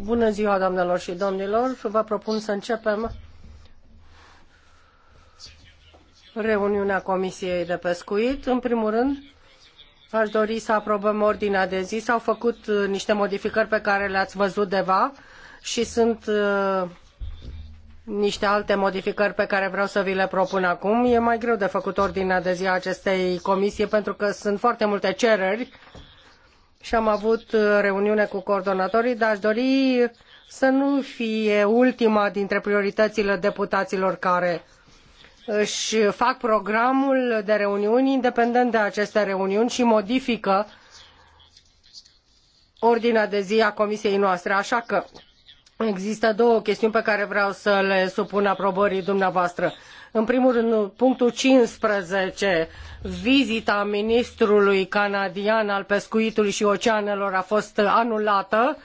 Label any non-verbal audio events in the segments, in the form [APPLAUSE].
Bună ziua, doamnelor și domnilor. Vă propun să începem reuniunea Comisiei de Pescuit. În primul rând, aș dori să aprobăm ordinea de zi. S-au făcut uh, niște modificări pe care le-ați văzut deva și sunt uh, niște alte modificări pe care vreau să vi le propun acum. E mai greu de făcut ordinea de zi a acestei comisii pentru că sunt foarte multe cereri uh, și am avut uh, reuniune cu coordonatorii, dar aș dori să nu fie ultima dintre prioritățile deputaților care își fac programul de reuniuni independent de aceste reuniuni și modifică ordinea de zi a comisiei noastre. Așa că există două chestiuni pe care vreau să le supun aprobării dumneavoastră. În primul rând, punctul 15, vizita ministrului canadian al pescuitului și oceanelor a fost anulată,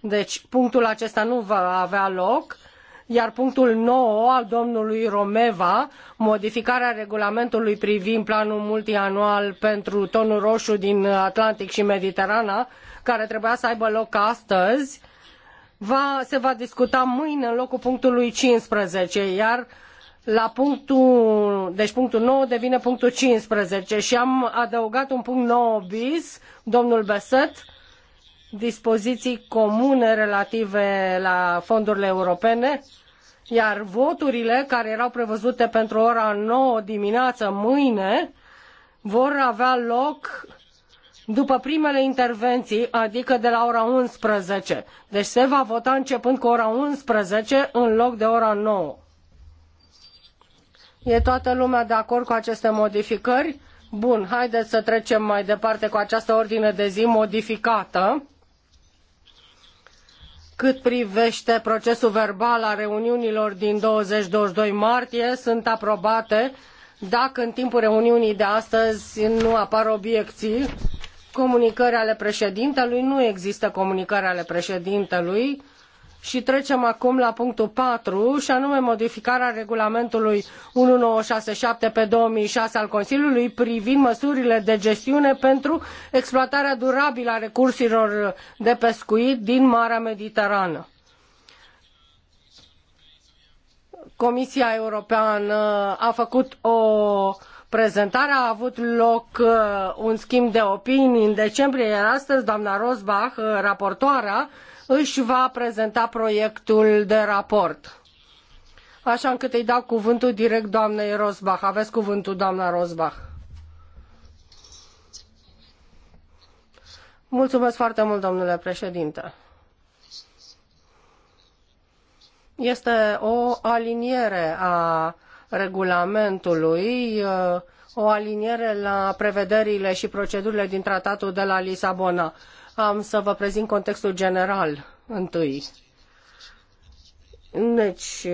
deci punctul acesta nu va avea loc iar punctul 9 al domnului Romeva, modificarea regulamentului privind planul multianual pentru tonul roșu din Atlantic și Mediterana, care trebuia să aibă loc astăzi, va, se va discuta mâine în locul punctului 15, iar la punctul, deci punctul nouă devine punctul cincisprezece și am adăugat un punct nouă bis, domnul Beset, dispoziții comune relative la fondurile europene, iar voturile care erau prevăzute pentru ora 9 dimineață mâine vor avea loc după primele intervenții, adică de la ora 11. Deci se va vota începând cu ora 11 în loc de ora 9. E toată lumea de acord cu aceste modificări? Bun, haideți să trecem mai departe cu această ordine de zi modificată. Cât privește procesul verbal al reuniunilor din 20-22 martie, sunt aprobate dacă în timpul reuniunii de astăzi nu apar obiecții. Comunicări ale președintelui, nu există comunicări ale președintelui și trecem acum la punctul patru, și anume modificarea regulamentului 1967 pe 2006 al Consiliului privind măsurile de gestiune pentru exploatarea durabilă a recursurilor de pescuit din Marea Mediterană. Comisia Europeană a făcut o prezentare, a avut loc uh, un schimb de opinii în decembrie, iar astăzi doamna Rosbach, uh, raportoarea, își va prezenta proiectul de raport. Așa încât îi dau cuvântul direct doamnei Rosbach. Aveți cuvântul, doamna Rosbach. Mulțumesc foarte mult, domnule președinte. Este o aliniere a regulamentului, o aliniere la prevederile și procedurile din tratatul de la Lisabona. Am să vă prezint contextul general întâi. Deci,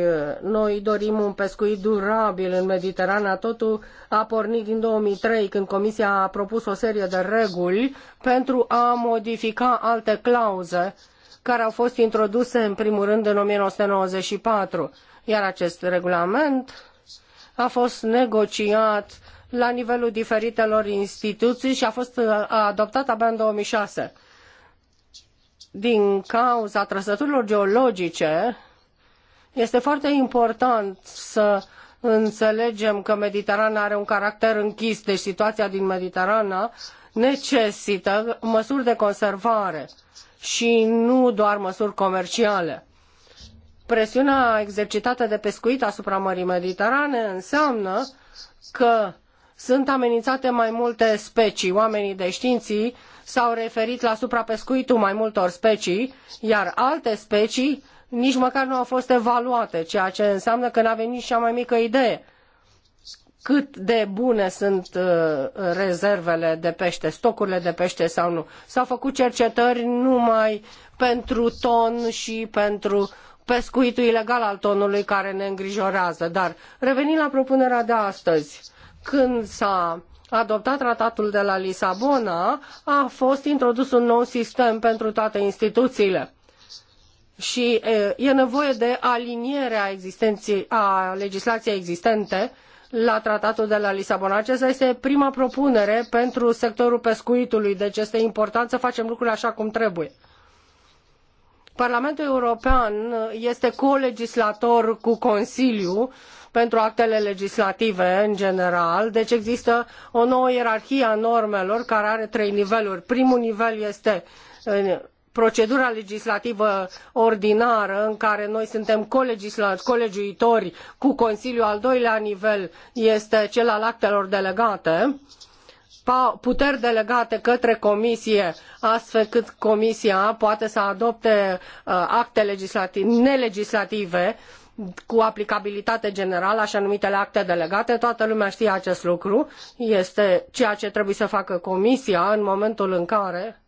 noi dorim un pescuit durabil în Mediterana. Totul a pornit din 2003, când Comisia a propus o serie de reguli pentru a modifica alte clauze care au fost introduse, în primul rând, în 1994. Iar acest regulament a fost negociat la nivelul diferitelor instituții și a fost adoptat abia în 2006 din cauza trăsăturilor geologice, este foarte important să înțelegem că Mediterana are un caracter închis, deci situația din Mediterana necesită măsuri de conservare și nu doar măsuri comerciale. Presiunea exercitată de pescuit asupra Mării Mediterane înseamnă că sunt amenințate mai multe specii. Oamenii de științii s-au referit la suprapescuitul mai multor specii, iar alte specii nici măcar nu au fost evaluate, ceea ce înseamnă că n-avem nici cea mai mică idee cât de bune sunt uh, rezervele de pește, stocurile de pește sau nu. S-au făcut cercetări numai pentru ton și pentru pescuitul ilegal al tonului care ne îngrijorează. Dar revenind la propunerea de astăzi, când s-a adoptat tratatul de la Lisabona, a fost introdus un nou sistem pentru toate instituțiile. Și e nevoie de alinierea existenții, a legislației existente la tratatul de la Lisabona. Aceasta este prima propunere pentru sectorul pescuitului, deci este important să facem lucrurile așa cum trebuie. Parlamentul European este colegislator cu Consiliul pentru actele legislative în general, deci există o nouă ierarhie a normelor care are trei niveluri. Primul nivel este procedura legislativă ordinară în care noi suntem colegiuitori cu Consiliul. Al doilea nivel este cel al actelor delegate puteri delegate către comisie astfel cât comisia poate să adopte uh, acte legislative, nelegislative cu aplicabilitate generală, așa numitele acte delegate, toată lumea știe acest lucru, este ceea ce trebuie să facă Comisia în momentul în care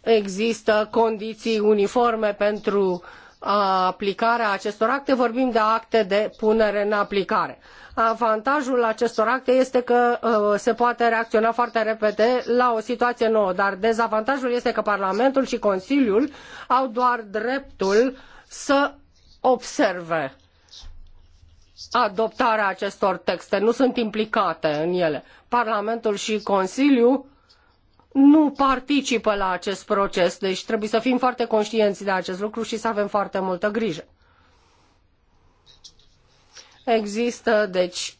există condiții uniforme pentru uh, aplicarea acestor acte, vorbim de acte de punere în aplicare. Avantajul acestor acte este că uh, se poate reacționa foarte repede la o situație nouă, dar dezavantajul este că Parlamentul și Consiliul au doar dreptul uh, să observe adoptarea acestor texte, nu sunt implicate în ele. Parlamentul și Consiliul nu participă la acest proces, deci trebuie să fim foarte conștienți de acest lucru și să avem foarte multă grijă. Există, deci,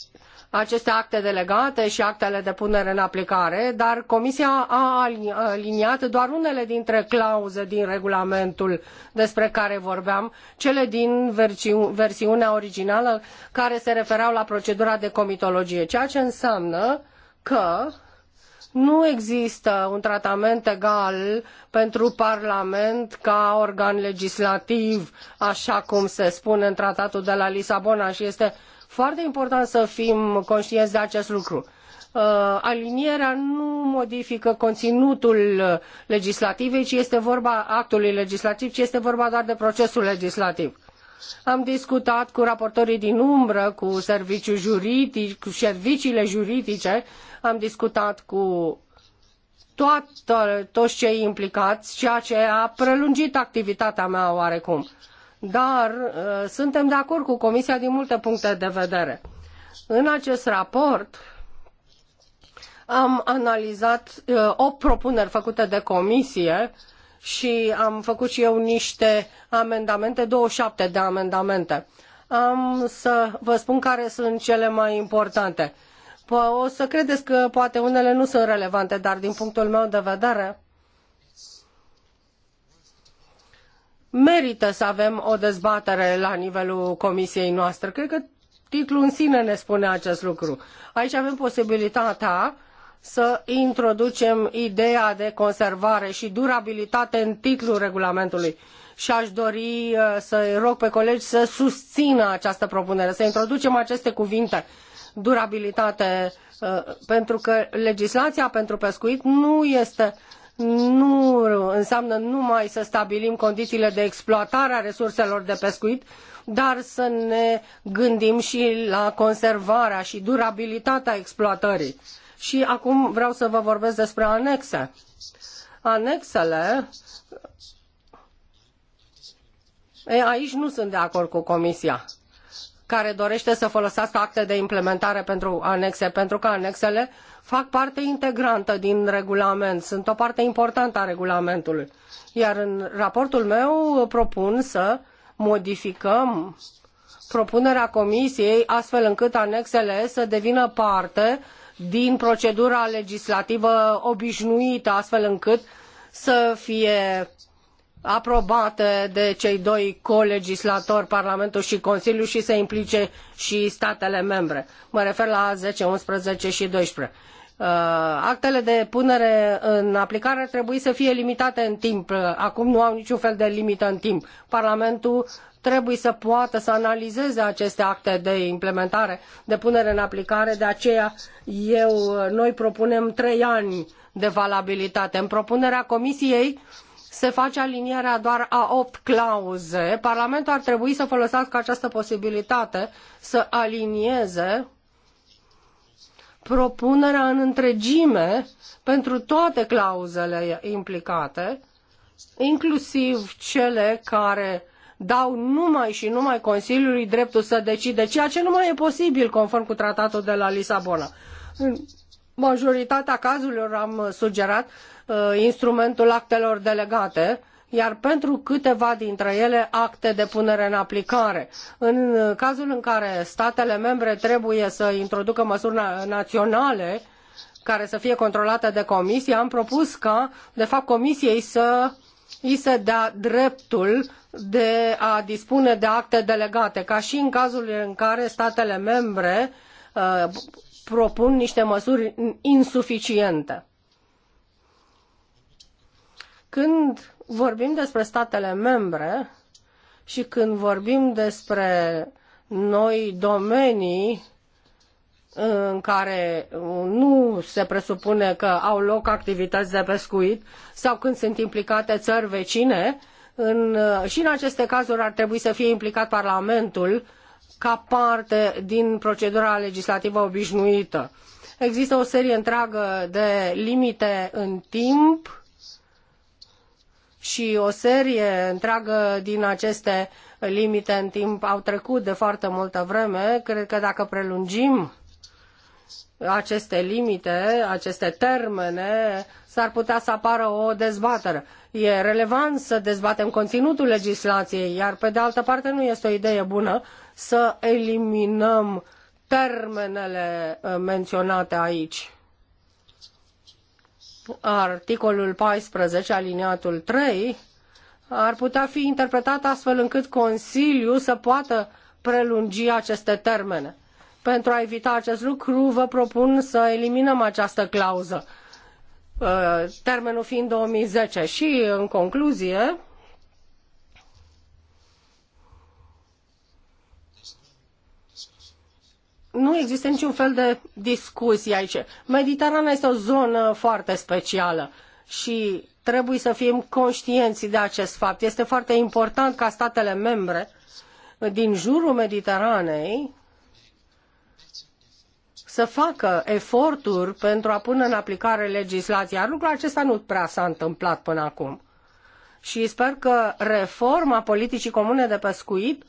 aceste acte delegate și actele de punere în aplicare, dar Comisia a aliniat doar unele dintre clauze din regulamentul despre care vorbeam, cele din versiunea originală care se refereau la procedura de comitologie, ceea ce înseamnă că nu există un tratament egal pentru Parlament ca organ legislativ, așa cum se spune în tratatul de la Lisabona și este foarte important să fim conștienți de acest lucru. Uh, alinierea nu modifică conținutul legislativei, ci este vorba actului legislativ, ci este vorba doar de procesul legislativ. Am discutat cu raportorii din umbră, cu serviciul juridic, cu serviciile juridice, am discutat cu toată, toți cei implicați, ceea ce a prelungit activitatea mea oarecum. Uh, dar uh, suntem de acord cu Comisia din multe puncte de vedere. În acest raport am analizat opt uh, propuneri făcute de Comisie și am făcut și eu niște amendamente, 27 de amendamente. Am să vă spun care sunt cele mai importante. O să credeți că poate unele nu sunt relevante, dar din punctul meu de vedere merită să avem o dezbatere la nivelul comisiei noastre. Cred că titlul în sine ne spune acest lucru. Aici avem posibilitatea să introducem ideea de conservare și durabilitate în titlul regulamentului. Și aș dori uh, să rog pe colegi să susțină această propunere, să introducem aceste cuvinte durabilitate uh, pentru că legislația pentru pescuit nu este nu înseamnă numai să stabilim condițiile de exploatare a resurselor de pescuit, dar să ne gândim și la conservarea și durabilitatea exploatării. Și acum vreau să vă vorbesc despre anexe. Anexele ei, aici nu sunt de acord cu Comisia care dorește să folosească acte de implementare pentru anexe, pentru că anexele fac parte integrantă din regulament, sunt o parte importantă a regulamentului. Iar în raportul meu propun să modificăm propunerea comisiei astfel încât anexele să devină parte din procedura legislativă obișnuită, astfel încât să fie aprobate de cei doi colegislatori, Parlamentul și Consiliul, și să implice și statele membre. Mă refer la 10, 11 și 12. Uh, actele de punere în aplicare trebuie să fie limitate în timp. Acum nu au niciun fel de limită în timp. Parlamentul trebuie să poată să analizeze aceste acte de implementare, de punere în aplicare, de aceea eu, noi propunem trei ani de valabilitate. În propunerea comisiei se face alinierea doar a opt clauze. Parlamentul ar trebui să folosească această posibilitate să alinieze propunerea în întregime pentru toate clauzele implicate, inclusiv cele care dau numai și numai Consiliului dreptul să decide, ceea ce nu mai e posibil conform cu tratatul de la Lisabona. În majoritatea cazurilor am sugerat Uh, instrumentul actelor delegate iar pentru câteva dintre ele acte de punere în aplicare. În cazul în care statele membre trebuie să introducă măsuri naționale care să fie controlate de comisie, am propus ca, de fapt, comisiei să i se dea dreptul de a dispune de acte delegate, ca și în cazul în care statele membre uh, propun niște măsuri insuficiente. Când vorbim despre statele membre și când vorbim despre noi domenii în care uh, nu se presupune că au loc activități de pescuit sau când sunt implicate țări vecine, în, uh, și în aceste cazuri ar trebui să fie implicat Parlamentul ca parte din procedura legislativă obișnuită. Există o serie întreagă de limite în timp și o serie întreagă din aceste limite în timp au trecut de foarte multă vreme. Cred că dacă prelungim aceste limite, aceste termene, s-ar putea să apară o dezbatere. E relevant să dezbatem conținutul legislației, iar pe de altă parte nu este o idee bună să eliminăm termenele uh, menționate aici articolul 14, aliniatul 3, ar putea fi interpretat astfel încât Consiliul să poată prelungi aceste termene. Pentru a evita acest lucru, vă propun să eliminăm această clauză, uh, termenul fiind 2010. Și, în concluzie, nu există niciun fel de discuție aici. Mediterana este o zonă foarte specială și trebuie să fim conștienți de acest fapt. Este foarte important ca statele membre din jurul Mediteranei să facă eforturi pentru a pune în aplicare legislația. Lucrul acesta nu prea s-a întâmplat până acum. Și sper că reforma politicii comune de pescuit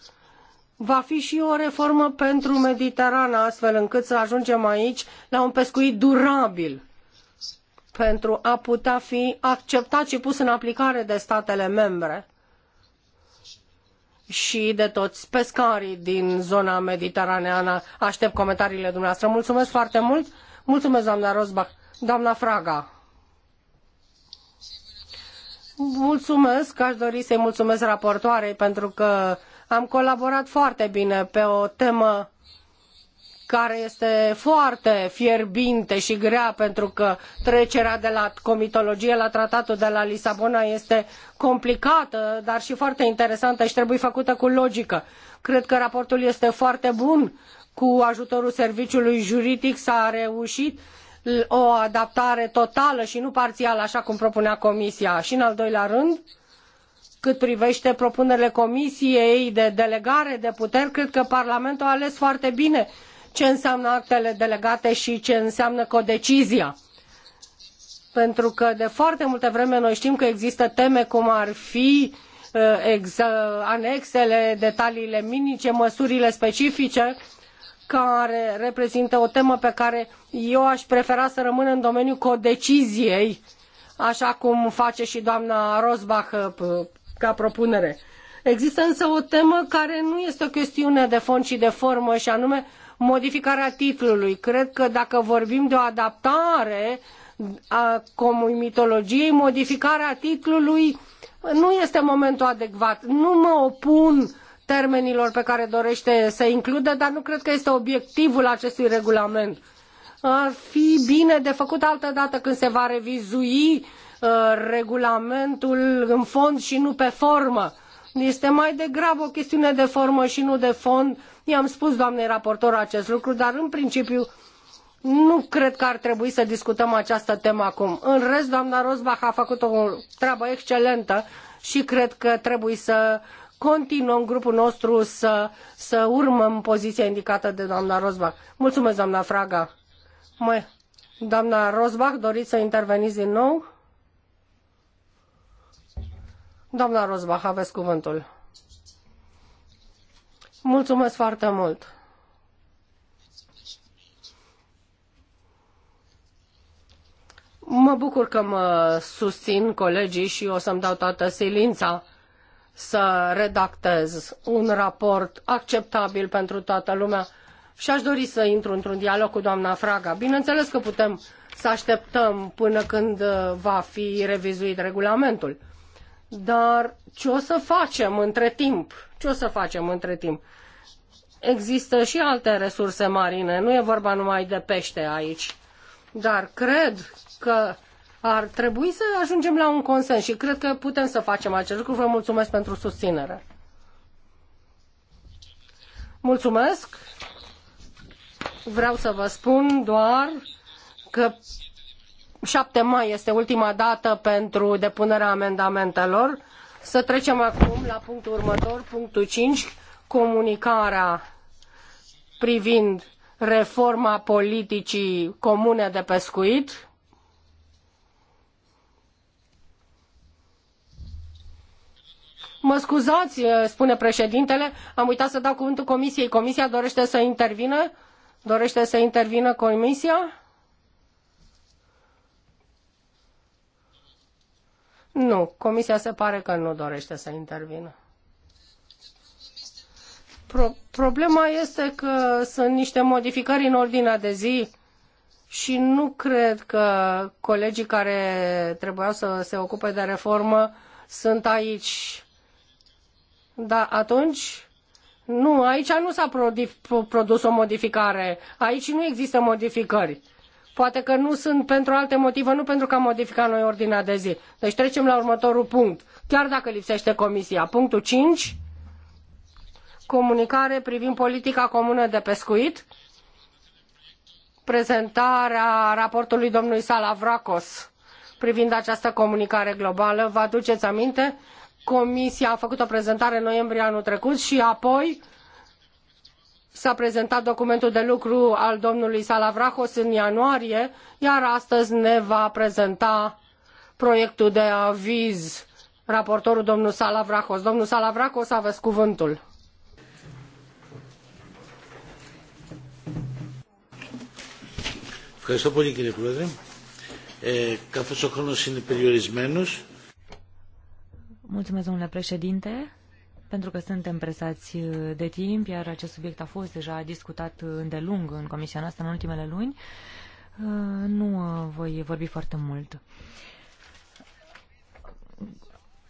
va fi și o reformă pentru Mediterana, astfel încât să ajungem aici la un pescuit durabil pentru a putea fi acceptat și pus în aplicare de statele membre și de toți pescarii din zona mediteraneană. Aștept comentariile dumneavoastră. Mulțumesc foarte mult. Mulțumesc, doamna Rosbach. Doamna Fraga. Mulțumesc, aș dori să-i mulțumesc raportoarei pentru că am colaborat foarte bine pe o temă care este foarte fierbinte și grea pentru că trecerea de la comitologie la tratatul de la Lisabona este complicată, dar și foarte interesantă și trebuie făcută cu logică. Cred că raportul este foarte bun. Cu ajutorul serviciului juridic s-a reușit o adaptare totală și nu parțială, așa cum propunea Comisia. Și în al doilea rând, uh, cât privește propunerile Comisiei de delegare de puteri, cred că Parlamentul a ales foarte bine ce înseamnă actele delegate și ce înseamnă codecizia. Pentru că de foarte multă vreme noi știm că există teme cum ar fi eh, anexele, detaliile minice, măsurile specifice, care reprezintă o temă pe care eu aș prefera să rămână în domeniul codeciziei, așa cum face și doamna Rosbach eh, ca propunere. Există însă o temă care nu este o chestiune de fond, ci de formă, și anume modificarea titlului. Cred că dacă vorbim de o adaptare a comitologiei, modificarea titlului nu este momentul adecvat. Nu mă opun termenilor pe care dorește să includă, dar nu cred că este obiectivul acestui regulament. Ar fi bine de făcut altă dată când se va revizui Uh, regulamentul în fond și nu pe formă. Este mai degrabă o chestiune de formă și nu de fond. I-am spus doamnei raportor acest lucru, dar în principiu nu cred că ar trebui să discutăm această temă acum. În rest, doamna Rosbach a făcut o treabă excelentă și cred că trebuie să continuăm grupul nostru să, să urmăm poziția indicată de doamna Rosbach. Mulțumesc, doamna Fraga. Mai, doamna Rosbach, doriți să interveniți din nou? Doamna Rozbach, aveți cuvântul. Mulțumesc foarte mult. Mă bucur că mă susțin colegii și o să-mi dau toată silința să redactez un raport acceptabil pentru toată lumea și aș dori să intru într-un dialog cu doamna Fraga. Bineînțeles că putem să așteptăm până când va fi revizuit regulamentul. Dar ce o să facem între timp? Ce o să facem între timp? Există și alte resurse marine, nu e vorba numai de pește aici. Dar cred că ar trebui să ajungem la un consens și cred că putem să facem acest lucru. Vă mulțumesc pentru susținere. Mulțumesc. Vreau să vă spun doar că 7 mai este ultima dată pentru depunerea amendamentelor. Să trecem acum la punctul următor, punctul 5, comunicarea privind reforma politicii comune de pescuit. Mă scuzați, spune președintele, am uitat să dau cuvântul comisiei. Comisia dorește să intervină? Dorește să intervină comisia? Nu, comisia se pare că nu dorește să intervină. Pro- problema este că sunt niște modificări în ordinea de zi și nu cred că colegii care trebuiau să se ocupe de reformă sunt aici. Dar atunci nu, aici nu s-a produs o modificare. Aici nu există modificări. Poate că nu sunt pentru alte motive, nu pentru că am modificat noi ordinea de zi. Deci trecem la următorul punct, chiar dacă lipsește comisia. Punctul 5, comunicare privind politica comună de pescuit, prezentarea raportului domnului Salavrakos privind această comunicare globală. Vă aduceți aminte? Comisia a făcut o prezentare în noiembrie anul trecut și apoi S-a prezentat documentul de lucru al domnului Salavrahos în ianuarie, iar astăzi ne va prezenta proiectul de aviz raportorul domnul Salavrahos. Domnul Salavrahos, aveți cuvântul. Ευχαριστώ πολύ κύριε Πρόεδρε. Ε, καθώς ο χρόνος είναι περιορισμένος. Mulțumesc, domnule președinte pentru că suntem presați de timp, iar acest subiect a fost deja discutat îndelung în comisia noastră în ultimele luni. Uh, nu uh, voi vorbi foarte mult.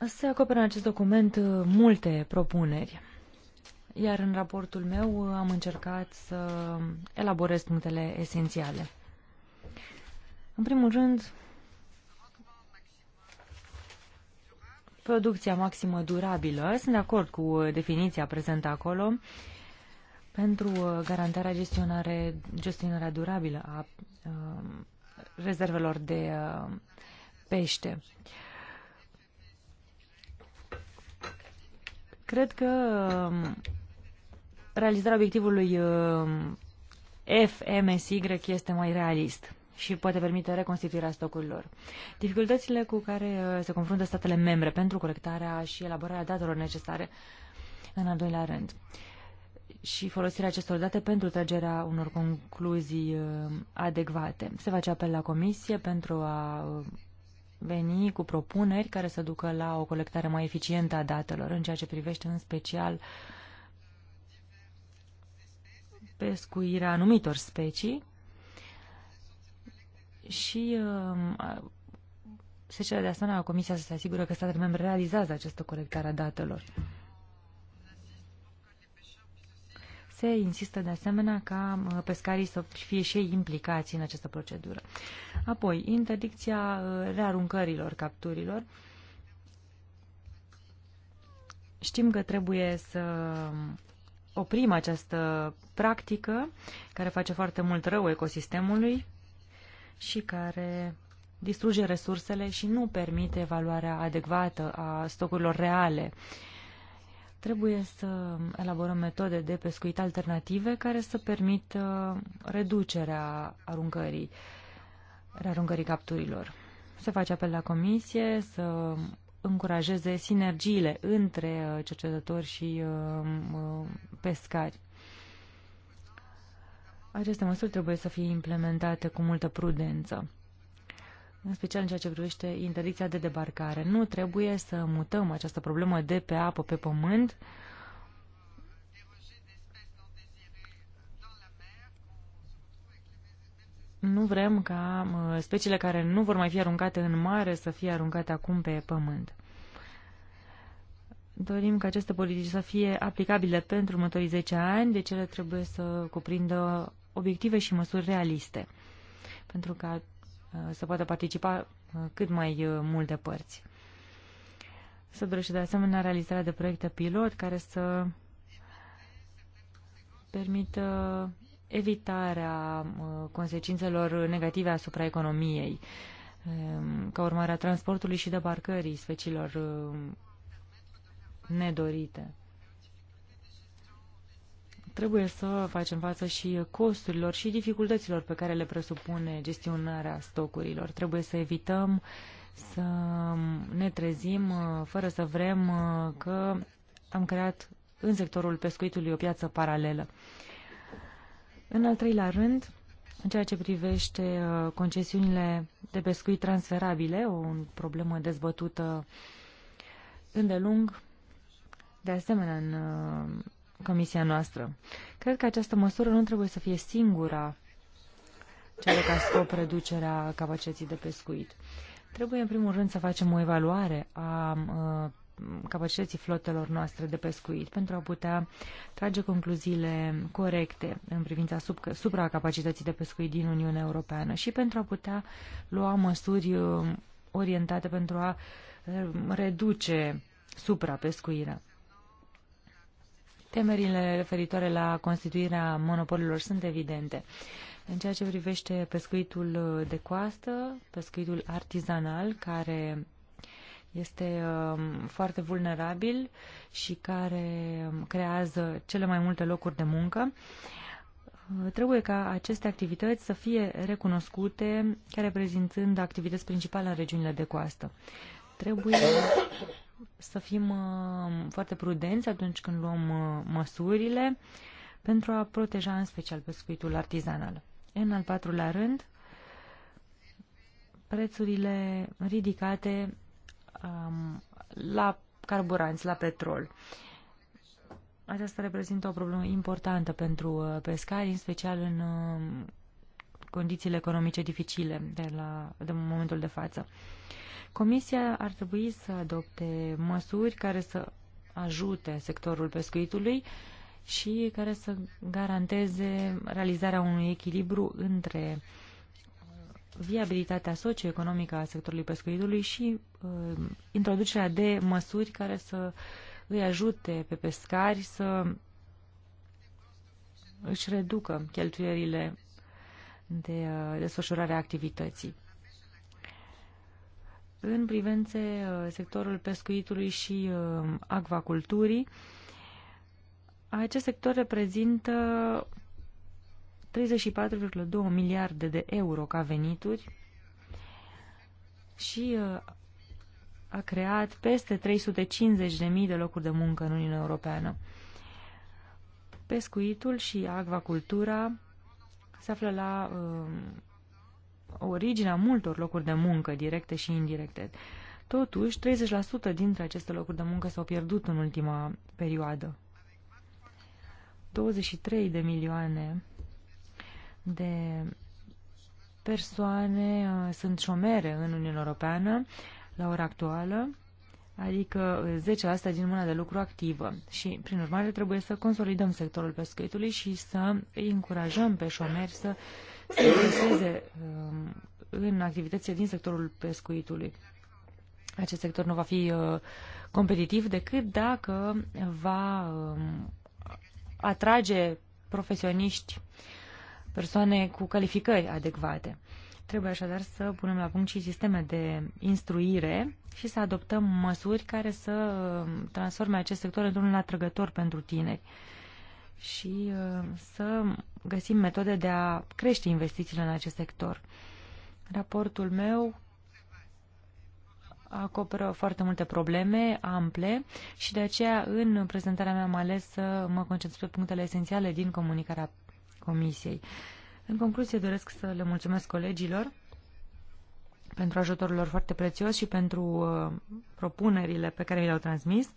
Se acoperă în acest document uh, multe propuneri, iar în raportul meu am încercat să elaborez punctele esențiale. În primul rând, producția maximă durabilă. Sunt de acord cu uh, definiția prezentă acolo pentru uh, garantarea gestionare, gestionarea durabilă a um, rezervelor de uh, pește. Cred că um, realizarea obiectivului um, FMSY este mai realist și poate permite reconstituirea stocurilor. Dificultățile cu care uh, se confruntă statele membre pentru colectarea și elaborarea datelor necesare, în al doilea rând, și folosirea acestor date pentru tragerea unor concluzii uh, adecvate. Se face apel la Comisie pentru a uh, veni cu propuneri care să ducă la o colectare mai eficientă a datelor, în ceea ce privește în special pescuirea anumitor specii și um, se cere de asemenea Comisia să se asigură că statele membre realizează această colectare a datelor. Se insistă de asemenea ca uh, pescarii să fie și ei implicați în această procedură. Apoi, interdicția uh, rearuncărilor capturilor. Știm că trebuie să um, oprim această practică care face foarte mult rău ecosistemului și care distruge resursele și nu permite evaluarea adecvată a stocurilor reale. Trebuie să elaborăm metode de pescuit alternative care să permită reducerea aruncării, aruncării capturilor. Se face apel la comisie să încurajeze sinergiile între uh, cercetători și uh, uh, pescari. Aceste măsuri trebuie să fie implementate cu multă prudență, în special în ceea ce privește interdicția de debarcare. Nu trebuie să mutăm această problemă de pe apă pe pământ, nu vrem ca uh, speciile care nu vor mai fi aruncate în mare să fie aruncate acum pe pământ. Dorim ca aceste politici să fie aplicabile pentru următorii 10 ani, deci ele trebuie să cuprindă obiective și măsuri realiste, pentru ca uh, să poată participa uh, cât mai uh, multe părți. Se dorește de asemenea realizarea de proiecte pilot care să permită evitarea consecințelor negative asupra economiei um, ca urmare a transportului și debarcării speciilor nedorite. Trebuie să facem față și costurilor și dificultăților pe care le presupune gestionarea stocurilor. Trebuie să evităm să ne trezim fără să vrem că am creat în sectorul pescuitului o piață paralelă. În al treilea rând, în ceea ce privește uh, concesiunile de pescuit transferabile, o problemă dezbătută îndelung, de asemenea în uh, comisia noastră. Cred că această măsură nu trebuie să fie singura cea are ca scop reducerea capacității de pescuit. Trebuie, în primul rând, să facem o evaluare a capacității flotelor noastre de pescuit pentru a putea trage concluziile corecte în privința sub, supracapacității de pescuit din Uniunea Europeană și pentru a putea lua măsuri um, orientate pentru a um, reduce suprapescuirea. Temerile referitoare la constituirea monopolilor sunt evidente. În ceea ce privește pescuitul de coastă, pescuitul artizanal, care este um, foarte vulnerabil și care um, creează cele mai multe locuri de muncă, uh, Trebuie ca aceste activități să fie recunoscute ca reprezintând activități principale în regiunile de coastă. Trebuie să fim uh, foarte prudenți atunci când luăm uh, măsurile pentru a proteja în special pescuitul artizanal. În al patrulea rând, prețurile ridicate um, la carburanți, la petrol. Aceasta reprezintă o problemă importantă pentru uh, pescari, în special în condițiile economice dificile de, la, de momentul de față. Uh, Comisia ar trebui să adopte măsuri care să ajute sectorul pescuitului și care să garanteze realizarea unui echilibru între uh, viabilitatea socioeconomică a sectorului pescuitului și uh, introducerea de măsuri care să îi ajute pe pescari să își reducă cheltuierile de uh, desfășurare a activității în privințe uh, sectorul pescuitului și uh, acvaculturii. Acest sector reprezintă 34,2 miliarde de euro ca venituri și uh, a creat peste 350.000 de locuri de muncă în Uniunea Europeană. Pescuitul și acvacultura se află la originea multor locuri de muncă, directe și indirecte. Totuși, 30% dintre aceste locuri de muncă s-au pierdut în ultima perioadă. 23 de milioane de persoane uh, sunt șomere în Uniunea Europeană la ora actuală, adică 10% uh, din mâna de lucru activă. Și, prin urmare, trebuie să consolidăm sectorul pescuitului și să îi încurajăm pe șomeri să să um, în activitățile din sectorul pescuitului. Acest sector nu va fi uh, competitiv decât dacă va um, atrage profesioniști, persoane cu calificări adecvate. Trebuie așadar să punem la punct și sisteme de instruire și să adoptăm măsuri care să um, transforme acest sector într-un atrăgător pentru tineri și uh, să găsim metode de a crește investițiile în acest sector. Raportul meu acoperă foarte multe probleme ample și de aceea în prezentarea mea am ales să mă concentrez pe punctele esențiale din comunicarea Comisiei. În concluzie doresc să le mulțumesc colegilor pentru ajutorul lor foarte prețios și pentru uh, propunerile pe care mi le-au transmis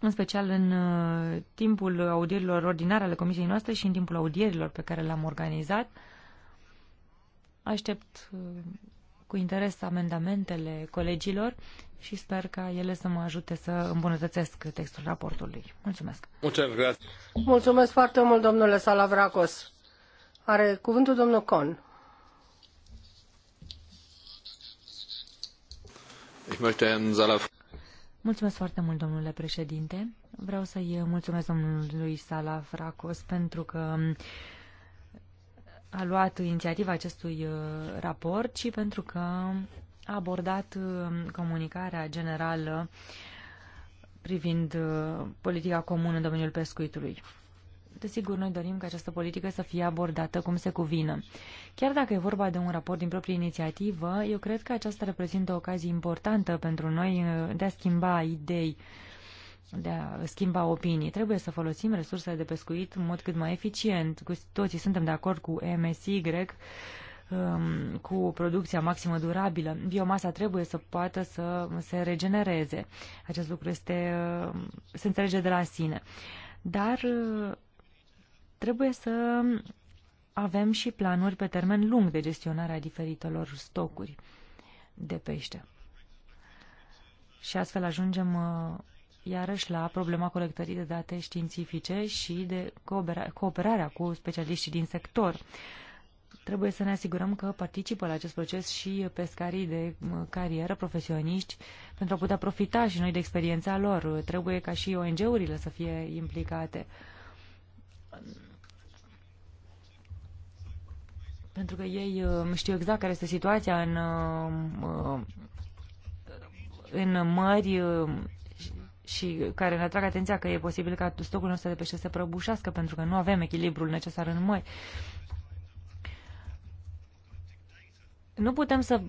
în special în uh, timpul audierilor ordinare ale comisiei noastre și în timpul audierilor pe care le-am organizat. Aștept uh, cu interes amendamentele colegilor și sper ca ele să mă ajute să îmbunătățesc textul raportului. Mulțumesc! Mulțumesc, Mulțumesc foarte mult, domnule Salavracos. Are cuvântul domnul Con. Ich möchte Herrn Salaf Mulțumesc foarte mult, domnule președinte. Vreau să-i mulțumesc domnului Sala Fracos pentru că um, a luat inițiativa acestui uh, raport și pentru că a abordat um, comunicarea generală privind uh, politica comună în domeniul pescuitului. Desigur, noi dorim ca această politică să fie abordată cum se cuvină. Chiar dacă e vorba de un raport din proprie inițiativă, eu cred că aceasta reprezintă o ocazie importantă pentru noi uh, de a schimba idei, de a schimba opinii. Trebuie să folosim resursele de pescuit în mod cât mai eficient. Cu toții suntem de acord cu MSY, um, cu producția maximă durabilă. Biomasa trebuie să poată să se regenereze. Acest lucru este, uh, se înțelege de la sine. Dar uh, Trebuie să avem și planuri pe termen lung de gestionare a diferitelor stocuri de pește. Și astfel ajungem uh, iarăși la problema colectării de date științifice și de cooperarea cu specialiștii din sector. Trebuie să ne asigurăm că participă la acest proces și pescarii de uh, carieră, profesioniști, pentru a putea profita și noi de experiența lor. Trebuie ca și ONG-urile să fie implicate pentru că ei uh, știu exact care este situația în, uh, uh, în mări și care ne atrag atenția că e posibil ca stocul nostru de pește să prăbușească pentru că nu avem echilibrul necesar în mări. Nu putem să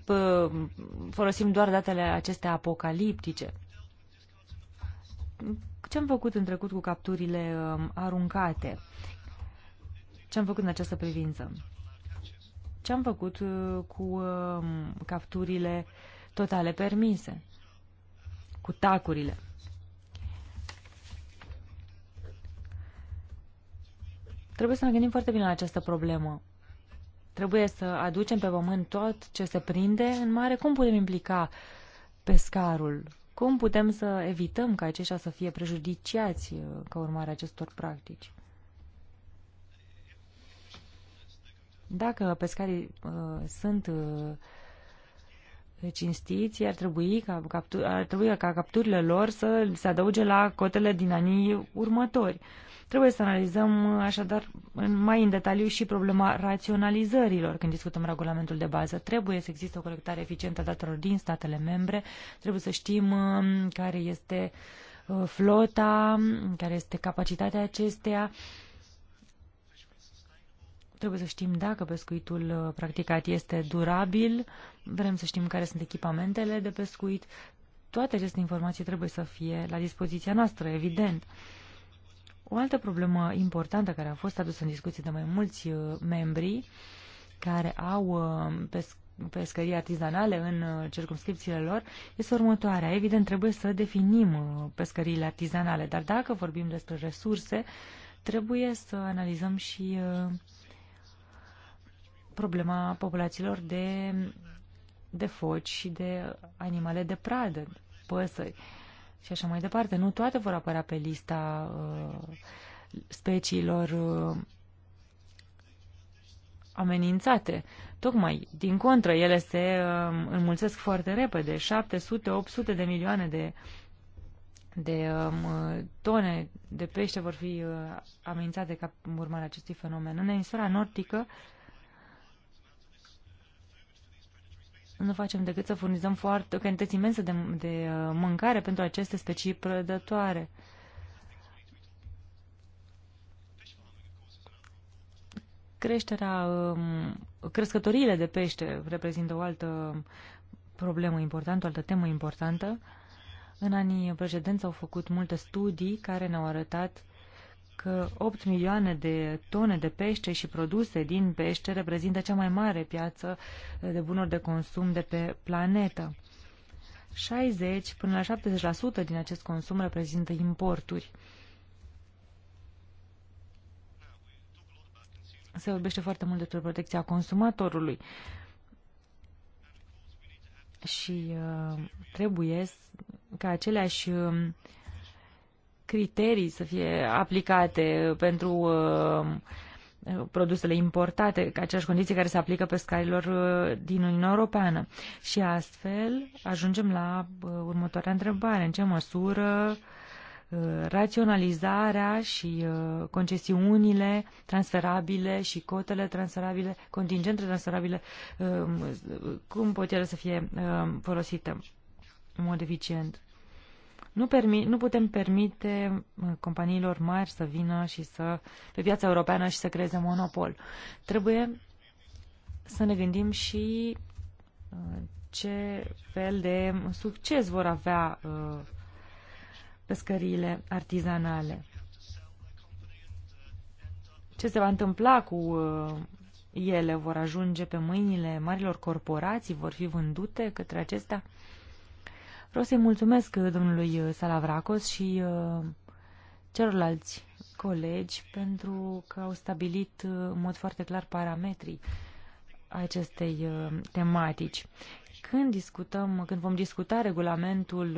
folosim doar datele acestea apocaliptice. Ce am făcut în trecut cu capturile um, aruncate? Ce am făcut în această privință? ce am făcut uh, cu uh, capturile totale permise, cu tacurile. Trebuie să ne gândim foarte bine la această problemă. Trebuie să aducem pe pământ tot ce se prinde în mare. Cum putem implica pescarul? Cum putem să evităm ca aceștia să fie prejudiciați uh, ca urmare acestor practici? Dacă pescarii uh, sunt uh, cinstiți, ar trebui ca, captur, ar trebui ca capturile lor să se adauge la cotele din anii următori. Trebuie să analizăm uh, așadar mai în detaliu și problema raționalizărilor când discutăm regulamentul de bază. Trebuie să existe o colectare eficientă a datelor din statele membre, trebuie să știm um, care este uh, flota, care este capacitatea acesteia, Trebuie să știm dacă pescuitul uh, practicat este durabil, vrem să știm care sunt echipamentele de pescuit. Toate aceste informații trebuie să fie la dispoziția noastră, evident. O altă problemă importantă care a fost adusă în discuție de mai mulți uh, membri care au uh, pesc pescării artizanale în circumscripțiile lor este următoarea. Evident, trebuie să definim pescăriile artizanale, dar dacă vorbim despre resurse, trebuie să analizăm și problema populațiilor de, de foci și de animale de pradă, păsări și așa mai departe. Nu toate vor apărea pe lista uh, speciilor uh, amenințate. Tocmai, din contră, ele se uh, înmulțesc foarte repede, 700-800 de milioane de, de uh, tone de pește vor fi uh, amenințate ca urmare acestui fenomen. În emisfera nordică, uh, nu facem decât să furnizăm foarte, o cantitate imensă de, de uh, mâncare pentru aceste specii prădătoare. Creșterea, um, crescătorile de pește reprezintă o altă problemă importantă, o altă temă importantă. În anii precedenți au făcut multe studii care ne-au arătat că 8 milioane de tone de pește și produse din pește reprezintă cea mai mare piață de bunuri de consum de pe planetă. 60 până la 70% din acest consum reprezintă importuri. Se vorbește foarte mult despre protecția consumatorului și uh, trebuie ca aceleași uh, criterii să fie aplicate pentru uh, produsele importate, aceleași condiții care se aplică pescarilor uh, din Uniunea Europeană. Și astfel ajungem la uh, următoarea întrebare. În ce măsură uh, raționalizarea și concesiunile transferabile și cotele transferabile, contingente transferabile, cum pot ele să fie folosite în mod eficient? Nu, permi- nu putem permite companiilor mari să vină și să pe piața europeană și să creeze monopol. Trebuie să ne gândim și uh, ce fel de succes vor avea uh, pescăriile artizanale. Ce se va întâmpla cu uh, ele? Vor ajunge pe mâinile marilor corporații? Vor fi vândute către acestea? Vreau să-i mulțumesc uh, domnului uh, Salavracos și uh, celorlalți colegi pentru că au stabilit în mod foarte clar parametrii acestei tematici. Când discutăm, când vom discuta regulamentul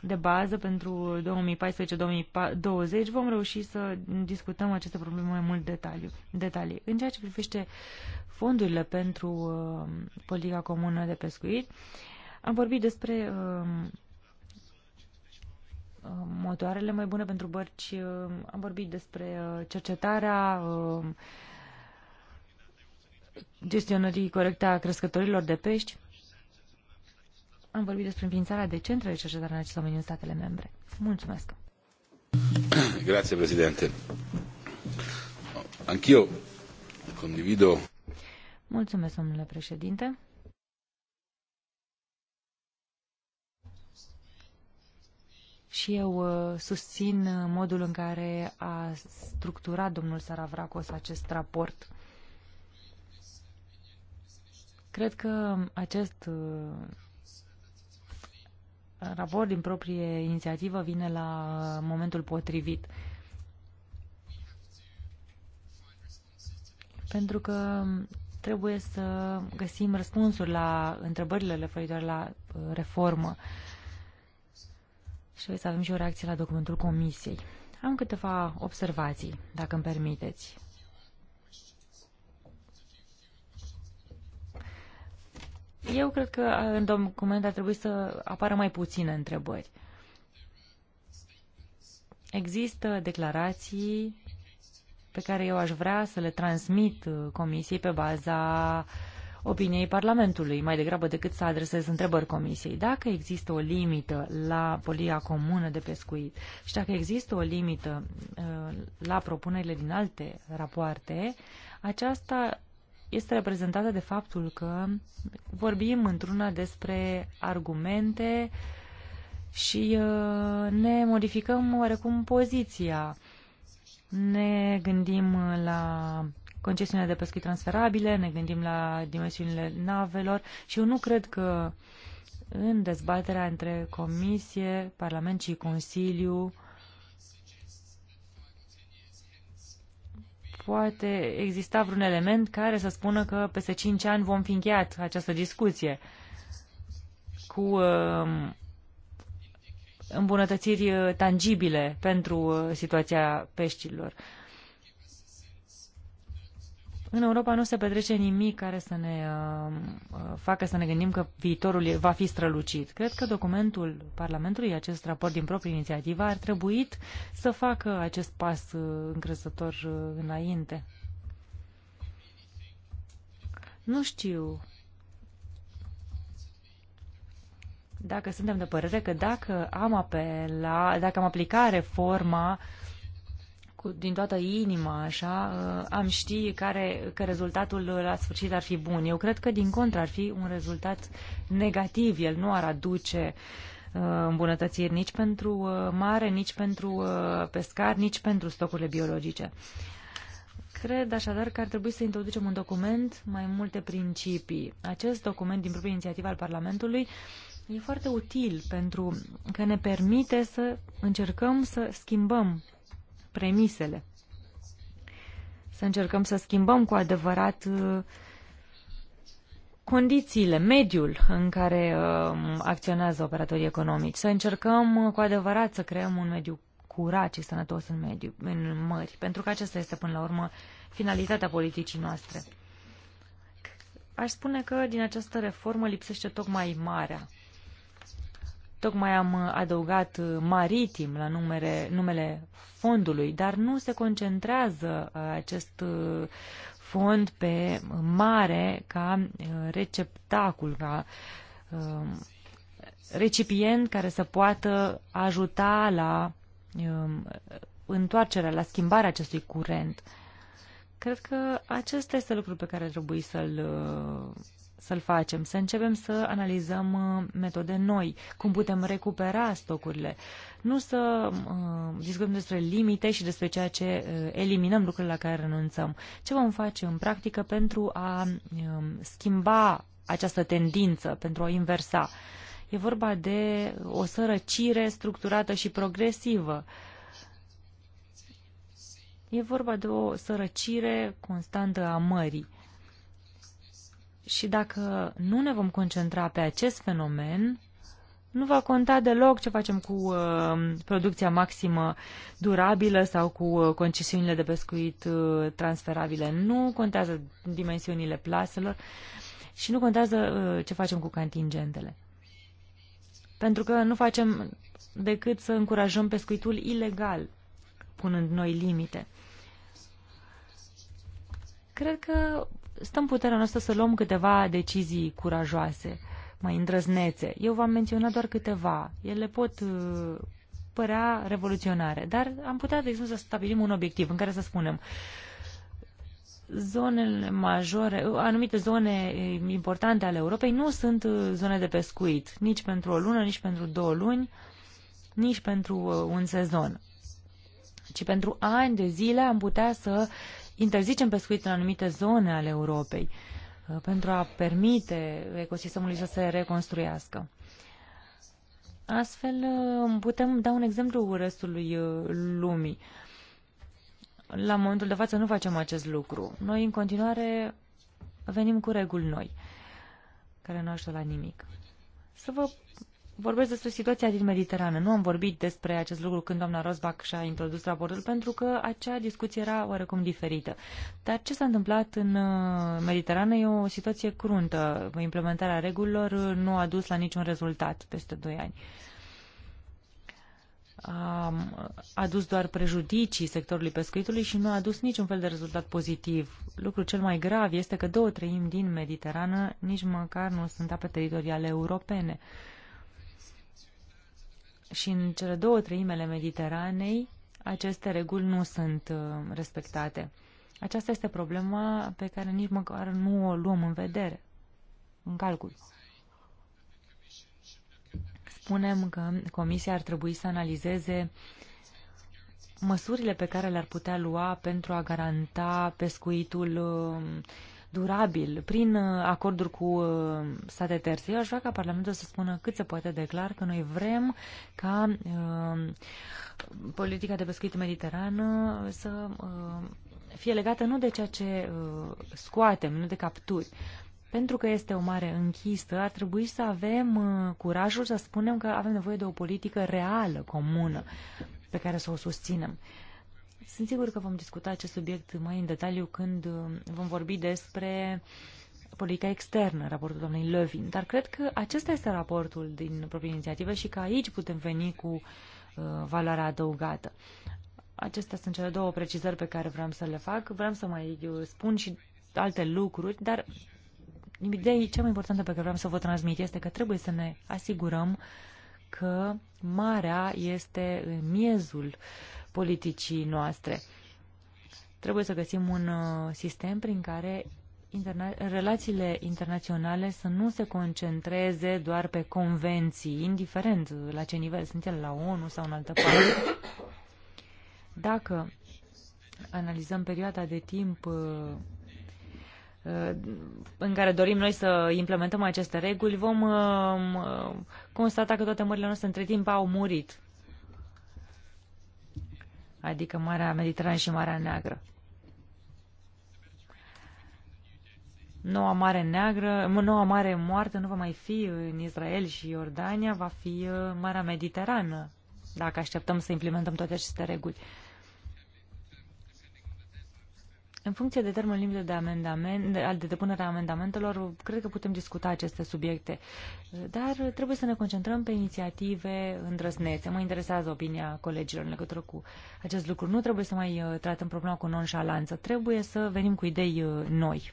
de bază pentru 2014-2020 vom reuși să discutăm aceste probleme mai mult detaliu, detalii. În ceea ce privește fondurile pentru uh, politica comună de pescuit, am vorbit despre um, um, motoarele mai bune pentru bărci, um, am vorbit despre uh, cercetarea gestionării corecte a crescătorilor de pești. Am vorbit despre înființarea de centre de cercetare în acest domeniu în statele membre. Mulțumesc! [COUGHS] Grazie, Presidente. Anch'io condivido. Mulțumesc, domnule președinte. Și eu uh, susțin uh, modul în care a structurat domnul Saravracos acest raport. Cred că acest uh, raport din proprie inițiativă vine la momentul potrivit. Pentru că trebuie să găsim răspunsuri la întrebările referitoare la reformă. Uh, și să avem și o reacție la documentul Comisiei. Am câteva observații, dacă îmi permiteți. Eu cred că uh, în document ar trebui să apară mai puține întrebări. Există declarații pe care eu aș vrea să le transmit uh, Comisiei pe baza uh, opiniei Parlamentului, mai degrabă decât să adresez întrebări Comisiei. Dacă există o limită la polia comună de pescuit și dacă există o limită uh, la propunerile din alte rapoarte, aceasta este reprezentată de faptul că vorbim într-una despre argumente și uh, ne modificăm oarecum poziția. Ne gândim la concesiunile de pescuit transferabile, ne gândim la dimensiunile navelor și eu nu cred că în dezbaterea între Comisie, Parlament și Consiliu poate exista vreun element care să spună că peste 5 ani vom fi încheiat această discuție cu um, îmbunătățiri uh, tangibile pentru uh, situația peștilor. În Europa nu se petrece nimic care să ne uh, uh facă să ne gândim că viitorul va fi strălucit. Cred că documentul Parlamentului, acest raport din proprie inițiativă, ar trebui să facă acest pas uh, încrezător uh, înainte. Nu știu dacă suntem de părere că dacă am, apela, dacă am aplicat reforma uh, cu, din toată inima, așa, uh, am ști care, că rezultatul la sfârșit ar fi bun. Eu cred că, din contră, ar fi un rezultat negativ. El nu ar aduce uh, îmbunătățiri nici pentru uh, mare, nici pentru pescar, nici pentru stocurile biologice. Cred așadar că ar trebui să introducem un document mai multe principii. Acest document din propria inițiativă al Parlamentului e foarte util pentru că ne permite să încercăm să schimbăm premisele. Să încercăm să schimbăm cu adevărat uh, condițiile, mediul în care um, acționează operatorii economici. Să încercăm uh, cu adevărat să creăm un mediu curat și sănătos în, mediu, în mări, pentru că acesta este până la urmă finalitatea politicii noastre. Aș spune că din această reformă lipsește tocmai marea Tocmai am uh, adăugat uh, maritim la numere, numele fondului, dar nu se concentrează uh, acest fond pe mare ca receptacul, ca um, recipient care să poată ajuta la um, întoarcerea, la schimbarea acestui curent. Cred că acesta este lucrul pe care trebuie să-l să-l facem, să începem să analizăm uh, metode noi, cum putem recupera stocurile, nu să uh, discutăm despre limite și despre ceea ce uh, eliminăm lucrurile la care renunțăm. Ce vom face în practică pentru a uh, schimba această tendință, pentru a inversa? E vorba de o sărăcire structurată și progresivă. E vorba de o sărăcire constantă a mării. Și dacă nu ne vom concentra pe acest fenomen, nu va conta deloc ce facem cu uh, producția maximă durabilă sau cu uh, concesiunile de pescuit uh, transferabile. Nu contează dimensiunile plaselor și nu contează uh, ce facem cu contingentele. Pentru că nu facem decât să încurajăm pescuitul ilegal, punând noi limite. Cred că stă în puterea noastră să luăm câteva decizii curajoase, mai îndrăznețe. Eu v-am menționat doar câteva. Ele pot uh, părea revoluționare, dar am putea, de exemplu, să stabilim un obiectiv în care să spunem zonele majore, uh, anumite zone uh, importante ale Europei nu sunt zone de pescuit, nici pentru o lună, nici pentru două luni, nici pentru un sezon, ci pentru ani de zile am putea să uh, interzicem pescuitul în anumite zone ale Europei uh, pentru a permite ecosistemului să se reconstruiască. Astfel, uh, putem da un exemplu restului uh, lumii. La momentul de față nu facem acest lucru. Noi, în continuare, venim cu reguli noi, care nu ajută la nimic. Să vă vorbesc despre situația din Mediterană. Nu am vorbit despre acest lucru când doamna Rosbach și-a introdus raportul, pentru că acea discuție era oarecum diferită. Dar ce s-a întâmplat în uh, Mediterană e o situație cruntă. Implementarea regulilor uh, nu a dus la niciun rezultat peste 2 ani. A adus doar prejudicii sectorului pescuitului și nu a adus niciun fel de rezultat pozitiv. Lucru cel mai grav este că două treimi din Mediterană nici măcar nu sunt ape teritoriale europene. Uh, și în cele două treimele Mediteranei aceste reguli nu sunt uh, respectate. Aceasta este problema pe care nici măcar nu o luăm în vedere, în calcul. Spunem că Comisia ar trebui să analizeze măsurile pe care le-ar putea lua pentru a garanta pescuitul uh, durabil prin uh, acorduri cu uh, state terțe. Eu aș vrea ca Parlamentul să spună cât se poate declar că noi vrem ca uh, politica de pescuit mediterană să uh, fie legată nu de ceea ce uh, scoatem, nu de capturi. Pentru că este o mare închisă, ar trebui să avem uh, curajul să spunem că avem nevoie de o politică reală, comună, pe care să o susținem. Uh, sunt sigur că vom discuta acest subiect mai în detaliu când uh, vom vorbi despre politica externă, raportul doamnei Lövin, dar cred că acesta este raportul din propria inițiativă și că aici putem veni cu uh, valoarea adăugată. Acestea sunt cele două precizări pe care vreau să le fac. Vreau să mai uh, spun și alte lucruri, dar ideea cea mai importantă pe care vreau să vă transmit este că trebuie să ne asigurăm că marea este în miezul uh, politicii noastre. Trebuie să găsim un uh, sistem prin care interna relațiile internaționale să nu se concentreze doar pe convenții, indiferent la ce nivel sunt ele, la ONU sau în altă parte. Dacă analizăm perioada de timp uh, uh, în care dorim noi să implementăm aceste reguli, vom constata că toate mările noastre între timp au murit adică Marea Mediterană și Marea Neagră. Noua Mare Neagră, noua Mare Moartă nu va mai fi în Israel și Iordania, va fi uh, Marea Mediterană, dacă așteptăm să implementăm toate aceste reguli. Uh, în funcție de termenul limită de, amendament, de depunere a amendamentelor, cred că putem discuta aceste subiecte, dar trebuie să ne concentrăm pe inițiative îndrăznețe. Mă interesează opinia colegilor în legătură cu acest lucru. Nu trebuie să mai uh, tratăm problema cu nonșalanță, trebuie să venim cu idei uh, noi.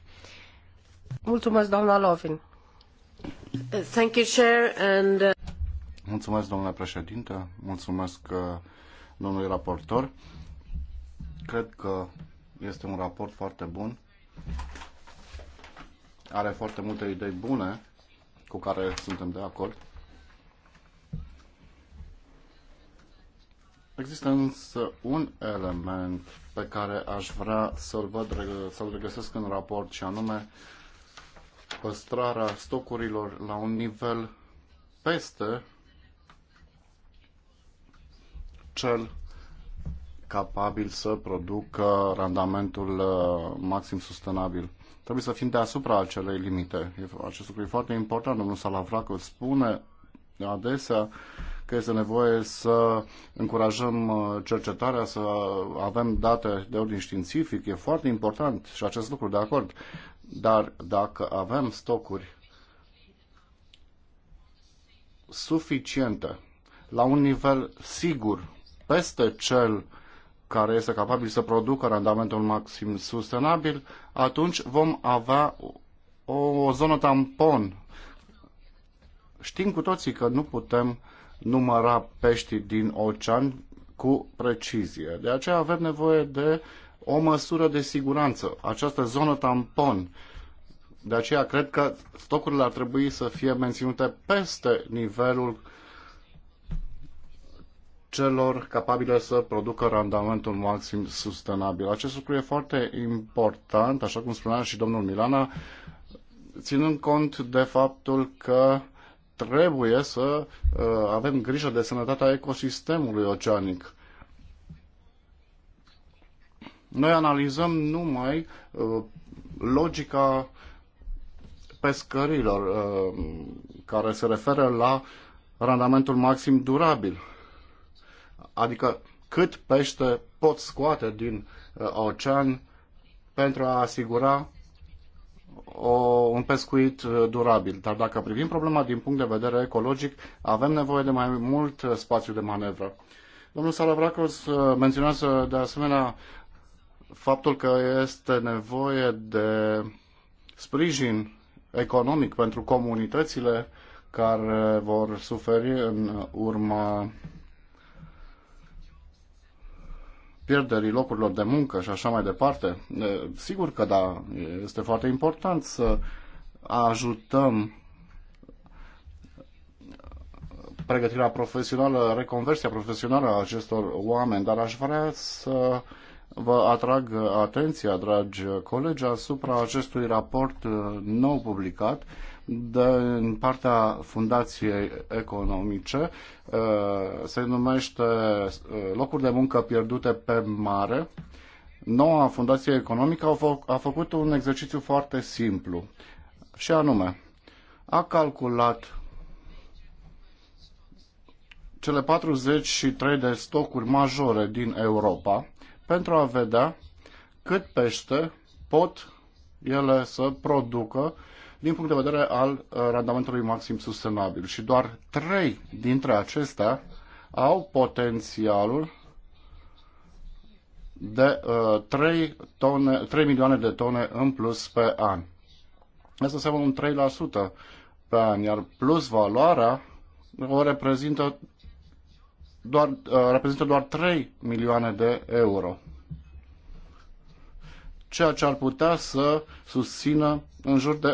Mulțumesc, doamna Lovin. Thank you, Chair, and... Uh, mulțumesc, domnule președinte, mulțumesc domnului raportor. Cred că este un raport foarte bun. Are foarte multe idei bune cu care suntem de acord. Există însă un element pe care aș vrea să-l văd, să-l regăsesc în raport și anume păstrarea stocurilor la un nivel peste cel capabil să producă randamentul uh, maxim sustenabil. Trebuie să fim deasupra acelei limite. Acest lucru e foarte important. Domnul Salavracu spune adesea că este nevoie să încurajăm uh, cercetarea, să avem date de ordin științific. E foarte important și acest lucru, de acord. Dar dacă avem stocuri suficiente, la un nivel sigur, peste cel uh, care este capabil să producă randamentul maxim sustenabil, atunci vom avea o, o zonă tampon. Știm cu toții că nu putem număra peștii din ocean cu precizie. De aceea avem nevoie de o măsură de siguranță, această zonă tampon. De aceea cred că stocurile ar trebui să fie menținute peste nivelul uh, celor capabile să producă randamentul maxim sustenabil. Acest lucru e foarte important, așa cum spunea și domnul Milana, ținând cont de faptul că trebuie să uh, avem grijă de sănătatea ecosistemului oceanic. Noi analizăm numai uh, logica pescărilor uh, care se referă la randamentul maxim durabil adică cât pește pot scoate din uh, ocean pentru a asigura o, un pescuit uh, durabil. Dar dacă privim problema din punct de vedere ecologic, avem nevoie de mai mult uh, spațiu de manevră. Domnul Salavracos menționează de asemenea faptul că este nevoie de sprijin economic pentru comunitățile care vor suferi în urma pierderii locurilor de muncă și așa mai departe? Sigur că da, este foarte important să ajutăm pregătirea profesională, reconversia profesională a acestor oameni, dar aș vrea să vă atrag atenția, dragi colegi, asupra acestui raport nou publicat din partea fundației economice uh, se numește uh, Locuri de muncă pierdute pe mare. Noua fundație economică a făcut un exercițiu foarte simplu și anume a calculat cele 43 de stocuri majore din Europa pentru a vedea cât pește pot ele să producă din punct de vedere al uh, randamentului maxim sustenabil. Și doar trei dintre acestea au potențialul de uh, 3, tone, 3 milioane de tone în plus pe an. Asta înseamnă un 3% pe an, iar plus valoarea o reprezintă doar, uh, reprezintă doar 3 milioane de euro ceea ce ar putea să susțină în jur de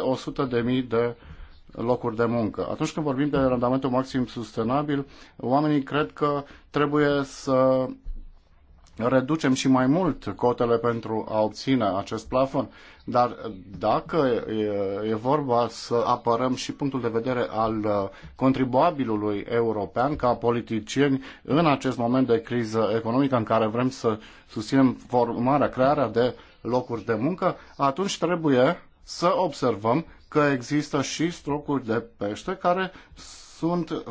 100.000 de locuri de muncă. Atunci când vorbim de randamentul maxim sustenabil, oamenii cred că trebuie să reducem și mai mult cotele pentru a obține acest plafon. Dar dacă e vorba să apărăm și punctul de vedere al uh, contribuabilului european ca politicieni în acest moment de criză economică în care vrem să susținem formarea, crearea de locuri de muncă, atunci trebuie să observăm că există și strocuri de pește care sunt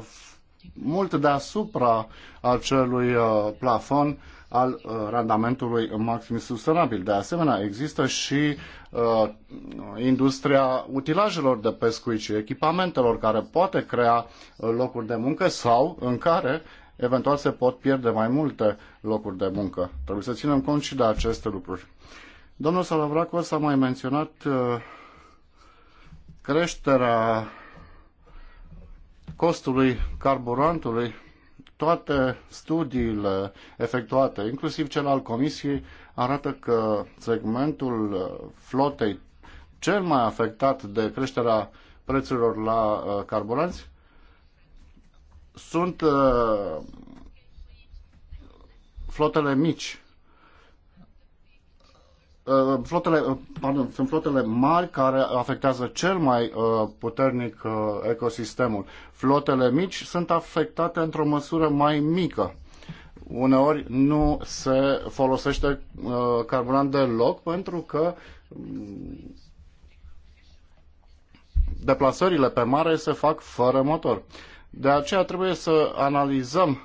mult deasupra acelui uh, plafon al uh, randamentului maxim sustenabil. De asemenea, există și uh, industria utilajelor de pescuit și echipamentelor care poate crea uh, locuri de muncă sau în care eventual se pot pierde mai multe locuri de muncă. Trebuie să ținem cont și de aceste lucruri. Domnul Salavracos a mai menționat uh, creșterea costului carburantului. Toate studiile efectuate, inclusiv cel al Comisiei, arată că segmentul uh, flotei cel mai afectat de creșterea prețurilor la uh, carburanți sunt flotele mici Uh, flotele, uh, pardon, sunt flotele mari care afectează cel mai uh, puternic uh, ecosistemul. Flotele mici sunt afectate într-o măsură mai mică. Uneori nu se folosește uh, carburant deloc pentru că mm, deplasările pe mare se fac fără motor. De aceea trebuie să analizăm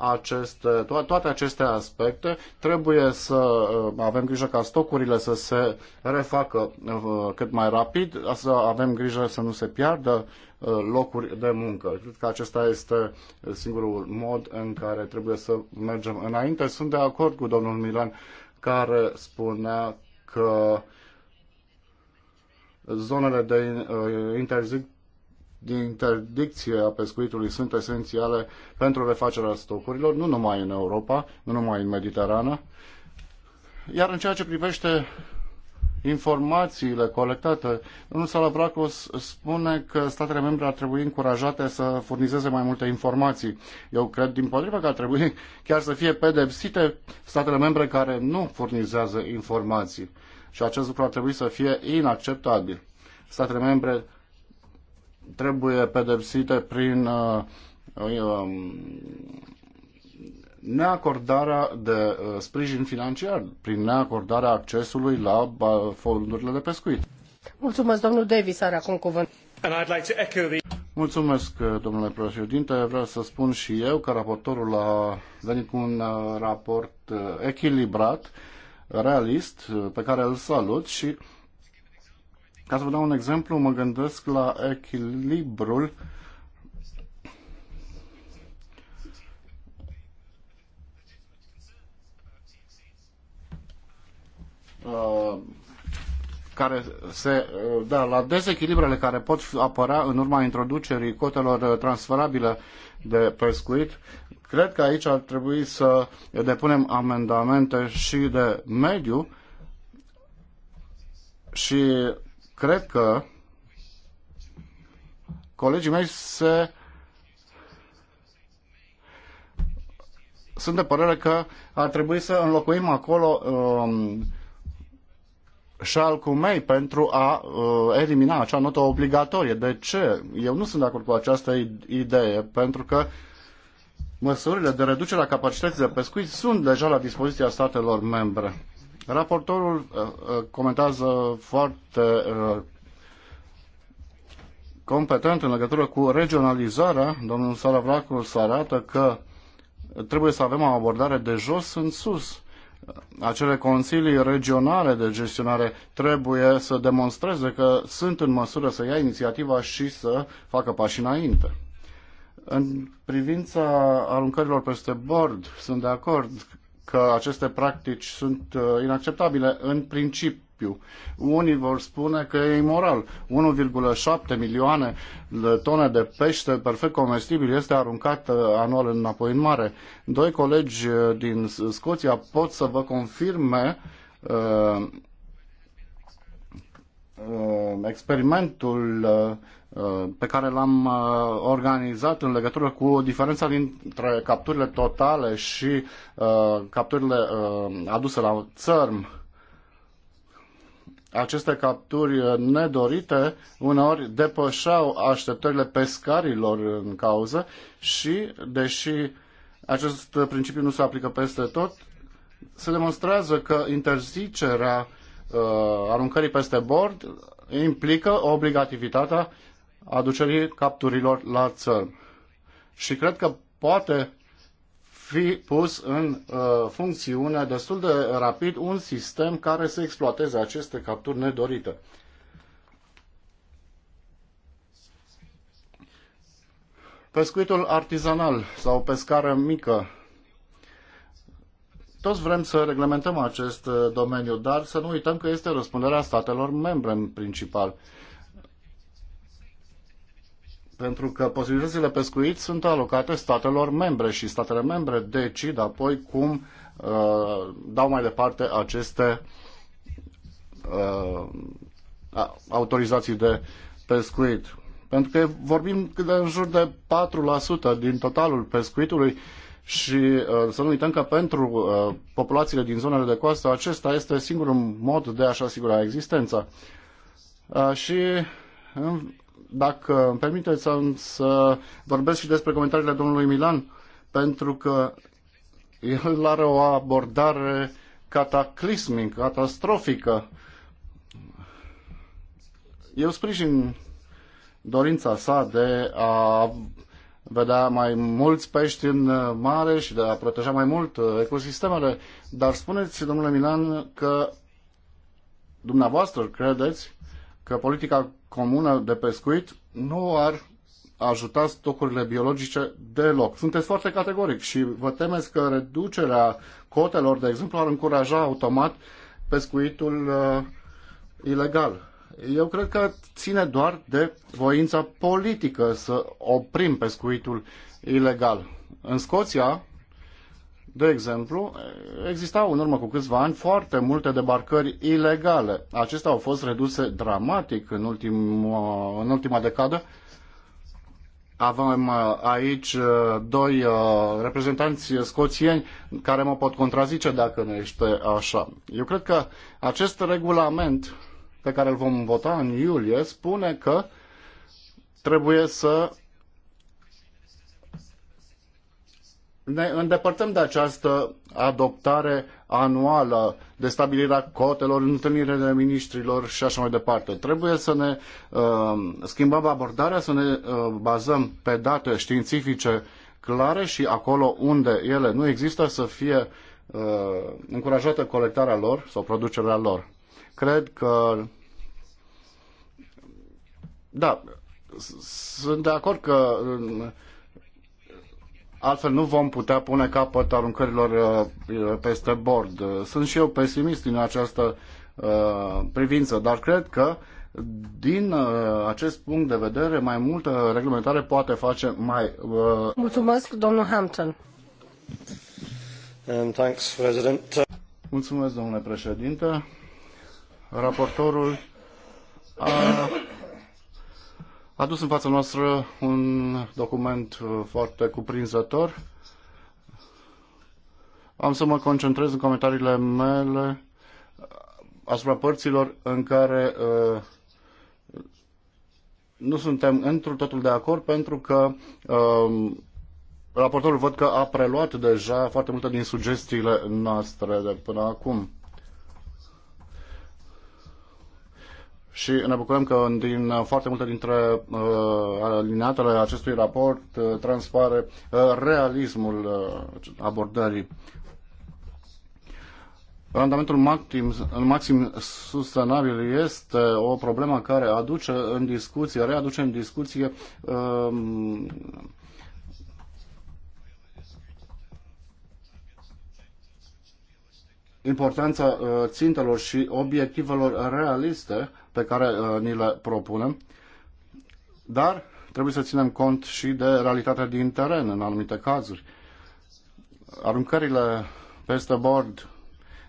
aceste, to- toate aceste aspecte. Trebuie să uh, avem grijă ca stocurile să se refacă uh, cât mai rapid, să avem grijă să nu se piardă uh, locuri de muncă. Cred că acesta este singurul mod în care trebuie să mergem înainte. Sunt de acord cu domnul Milan care spunea că zonele de interzic de interdicție a pescuitului sunt esențiale pentru refacerea stocurilor, nu numai în Europa, nu numai în Mediterană. Iar în ceea ce privește informațiile colectate, domnul Salavracos spune că statele membre ar trebui încurajate să furnizeze mai multe informații. Eu cred, din potrivă, că ar trebui chiar să fie pedepsite statele membre care nu furnizează informații. Și acest lucru ar trebui să fie inacceptabil. Statele membre trebuie pedepsite prin uh, uh, um, neacordarea de uh, sprijin financiar, prin neacordarea accesului la fondurile de pescuit. Mulțumesc, domnul Davis are acum cuvânt. And I'd like to echo the... Mulțumesc, domnule președinte. Vreau să spun și eu că raportorul a venit cu un raport echilibrat, realist, pe care îl salut și ca să vă dau un exemplu, mă gândesc la echilibrul uh, care se, uh, da, la dezechilibrele care pot apărea în urma introducerii cotelor uh, transferabile de pescuit. Cred că aici ar trebui să depunem amendamente și de mediu și Cred că colegii mei se sunt de părere că ar trebui să înlocuim acolo um, șal cu mei pentru a uh, elimina acea notă obligatorie. De ce? Eu nu sunt de acord cu această idee, pentru că măsurile de reducere a capacității de pescuit sunt deja la dispoziția statelor membre. Raportorul uh, uh, comentează foarte uh, competent în legătură cu regionalizarea. Domnul Saravracul să arată că trebuie să avem o abordare de jos în sus. Acele consilii regionale de gestionare trebuie să demonstreze că sunt în măsură să ia inițiativa și să facă pași înainte. În privința aruncărilor peste bord, sunt de acord că aceste practici sunt uh, inacceptabile în principiu. Unii vor spune că e imoral. 1,7 milioane de tone de pește perfect comestibil este aruncat uh, anual înapoi în mare. Doi colegi uh, din Scoția pot să vă confirme uh, Uh, experimentul uh, uh, pe care l-am organizat în legătură cu diferența dintre capturile totale și capturile aduse la țărm. Aceste capturi nedorite uneori depășeau așteptările pescarilor în cauză și, deși acest principiu nu se aplică peste tot, se demonstrează că interzicerea uh, Uh, aruncării peste bord implică obligativitatea aducerii capturilor la țăr. Și cred că poate fi pus în uh, funcțiune destul de rapid un sistem care să exploateze aceste capturi nedorite. Pescuitul artizanal sau pescare mică toți vrem să reglementăm acest uh, domeniu, dar să nu uităm că este răspunderea statelor membre în principal. Pentru că posibilitățile pescuit sunt alocate statelor membre și statele membre decid apoi cum uh, dau mai departe aceste uh, autorizații de pescuit. Pentru că vorbim de în jur de 4% din totalul pescuitului și uh, să nu uităm că pentru uh, populațiile din zonele de coastă acesta este singurul mod de a-și asigura existența. Uh, și dacă îmi permiteți să vorbesc și despre comentariile domnului Milan, pentru că el are o abordare cataclismică, catastrofică. Eu sprijin dorința sa de a vedea mai mulți pești în uh, mare și de a proteja mai mult uh, ecosistemele. Dar spuneți, domnule Milan, că dumneavoastră credeți că politica comună de pescuit nu ar ajuta stocurile biologice deloc. Sunteți foarte categoric și vă temeți că reducerea cotelor, de exemplu, ar încuraja automat pescuitul uh, ilegal eu cred că ține doar de voința politică să oprim pescuitul ilegal. În Scoția, de exemplu, existau în urmă cu câțiva ani foarte multe debarcări ilegale. Acestea au fost reduse dramatic în ultima, în ultima decadă. Avem uh, aici uh, doi uh, reprezentanți scoțieni care mă pot contrazice dacă nu este așa. Eu cred că acest regulament pe care îl vom vota în iulie spune că trebuie să ne îndepărtăm de această adoptare anuală de stabilirea cotelor, întâlnirile ministrilor și așa mai departe. Trebuie să ne uh, schimbăm abordarea, să ne uh, bazăm pe date științifice clare și acolo unde ele nu există să fie uh, încurajată colectarea lor sau producerea lor. Cred că da, sunt de acord că altfel nu vom putea pune capăt aruncărilor uh, peste bord. Sunt și eu pesimist în această uh, privință, dar cred că din uh, acest punct de vedere, mai multă reglementare poate face mai... Mulțumesc, domnul Hampton. Um, thanks, President. Mulțumesc, domnule președinte raportorul a adus în fața noastră un document uh, foarte cuprinzător. Am să mă concentrez în comentariile mele uh, asupra părților în care uh, nu suntem într totul de acord pentru că um, raportorul văd că a preluat deja foarte multe din sugestiile noastre de până acum. și ne bucurăm că din foarte multe dintre uh, alineatele acestui raport uh, transpare uh, realismul uh, abordării. Randamentul maxim, maxim sustenabil este o problemă care aduce în discuție, readuce în discuție um, uh, importanța țintelor și obiectivelor realiste pe care uh, ni le propunem, dar trebuie să ținem cont și de realitatea din teren în anumite cazuri. Aruncările peste bord,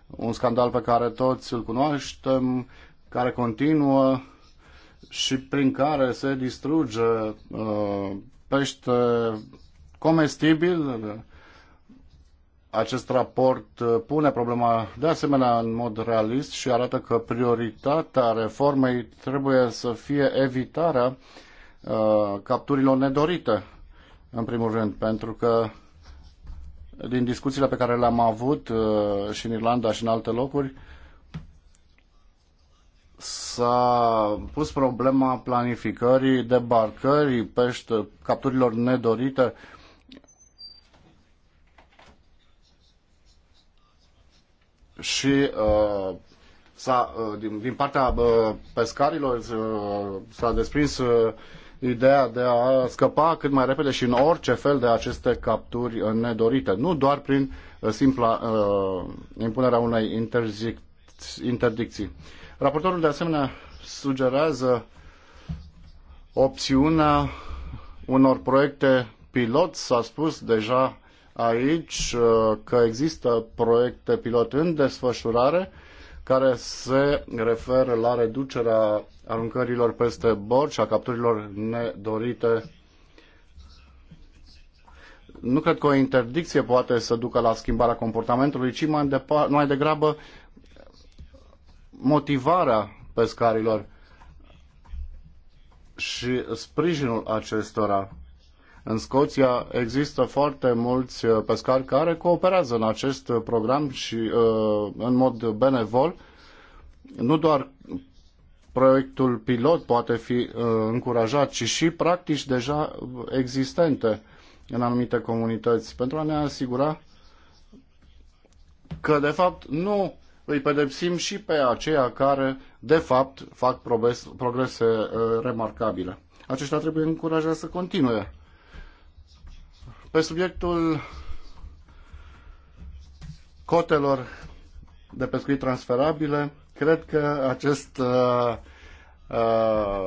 un scandal pe care toți îl cunoaștem, care continuă și prin care se distruge uh, pește comestibil, acest raport uh, pune problema de asemenea în mod realist și arată că prioritatea reformei trebuie să fie evitarea uh, capturilor nedorite, în primul rând, pentru că din discuțiile pe care le-am avut uh, și în Irlanda și în alte locuri, s-a pus problema planificării, debarcării pește, capturilor nedorite uh, și uh, s-a, uh, din, din partea uh, pescarilor uh, s-a desprins ideea de a scăpa cât mai repede și în orice fel de aceste capturi nedorite, nu doar prin simpla uh, impunerea unei interdicții. Raportorul de asemenea sugerează opțiunea unor proiecte pilot, s-a spus deja aici uh, că există proiecte pilot în desfășurare care se referă la reducerea aruncărilor peste bord și a capturilor nedorite. Nu cred că o interdicție poate să ducă la schimbarea comportamentului, ci mai, depa- mai degrabă motivarea pescarilor și sprijinul acestora în Scoția există foarte mulți uh, pescari care cooperează în acest program și uh, în mod benevol. Nu doar proiectul pilot poate fi uh, încurajat, ci și practici deja existente în anumite comunități pentru a ne asigura că de fapt nu îi pedepsim și pe aceia care de fapt fac progrese remarcabile. Aceștia trebuie încurajați să continue pe subiectul cotelor de pescuit transferabile, cred că acest uh, uh,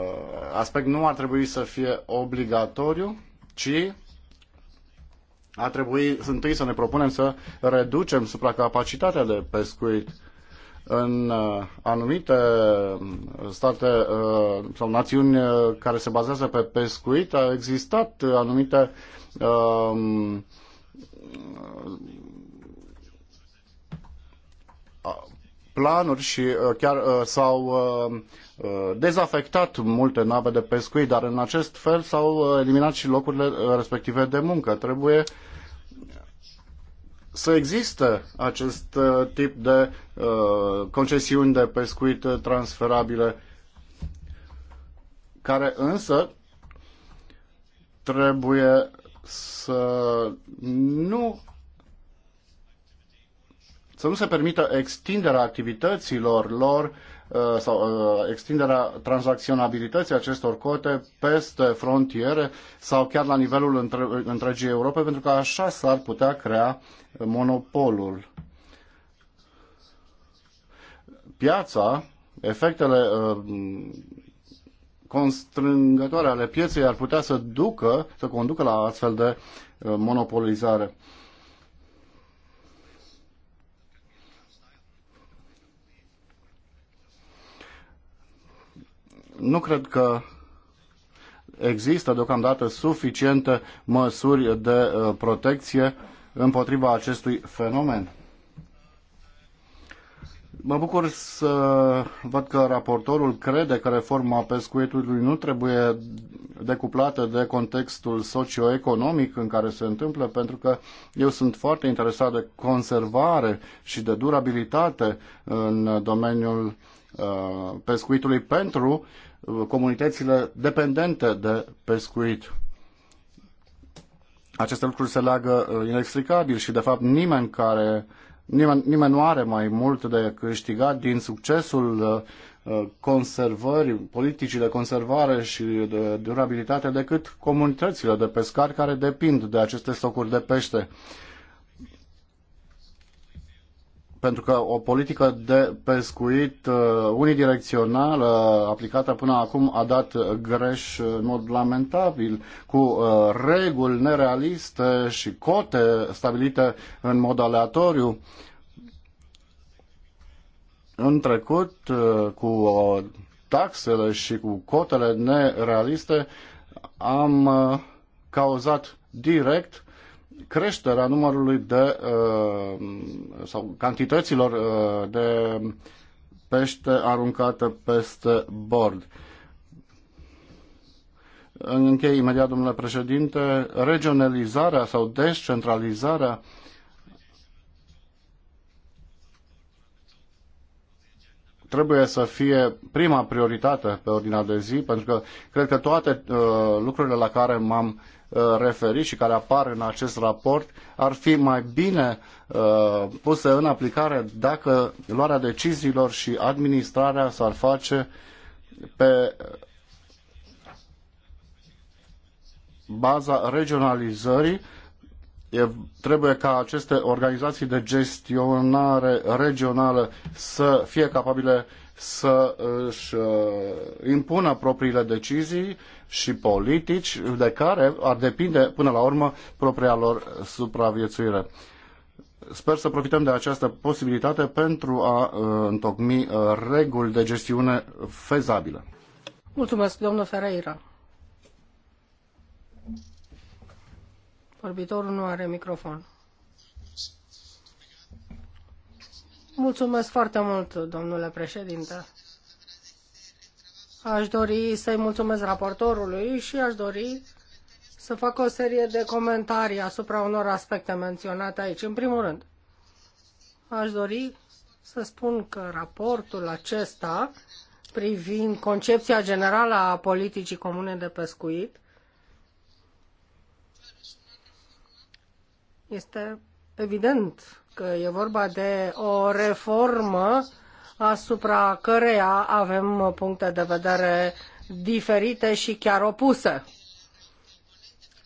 aspect nu ar trebui să fie obligatoriu, ci ar trebui întâi să ne propunem să reducem supracapacitatea de pescuit în uh, anumite uh, state uh, sau națiuni care se bazează pe pescuit, au existat anumite um, planuri și chiar s-au dezafectat multe nave de pescuit, dar în acest fel s-au eliminat și locurile respective de muncă. Trebuie uh, să existe acest uh, tip de uh, concesiuni de pescuit transferabile, care însă trebuie să nu să nu se permită extinderea activităților lor Uh, sau uh, extinderea tranzacționabilității acestor cote peste frontiere sau chiar la nivelul între, întregii Europe, pentru că așa s-ar putea crea monopolul. Piața, efectele uh, constrângătoare ale pieței ar putea să ducă, să conducă la astfel de monopolizare. nu cred că există deocamdată suficiente măsuri de uh, protecție împotriva acestui fenomen. Mă bucur să văd că raportorul crede că reforma pescuitului nu trebuie decuplată de contextul socioeconomic în care se întâmplă, pentru că eu sunt foarte interesat de conservare și de durabilitate în domeniul Uh, pescuitului pentru uh, comunitățile dependente de pescuit. Aceste lucruri se leagă uh, inexplicabil și, de fapt, nimeni care nimeni, nimeni nu are mai mult de câștigat din succesul conservării, politicii de conservare și de durabilitate decât comunitățile de pescari care depind de aceste stocuri de pește pentru că o politică de pescuit uh, unidirecțională uh, aplicată până acum a dat greș în mod lamentabil, cu uh, reguli nerealiste și cote stabilite în mod aleatoriu. În trecut, cu taxele și cu cotele nerealiste, am cauzat direct creșterea numărului de uh, sau cantităților uh, de pește aruncată peste bord. Închei imediat, domnule președinte, regionalizarea sau descentralizarea trebuie să fie prima prioritate pe ordinea de zi, pentru că cred că toate uh, lucrurile la care m-am uh, Uh, referi și care apar în acest raport ar fi mai bine uh, puse în aplicare dacă luarea deciziilor și administrarea s-ar face pe baza regionalizării E, trebuie ca aceste organizații de gestionare regională să fie capabile să își uh, impună propriile decizii și politici de care ar depinde până la urmă propria lor supraviețuire. Sper să profităm de această posibilitate pentru a uh, întocmi uh, reguli de gestiune fezabile. Mulțumesc, domnul Ferreira. Vorbitorul nu are microfon. Mulțumesc foarte mult, domnule președinte. Aș dori să-i mulțumesc raportorului și aș dori să fac o serie de comentarii asupra unor aspecte menționate aici. În primul rând, aș dori să spun că raportul acesta privind concepția generală a politicii comune de pescuit este evident că e vorba de o reformă asupra căreia avem puncte de vedere diferite și chiar opuse.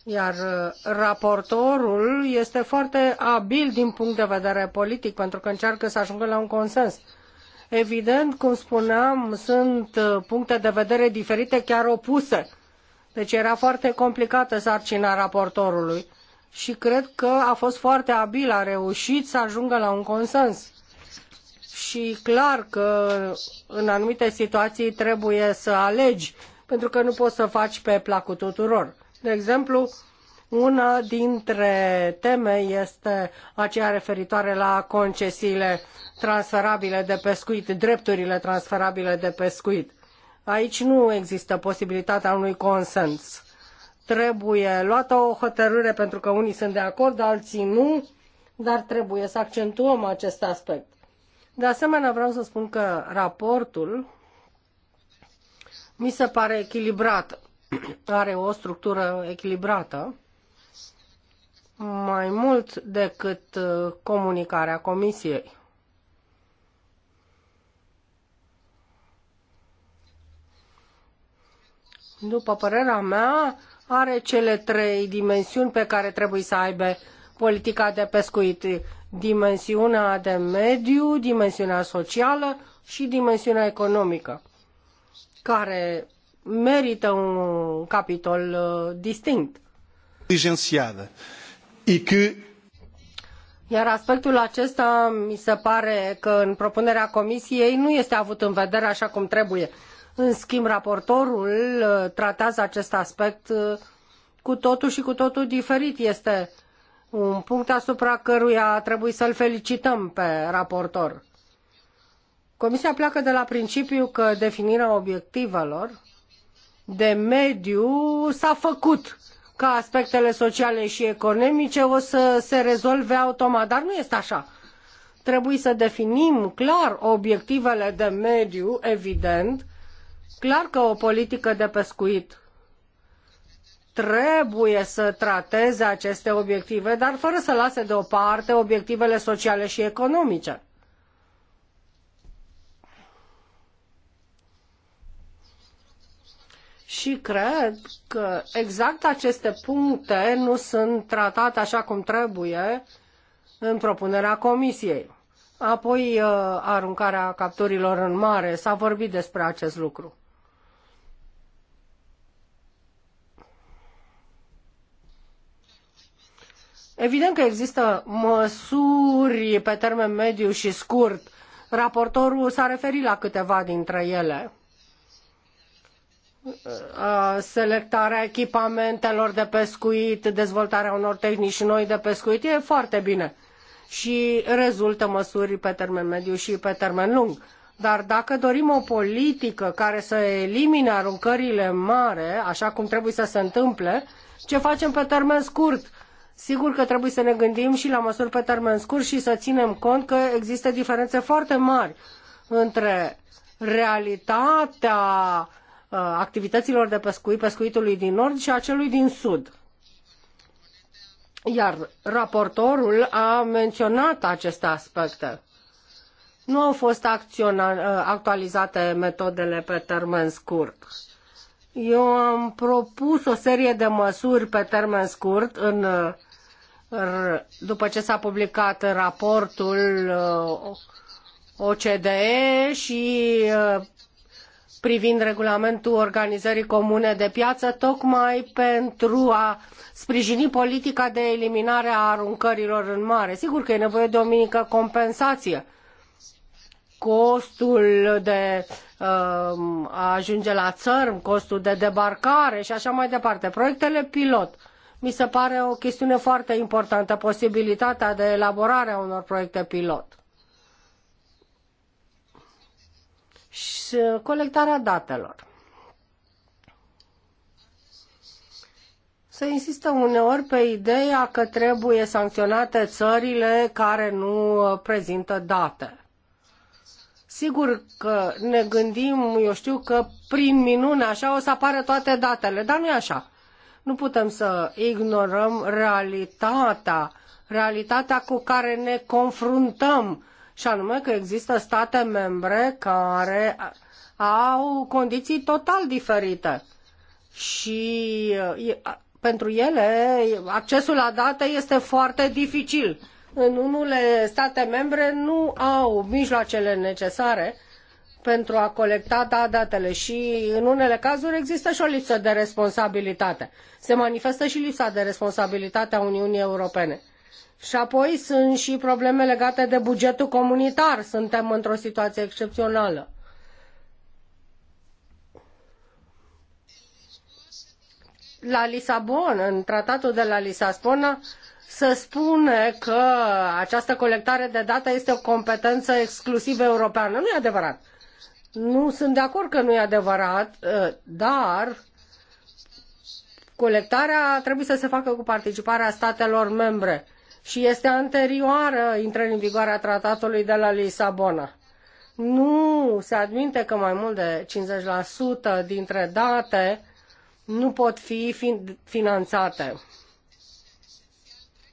Iar uh, raportorul este foarte abil din punct de vedere politic, pentru că încearcă să ajungă la un consens. Evident, cum spuneam, sunt uh, puncte de vedere diferite, chiar opuse. Deci era foarte complicată sarcina raportorului și cred că a fost foarte abil, a reușit să ajungă la un consens și clar că în anumite situații trebuie să alegi, pentru că nu poți să faci pe placul tuturor. De exemplu, una dintre teme este aceea referitoare la concesiile transferabile de pescuit, drepturile transferabile de pescuit. Aici nu există posibilitatea unui consens. Trebuie luată o hotărâre pentru că unii sunt de acord, alții nu, dar trebuie să accentuăm acest aspect. De asemenea, vreau să spun că raportul mi se pare echilibrat, [CLEARS THROAT] are o structură echilibrată, mai mult decât uh, comunicarea comisiei. După părerea mea, are cele trei dimensiuni pe care trebuie să aibă politica de pescuit dimensiunea de mediu, dimensiunea socială și dimensiunea economică, care merită un capitol uh, distinct. Diligenciată. că iar aspectul acesta mi se pare că în propunerea comisiei nu este avut în vedere așa cum trebuie. În schimb, raportorul uh, tratează acest aspect uh, cu totul și cu totul diferit. Este un punct asupra căruia trebuie să-l felicităm pe raportor. Comisia pleacă de la principiu că definirea obiectivelor de mediu s-a făcut că aspectele sociale și economice o să se rezolve automat, dar nu este așa. Trebuie să definim clar obiectivele de mediu, evident, clar că o politică de pescuit trebuie să trateze aceste obiective, dar fără să lase deoparte obiectivele sociale și economice. Și cred că exact aceste puncte nu sunt tratate așa cum trebuie în propunerea comisiei. Apoi uh, aruncarea capturilor în mare, s-a vorbit despre acest lucru. Evident că există măsuri pe termen mediu și scurt. Raportorul s-a referit la câteva dintre ele. Selectarea echipamentelor de pescuit, dezvoltarea unor tehnici noi de pescuit e foarte bine și rezultă măsuri pe termen mediu și pe termen lung. Dar dacă dorim o politică care să elimine aruncările mare, așa cum trebuie să se întâmple, ce facem pe termen scurt? Sigur că trebuie să ne gândim și la măsuri pe termen scurt și să ținem cont că există diferențe foarte mari între realitatea uh, activităților de pescuit, pescuitului din nord și a celui din sud. Iar raportorul a menționat aceste aspecte. Nu au fost uh, actualizate metodele pe termen scurt. Eu am propus o serie de măsuri pe termen scurt în uh, după ce s-a publicat raportul uh, OCDE și uh, privind regulamentul organizării comune de piață, tocmai pentru a sprijini politica de eliminare a aruncărilor în mare. Sigur că e nevoie de o mică compensație. Costul de uh, a ajunge la țărm, costul de debarcare și așa mai departe. Proiectele pilot mi se pare o chestiune foarte importantă, posibilitatea de elaborare a unor proiecte pilot. Și colectarea datelor. Se insistă uneori pe ideea că trebuie sancționate țările care nu prezintă date. Sigur că ne gândim, eu știu că prin minune așa o să apară toate datele, dar nu e așa. Nu putem să ignorăm realitatea, realitatea cu care ne confruntăm, și anume că există state membre care au condiții total diferite. Și pentru ele accesul la date este foarte dificil. În unele state membre nu au mijloacele necesare pentru a colecta da, datele și în unele cazuri există și o lipsă de responsabilitate. Se manifestă și lipsa de responsabilitate a Uniunii Europene. Și apoi sunt și probleme legate de bugetul comunitar. Suntem într-o situație excepțională. La Lisabona, în tratatul de la Lisabona, se spune că această colectare de date este o competență exclusiv europeană. Nu e adevărat. Nu sunt de acord că nu e adevărat, ă, dar colectarea trebuie să se facă cu participarea statelor membre și este anterioară intrării în vigoare a tratatului de la Lisabona. Nu se admite că mai mult de 50% dintre date nu pot fi finanțate.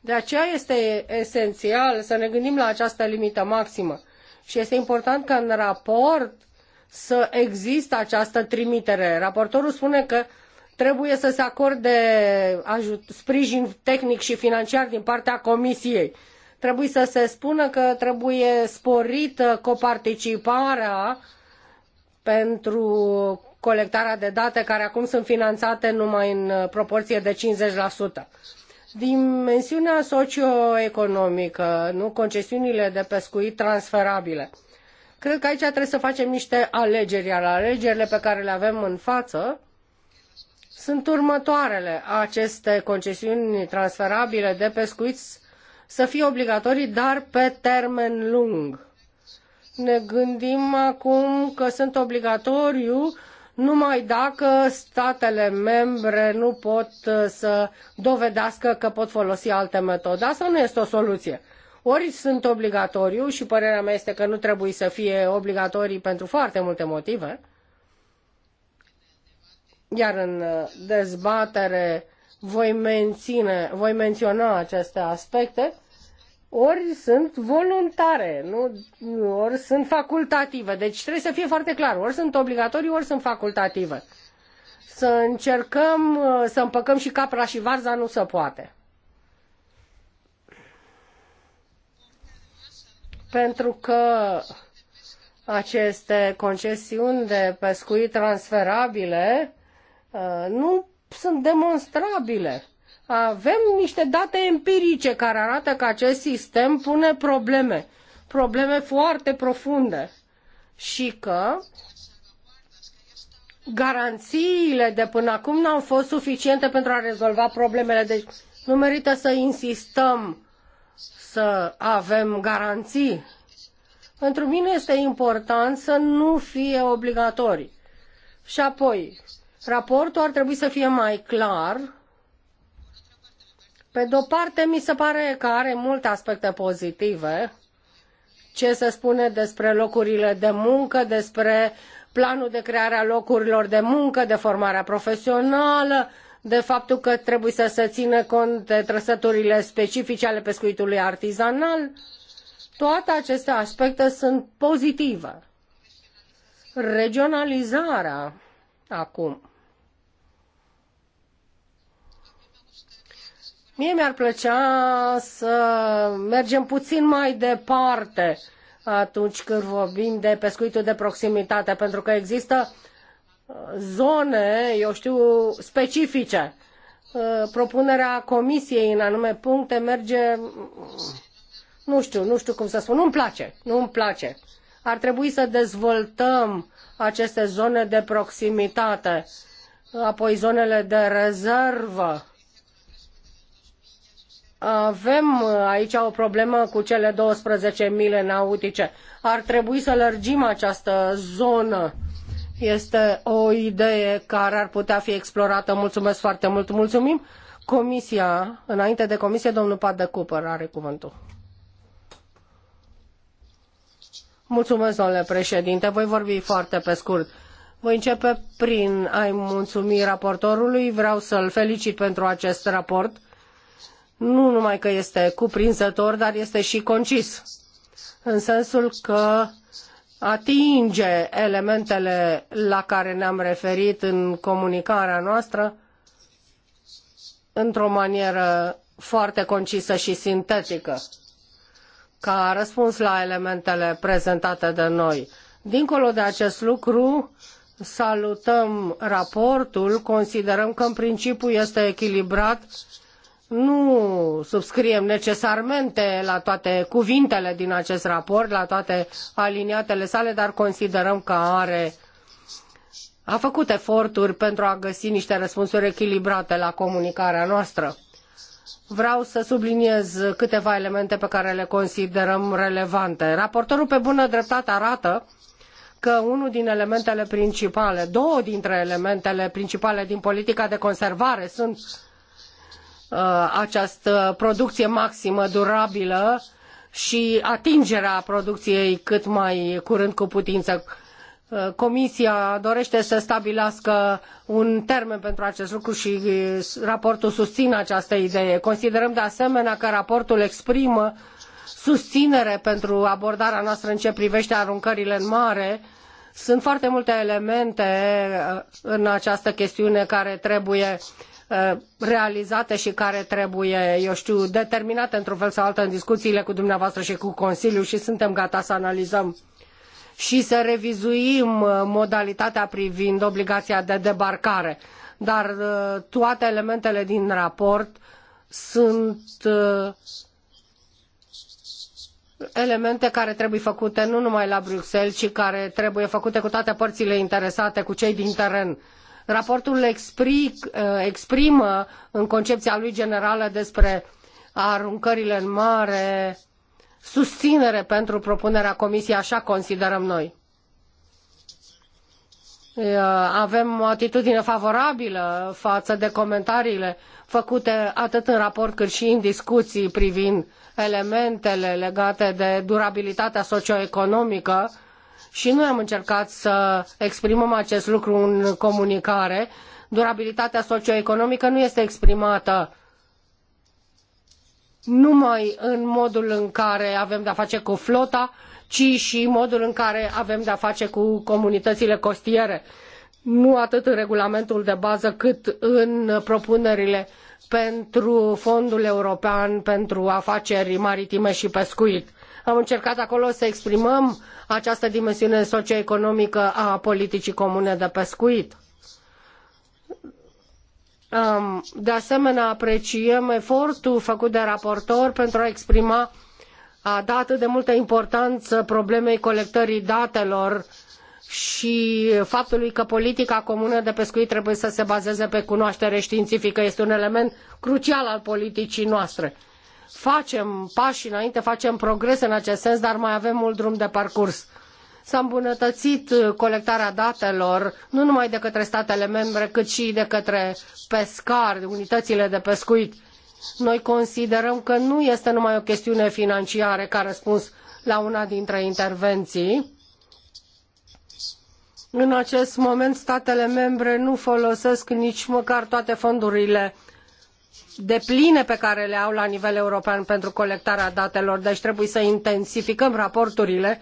De aceea este esențial să ne gândim la această limită maximă. Și este important că în raport să existe această trimitere. Raportorul spune că trebuie să se acorde ajut, sprijin tehnic și financiar din partea Comisiei. Trebuie să se spună că trebuie sporită coparticiparea pentru colectarea de date care acum sunt finanțate numai în proporție de 50%. Dimensiunea socioeconomică, nu concesiunile de pescuit transferabile. Cred că aici trebuie să facem niște alegeri, iar alegerile pe care le avem în față sunt următoarele. Aceste concesiuni transferabile de pescuit să fie obligatorii, dar pe termen lung. Ne gândim acum că sunt obligatoriu numai dacă statele membre nu pot să dovedească că pot folosi alte metode. Asta nu este o soluție ori sunt obligatoriu și părerea mea este că nu trebuie să fie obligatorii pentru foarte multe motive, iar în dezbatere voi, menține, voi menționa aceste aspecte, ori sunt voluntare, nu, ori sunt facultative. Deci trebuie să fie foarte clar, ori sunt obligatorii, ori sunt facultative. Să încercăm să împăcăm și capra și varza nu se poate. pentru că aceste concesiuni de pescuit transferabile uh, nu sunt demonstrabile. Avem niște date empirice care arată că acest sistem pune probleme, probleme foarte profunde și că garanțiile de până acum nu au fost suficiente pentru a rezolva problemele. Deci nu merită să insistăm să avem garanții. Pentru mine este important să nu fie obligatorii. Și apoi, raportul ar trebui să fie mai clar. Pe de-o parte, mi se pare că are multe aspecte pozitive. Ce se spune despre locurile de muncă, despre planul de creare a locurilor de muncă, de formarea profesională, de faptul că trebuie să se țină cont de trăsăturile specifice ale pescuitului artizanal. Toate aceste aspecte sunt pozitive. Regionalizarea acum. Mie mi-ar plăcea să mergem puțin mai departe atunci când vorbim de pescuitul de proximitate, pentru că există zone, eu știu, specifice. Uh, propunerea comisiei în anume puncte merge, mm, nu știu, nu știu cum să spun, nu-mi place, nu-mi place. Ar trebui să dezvoltăm aceste zone de proximitate, apoi zonele de rezervă. Avem uh, aici o problemă cu cele 12 mile nautice. Ar trebui să lărgim această zonă este o idee care ar putea fi explorată. Mulțumesc foarte mult. Mulțumim. Comisia, înainte de comisie, domnul Pat de Cooper are cuvântul. Mulțumesc, domnule președinte. Voi vorbi foarte pe scurt. Voi începe prin a-i mulțumi raportorului. Vreau să-l felicit pentru acest raport. Nu numai că este cuprinzător, dar este și concis. În sensul că atinge elementele la care ne-am referit în comunicarea noastră într-o manieră foarte concisă și sintetică, ca răspuns la elementele prezentate de noi. Dincolo de acest lucru, salutăm raportul, considerăm că în principiu este echilibrat nu subscriem necesarmente la toate cuvintele din acest raport, la toate aliniatele sale, dar considerăm că are a făcut eforturi pentru a găsi niște răspunsuri echilibrate la comunicarea noastră. Vreau să subliniez câteva elemente pe care le considerăm relevante. Raportorul pe bună dreptate arată că unul din elementele principale, două dintre elementele principale din politica de conservare sunt Uh, această producție maximă durabilă și atingerea producției cât mai curând cu putință. Uh, comisia dorește să stabilească un termen pentru acest lucru și uh, raportul susține această idee. Considerăm de asemenea că raportul exprimă susținere pentru abordarea noastră în ceea ce privește aruncările în mare. Sunt foarte multe elemente în această chestiune care trebuie uh, Uh, realizate și care trebuie, eu știu, determinate într-un fel sau altul în discuiile cu dumneavoastră și cu Consiliul și suntem gata să analizăm și să revizuim uh, modalitatea privind obligația de debarcare. Dar uh, toate elementele din raport sunt elemente care trebuie făcute nu numai la Bruxelles, ci care trebuie făcute cu toate părțile interesate, cu cei din teren Raportul eh, exprimă în concepția lui generală despre aruncările în mare susținere pentru propunerea Comisiei, așa considerăm noi. Eh, avem o atitudine favorabilă față de comentariile făcute atât în raport cât și în discuții privind elementele legate de durabilitatea socioeconomică și noi am încercat să exprimăm acest lucru în comunicare. Durabilitatea socioeconomică nu este exprimată numai în modul în care avem de-a face cu flota, ci și modul în care avem de-a face cu comunitățile costiere. Nu atât în regulamentul de bază, cât în propunerile pentru Fondul European pentru Afaceri Maritime și Pescuit. Am încercat acolo să exprimăm această dimensiune socioeconomică a politicii comune de pescuit. De asemenea, apreciem efortul făcut de raportor pentru a exprima a da atât de multă importanță problemei colectării datelor și faptului că politica comună de pescuit trebuie să se bazeze pe cunoaștere științifică este un element crucial al politicii noastre facem pași înainte, facem progrese în acest sens, dar mai avem mult drum de parcurs. S-a îmbunătățit uh, colectarea datelor, nu numai de către statele membre, cât și de către pescari, unitățile de pescuit. Noi considerăm că nu este numai o chestiune financiară ca răspuns la una dintre intervenții. În acest moment, statele membre nu folosesc nici măcar toate fondurile depline pe care le au la nivel european pentru colectarea datelor, deci trebuie să intensificăm raporturile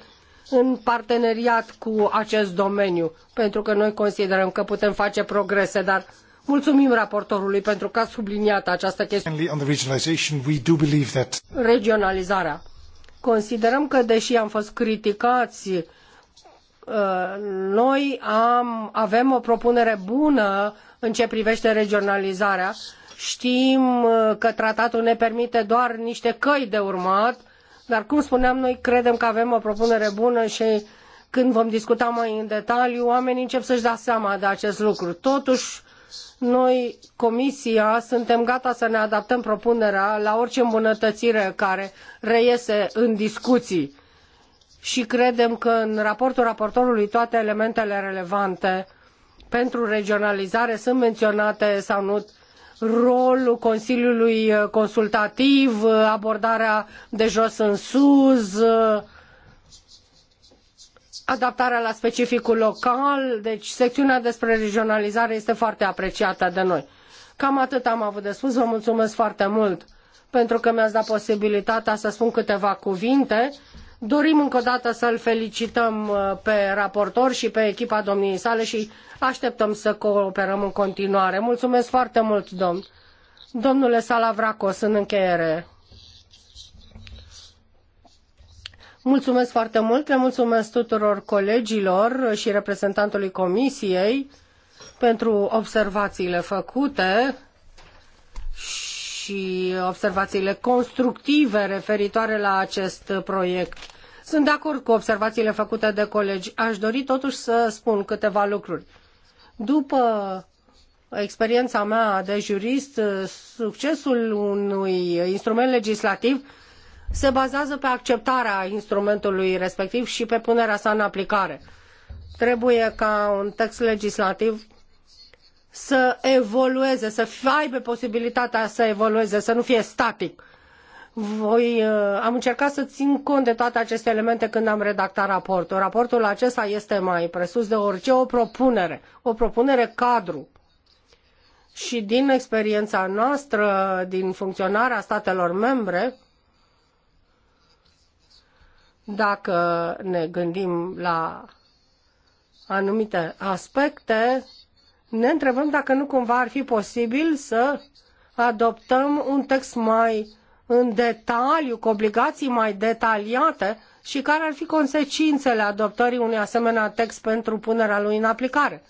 în parteneriat cu acest domeniu, pentru că noi considerăm că putem face progrese, dar Mulțumim raportorului pentru că a subliniat această chestiune. Regionalizarea. Considerăm că, deși am fost criticați, uh, noi am, avem o propunere bună în ceea ce privește regionalizarea Știm uh, că tratatul ne permite doar niște căi de urmat, dar cum spuneam, noi credem că avem o propunere bună și când vom discuta mai în detaliu, oamenii încep să-și dea seama de acest lucru. Totuși, noi, Comisia, suntem gata să ne adaptăm propunerea la orice îmbunătățire care reiese în discuții și credem că în raportul raportorului toate elementele relevante pentru regionalizare sunt menționate sau nu rolul Consiliului Consultativ, abordarea de jos în sus, adaptarea la specificul local, deci secțiunea despre regionalizare este foarte apreciată de noi. Cam atât am avut de spus, vă mulțumesc foarte mult pentru că mi-ați dat posibilitatea să spun câteva cuvinte Dorim încă o dată să-l felicităm uh, pe raportor și pe echipa domniei sale și așteptăm să cooperăm în continuare. Mulțumesc foarte mult, domn. Domnule Salavracos, în încheiere. Mulțumesc foarte mult, le mulțumesc tuturor colegilor și reprezentantului comisiei pentru observațiile făcute și observațiile constructive referitoare la acest proiect sunt de acord cu observațiile făcute de colegi. Aș dori totuși să spun câteva lucruri. După experiența mea de jurist, succesul unui instrument legislativ se bazează pe acceptarea instrumentului respectiv și pe punerea sa în aplicare. Trebuie ca un text legislativ să evolueze, să aibă posibilitatea să evolueze, să nu fie static voi, uh, am încercat să țin cont de toate aceste elemente când am redactat raportul. Raportul acesta este mai presus de orice o propunere, o propunere cadru. Și din experiența noastră, din funcționarea statelor membre, dacă ne gândim la anumite aspecte, ne întrebăm dacă nu cumva ar fi posibil să adoptăm un text mai în detaliu, cu obligații mai detaliate și care ar fi consecințele adoptării unui asemenea text pentru punerea lui în aplicare.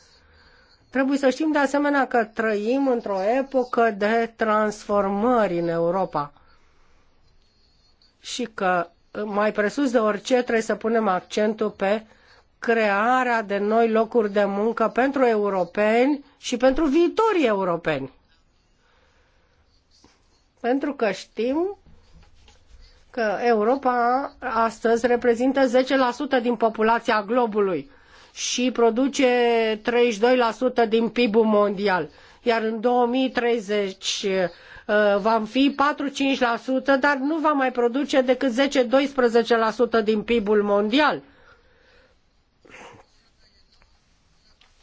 Trebuie să știm de asemenea că trăim într-o epocă de transformări în Europa și că mai presus de orice trebuie să punem accentul pe crearea de noi locuri de muncă pentru europeni și pentru viitorii europeni. Pentru că știm că Europa astăzi reprezintă 10% din populația globului și produce 32% din PIB-ul mondial. Iar în 2030 uh, vom fi 4-5%, dar nu va mai produce decât 10-12% din PIB-ul mondial.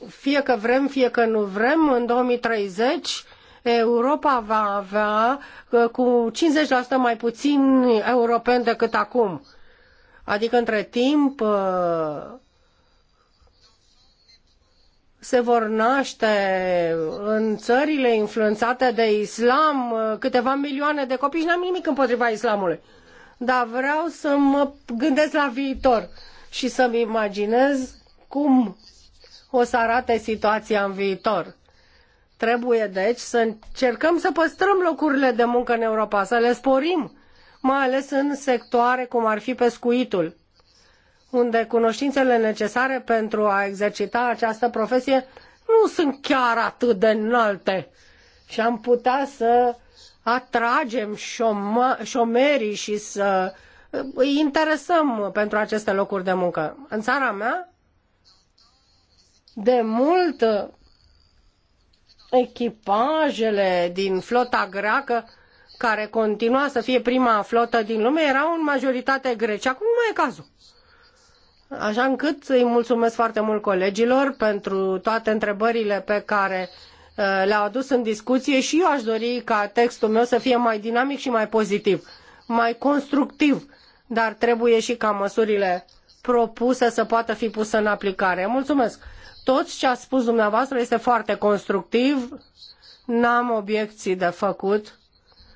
Fie că vrem, fie că nu vrem, în 2030 Europa va avea cu 50% mai puțin europeni decât acum. Adică între timp uh, se vor naște în țările influențate de islam uh, câteva milioane de copii și n-am nimic împotriva islamului. Dar vreau să mă gândesc la viitor și să-mi imaginez cum o să arate situația în viitor. Trebuie, deci, să încercăm să păstrăm locurile de muncă în Europa, să le sporim, mai ales în sectoare cum ar fi pescuitul, unde cunoștințele necesare pentru a exercita această profesie nu sunt chiar atât de înalte și am putea să atragem șoma- șomerii și să îi interesăm pentru aceste locuri de muncă. În țara mea, de mult echipajele din flota greacă, care continua să fie prima flotă din lume, erau în majoritate greci. Acum nu mai e cazul. Așa încât îi mulțumesc foarte mult colegilor pentru toate întrebările pe care uh, le-au adus în discuție și eu aș dori ca textul meu să fie mai dinamic și mai pozitiv, mai constructiv, dar trebuie și ca măsurile propuse să poată fi puse în aplicare. Mulțumesc! Tot ce a spus dumneavoastră este foarte constructiv, n-am obiecții de făcut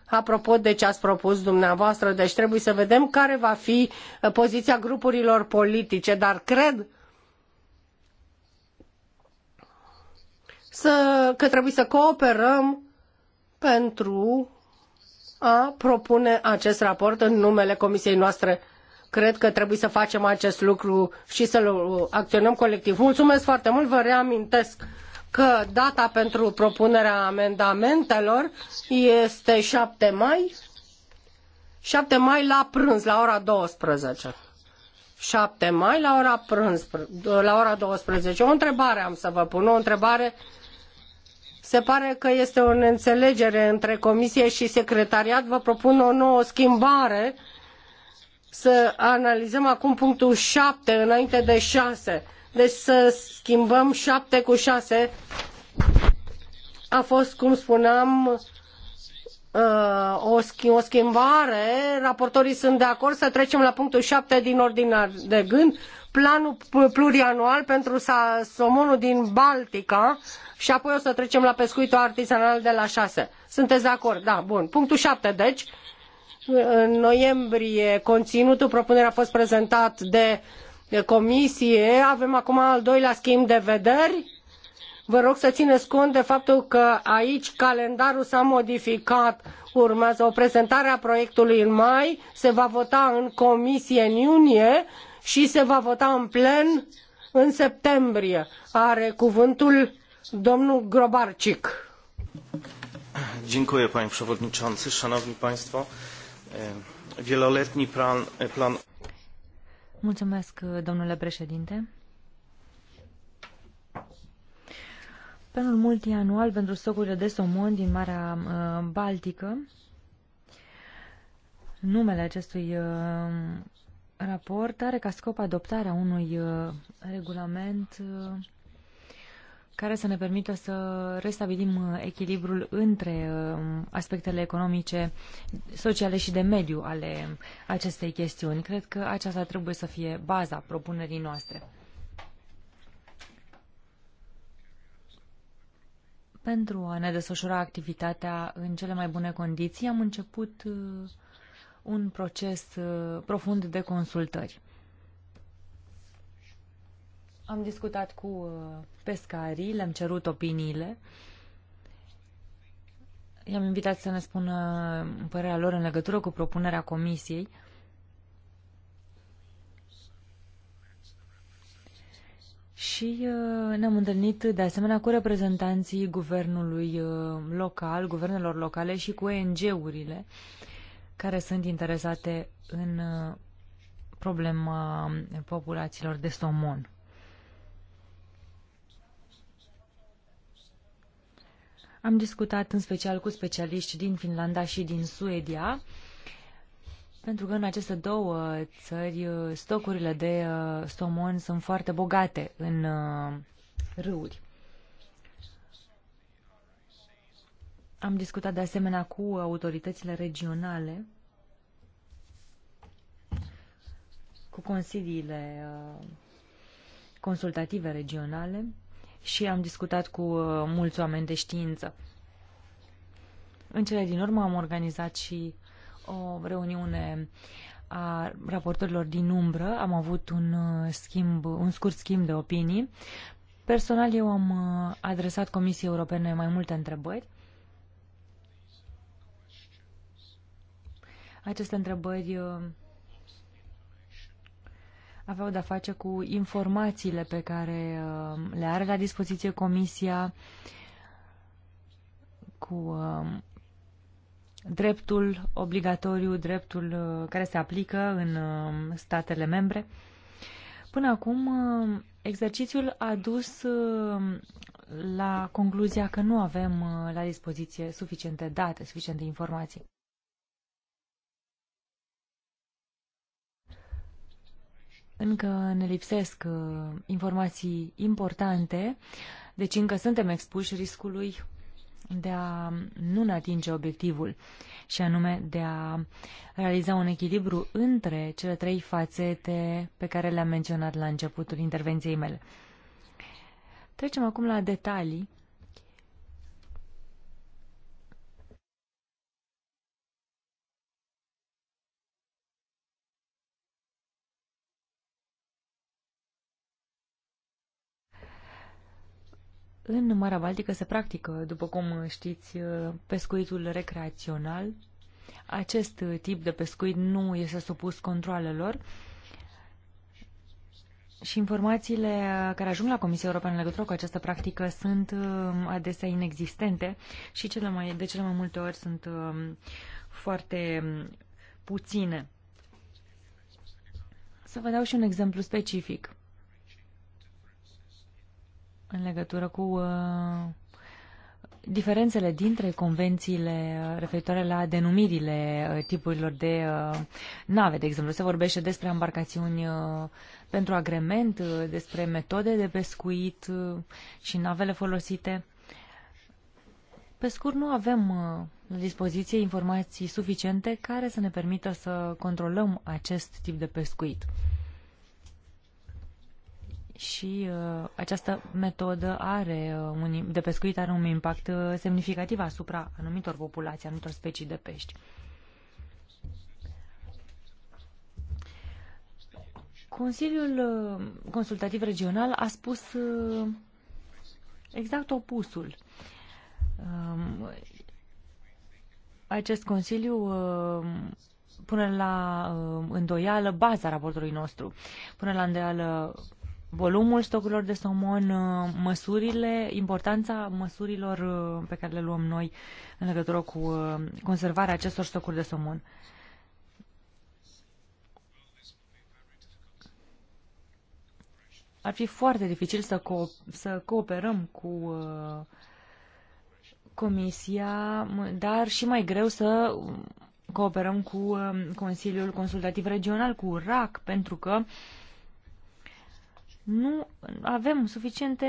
apropo de ce ați propus dumneavoastră, deci trebuie să vedem care va fi uh, poziția grupurilor politice, dar cred să, că trebuie să cooperăm pentru a propune acest raport în numele comisiei noastre Cred că trebuie să facem acest lucru și să acționăm colectiv. Mulțumesc foarte mult, vă reamintesc că data pentru propunerea amendamentelor este 7 mai, 7 mai la prânz, la ora 12. 7 mai la ora prânz, la ora 12. O întrebare am să vă pun, o întrebare. Se pare că este o înțelegere între comisie și secretariat. Vă propun o nouă schimbare uh, să analizăm acum punctul 7 înainte de 6. Deci să schimbăm 7 cu 6 a fost, cum spuneam, uh, o, schimbare. Raportorii sunt de acord să trecem la punctul 7 din ordinea de gând. Planul plurianual pentru somonul din Baltica și apoi o să trecem la pescuitul artizanal de la 6. Sunteți de acord? Da, bun. Punctul 7, deci în noiembrie conținutul propunerii a fost prezentat de comisie. Avem acum al doilea schimb de vederi. Vă rog să țineți cont de faptul că aici calendarul s-a modificat. Urmează o prezentare a proiectului în mai, se va vota în comisie în iunie și se va vota în plen în septembrie. Are cuvântul domnul Grobarczyk. Dziękuję panie przewodniczący, szanowni państwo wieloletni plan, plan... Mulțumesc, domnule președinte. Planul multianual pentru stocurile de somon din Marea uh, Baltică. Numele acestui uh, raport are ca scop adoptarea unui uh, regulament care să ne permită să restabilim uh, echilibrul între uh, aspectele economice, sociale și de mediu ale acestei chestiuni. Cred că aceasta trebuie să fie baza propunerii noastre. Pentru a ne desfășura activitatea în cele mai bune condiții, am început uh, un proces profund de consultări. Am discutat cu uh, pescarii, le-am cerut opiniile. I-am invitat să ne spună uh, părerea lor în legătură cu propunerea comisiei. Și uh, ne-am întâlnit de asemenea cu reprezentanții guvernului local, guvernelor locale și cu ONG-urile care sunt interesate în problema populațiilor de somon. Am discutat în special cu specialiști din Finlanda și din Suedia, pentru că în aceste două țări uh, stocurile de uh, somon sunt foarte bogate în uh, râuri. Am discutat de asemenea cu autoritățile regionale, cu consiliile consultative regionale, și am discutat cu uh, mulți oameni de știință. În cele din urmă am organizat și o reuniune a raportorilor din umbră. Am avut un, uh, schimb, un scurt schimb de opinii. Personal, eu am uh, adresat Comisiei Europene mai multe întrebări. Aceste întrebări aveau de-a face cu informațiile pe care um, le are la dispoziție Comisia, cu um, dreptul obligatoriu, dreptul uh, care se aplică în um, statele membre. Până acum, exercițiul a dus la concluzia că nu avem uh, la dispoziție suficiente date, suficiente informații. încă ne lipsesc uh, informații importante, deci încă suntem expuși riscului de a nu ne atinge obiectivul și anume de a realiza un echilibru între cele trei fațete pe care le-am menționat la începutul intervenției mele. Trecem acum la detalii În Marea Baltică se practică, după cum știți, pescuitul recreațional. Acest tip de pescuit nu este supus controlelor. și informațiile care ajung la Comisia Europeană în legătură cu această practică sunt um, adesea inexistente și cele mai, de cele mai multe ori sunt um, foarte um, puține. Să vă dau și un exemplu specific în legătură cu uh, diferențele dintre convențiile referitoare la denumirile uh, tipurilor de uh, nave, de exemplu. Se vorbește despre embarcațiuni uh, pentru agrement, uh, despre metode de pescuit uh, și navele folosite. Pe scurt, nu avem la dispoziție informații suficiente care să ne permită să controlăm acest tip de pescuit și uh, această metodă are uh, un, de pescuit are un impact uh, semnificativ asupra anumitor populații, anumitor specii de pești. Consiliul uh, Consultativ Regional a spus uh, exact opusul. Uh, acest consiliu uh, pune la îndoială baza raportului nostru, pune la îndoială volumul stocurilor de somon, uh, măsurile, importanța măsurilor uh, pe care le luăm noi în legătură cu uh, conservarea acestor stocuri de somon. Ar fi foarte dificil să, co- să cooperăm cu uh, Comisia, dar și mai greu să cooperăm cu Consiliul Consultativ Regional, cu RAC, pentru că uh, nu avem suficiente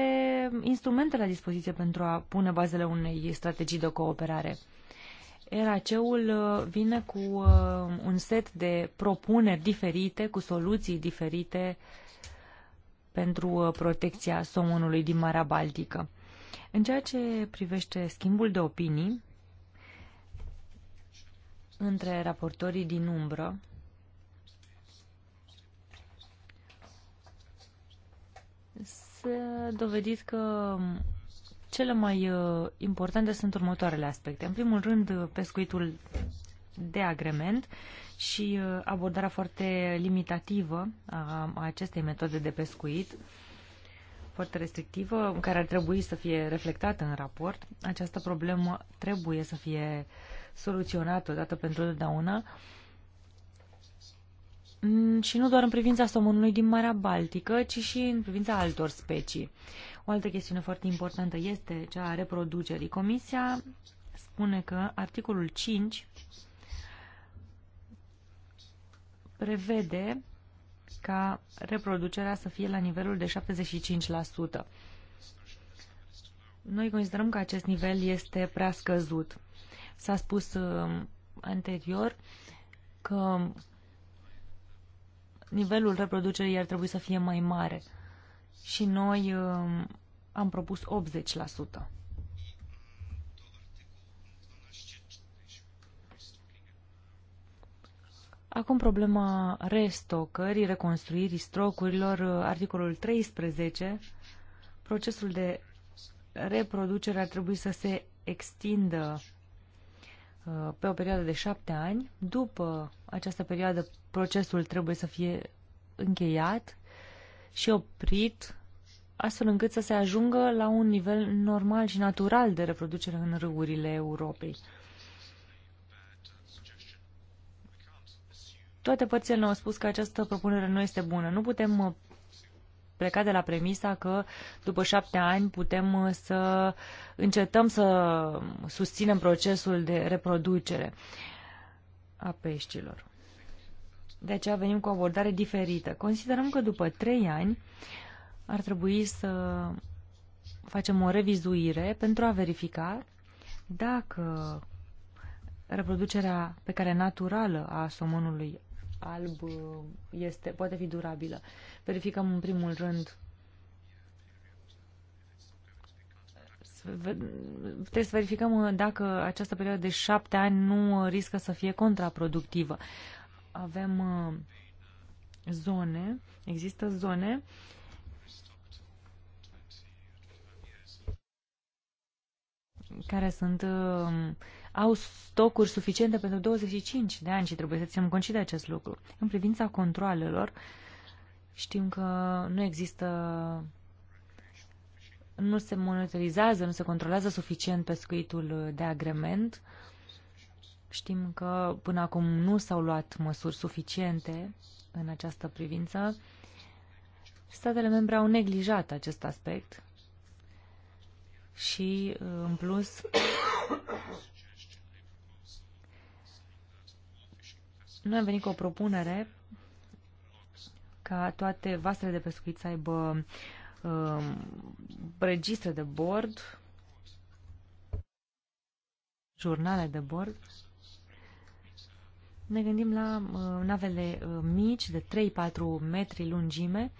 instrumente la dispoziție pentru a pune bazele unei strategii de cooperare. RAC-ul uh, vine cu uh, un set de propuneri diferite, cu soluții diferite pentru uh, protecția somonului din Marea Baltică. În ceea ce privește schimbul de opinii între raportorii din umbră, ați eh, dovedit că cele mai eh, importante sunt următoarele aspecte. În primul rând, eh, pescuitul de agrement și abordarea foarte limitativă a acestei metode de pescuit, foarte restrictivă, care ar trebui să fie reflectată în raport. Această problemă trebuie să fie soluționată odată pentru totdeauna. Uh, Mm, și nu doar în privința somonului din Marea Baltică, ci și în privința altor specii. O altă chestiune foarte importantă este cea a reproducerii. Comisia spune că articolul 5 prevede ca reproducerea să fie la nivelul de 75%. Noi considerăm că acest nivel este prea scăzut. S-a spus uh, anterior că nivelul reproducerii ar trebui să fie mai mare. Și noi um, am propus 80%. Acum problema restocării, reconstruirii strocurilor, uh, articolul 13. Procesul de reproducere ar trebui să se extindă Uh, pe o perioadă de șapte ani. După această perioadă, procesul trebuie să fie încheiat și oprit, astfel încât să se ajungă la un nivel normal și natural de reproducere în râurile Europei. Toate părțile ne-au spus că această propunere nu este bună. Nu putem uh, plecat de la premisa că după șapte ani putem uh, să încetăm să susținem procesul de reproducere a peștilor. De aceea venim cu o abordare diferită. Considerăm că după trei ani ar trebui să facem o revizuire pentru a verifica dacă reproducerea pe care naturală a somonului alb este, poate fi durabilă. Verificăm în primul rând trebuie să verificăm dacă această perioadă de șapte ani nu riscă să fie contraproductivă. Avem uh, zone, există zone care sunt uh, au stocuri suficiente pentru 25 de ani și trebuie să ținem cont de acest lucru. În privința controlelor, știm că nu există nu se monitorizează, nu se controlează suficient pescuitul de agrement. Știm că până acum nu s-au luat măsuri suficiente în această privință. Statele membre au neglijat acest aspect și, în plus, Noi am venit cu o propunere ca toate vasele de pescuit să aibă uh, registre de bord, jurnale de bord. Ne gândim la uh, navele uh, mici, de 3-4 metri lungime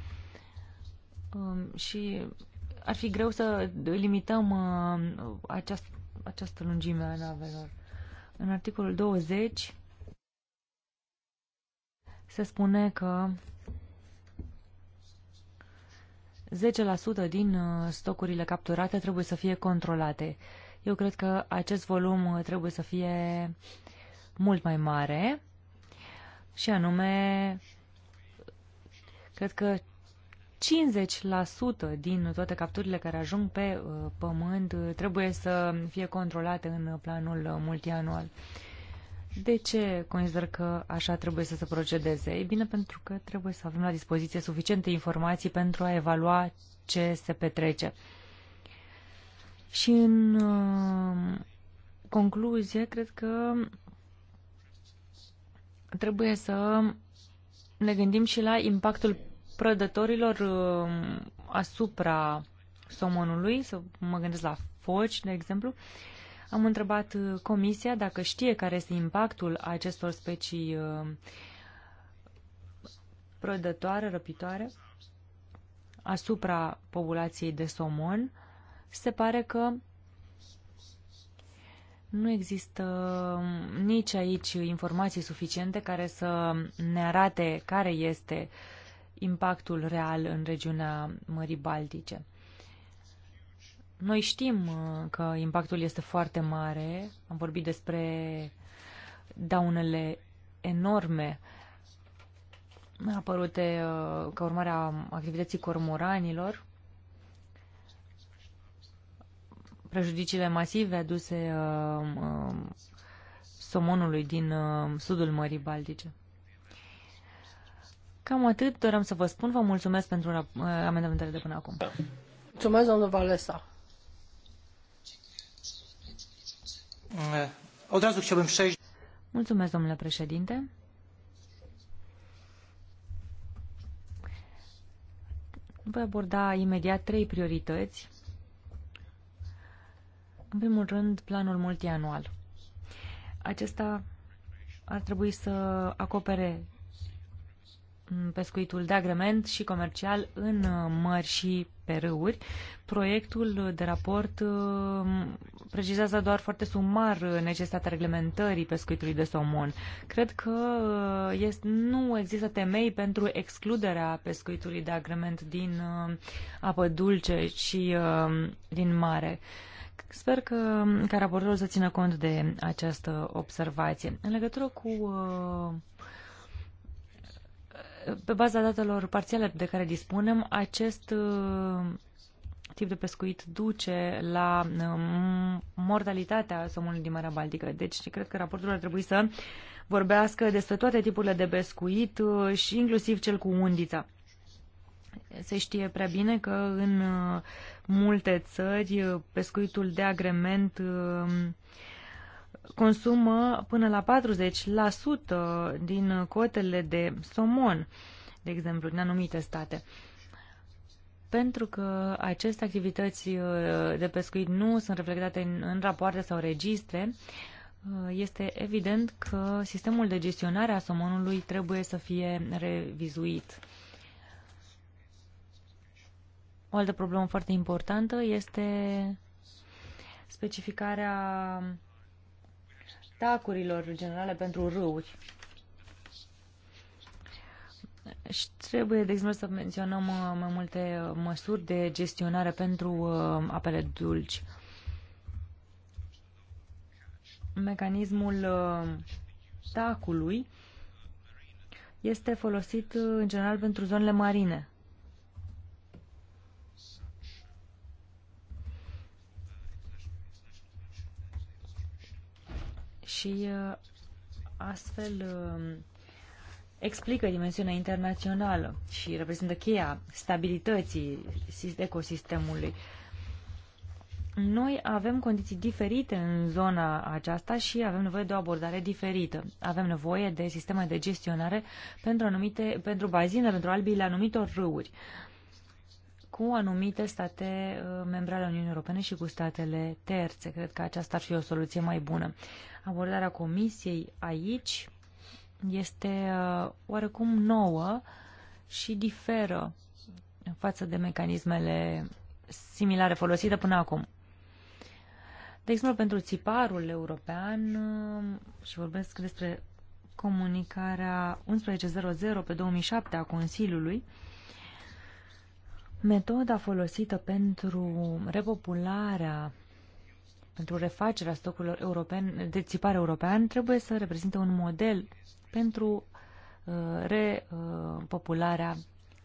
uh, și ar fi greu să limităm uh, această, această lungime a navelor. În articolul 20 se spune că 10% din uh, stocurile capturate trebuie să fie controlate. Eu cred că acest volum uh, trebuie să fie mult mai mare și anume, cred că 50% din toate capturile care ajung pe uh, pământ trebuie să fie controlate în planul multianual. De ce consider că așa trebuie să se procedeze? Ei bine, pentru că trebuie să avem la dispoziție suficiente informații pentru a evalua ce se petrece. Și în uh, concluzie, cred că trebuie să ne gândim și la impactul prădătorilor uh, asupra somonului, să mă gândesc la foci, de exemplu, am întrebat uh, Comisia dacă știe care este impactul acestor specii uh, prădătoare, răpitoare, asupra populației de somon. Se pare că nu există nici aici informații suficiente care să ne arate care este impactul real în regiunea Mării Baltice. Noi știm uh, că impactul este foarte mare. Am vorbit despre daunele enorme apărute uh, ca urmare a activității cormoranilor, prejudiciile masive aduse uh, somonului din sudul Mării Baltice. Cam atât doream să vă spun. Vă mulțumesc pentru amendamentele de până acum. Mulțumesc, domnul Valesa. Od razu chciałbym przejść. Mulțumesc, domnule președinte. Voi aborda imediat trei priorități. În primul rând, planul multianual. Acesta ar trebui să acopere pescuitul de agrement și comercial în uh, mări și pe râuri. Proiectul de raport uh, precizează doar foarte sumar uh, necesitatea reglementării pescuitului de somon. Cred că este, nu există temei pentru excluderea pescuitului de agrement din apă dulce și din mare. Sper că, că raportorul să țină cont de această observație. În legătură cu uh, pe baza datelor parțiale de care dispunem, acest uh, tip de pescuit duce la uh, mortalitatea somonului din Marea Baltică. Deci, cred că raportul ar trebui să vorbească despre toate tipurile de pescuit uh, și inclusiv cel cu undița. Se știe prea bine că în multe țări pescuitul de agrement uh, consumă până la 40% din cotele de somon, de exemplu, în anumite state. Pentru că aceste activități uh, de pescuit nu sunt reflectate în, în rapoarte sau registre, uh, este evident că sistemul de gestionare a somonului trebuie să fie revizuit. O altă problemă foarte importantă este specificarea tacurilor generale pentru râuri. Și trebuie, de exemplu, să menționăm uh, mai multe uh, măsuri de gestionare pentru uh, apele dulci. Mecanismul tacului este folosit în general pentru zonele marine. și uh, astfel um, explică dimensiunea internațională și reprezintă cheia stabilității ecosistemului. Noi avem condiții diferite în zona aceasta și avem nevoie de o abordare diferită. Avem nevoie de sisteme de gestionare pentru, anumite, pentru bazine, pentru albii anumitor râuri. Uh, cu anumite state uh, membre ale Uniunii Europene și cu statele terțe. Cred că aceasta ar fi o soluție mai bună. Abordarea Comisiei aici este uh, oarecum nouă și diferă față de mecanismele similare folosite până acum. De exemplu, pentru țiparul european, uh, și vorbesc despre comunicarea 1100 pe 2007 a Consiliului, Metoda folosită pentru repopularea, pentru refacerea stocurilor europene, de țipar european, trebuie să reprezinte un model pentru uh, repopularea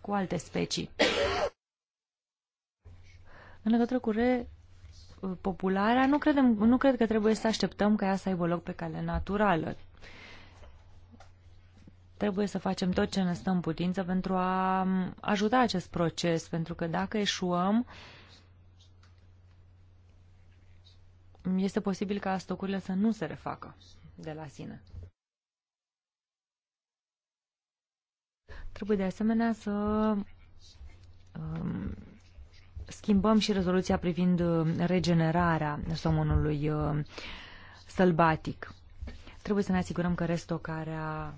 cu alte specii. În legătură cu repopularea, nu, credem, nu cred că trebuie să așteptăm ca ea să aibă loc pe cale naturală. Trebuie să facem tot ce ne stă în putință pentru a ajuta acest proces, pentru că dacă eșuăm, este posibil ca stocurile să nu se refacă de la sine. Trebuie de asemenea să um, schimbăm și rezoluția privind uh, regenerarea somonului uh, sălbatic. Trebuie să ne asigurăm că restocarea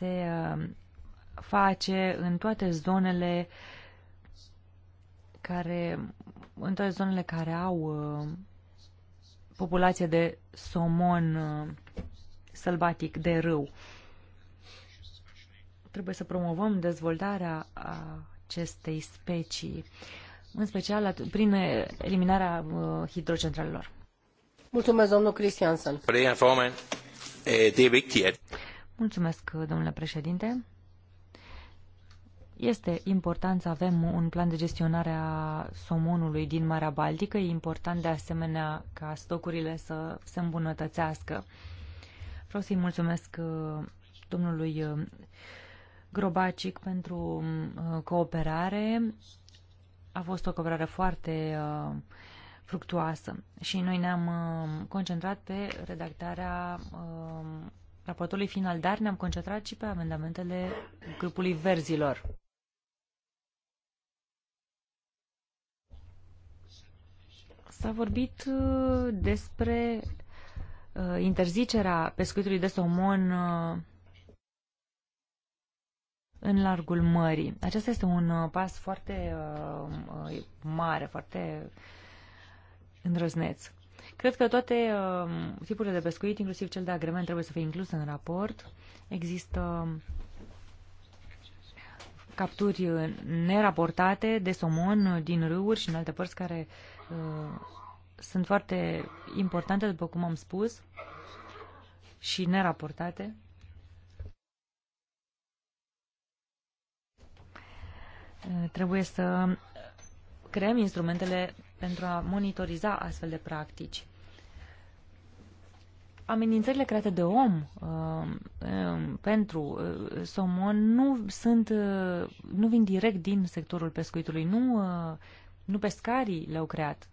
se uh, face în toate zonele care, în toate zonele care au uh, populație de somon uh, sălbatic, de râu. Trebuie să promovăm dezvoltarea acestei specii, în special prin eliminarea hidrocentralelor. Mulțumesc, domnul Christiansen. Păi, eh, det er vigtigt, Mulțumesc, domnule președinte. Este important să avem un plan de gestionare a somonului din Marea Baltică. E important de asemenea ca stocurile să se îmbunătățească. Vreau să-i mulțumesc uh, domnului uh, Grobacic pentru uh, cooperare. A fost o cooperare foarte fructuoasă și noi ne-am concentrat pe redactarea raportului final, dar ne-am concentrat și pe amendamentele grupului verzilor. S-a vorbit uh, despre uh, interzicerea pescuitului de somon uh, în largul mării. Acesta este un pas foarte mare, foarte îndrăzneț. Cred că toate um, tipurile de pescuit, inclusiv cel de agrement, trebuie să fie inclus în raport. Există capturi neraportate de somon din râuri și în alte părți care uh, sunt foarte importante, după cum am spus, și neraportate. Uh, trebuie să creăm instrumentele pentru a monitoriza astfel de practici amenințările create de om uh, um, pentru uh, somon nu sunt, uh, nu vin direct din sectorul pescuitului, nu, nu pescarii le-au creat.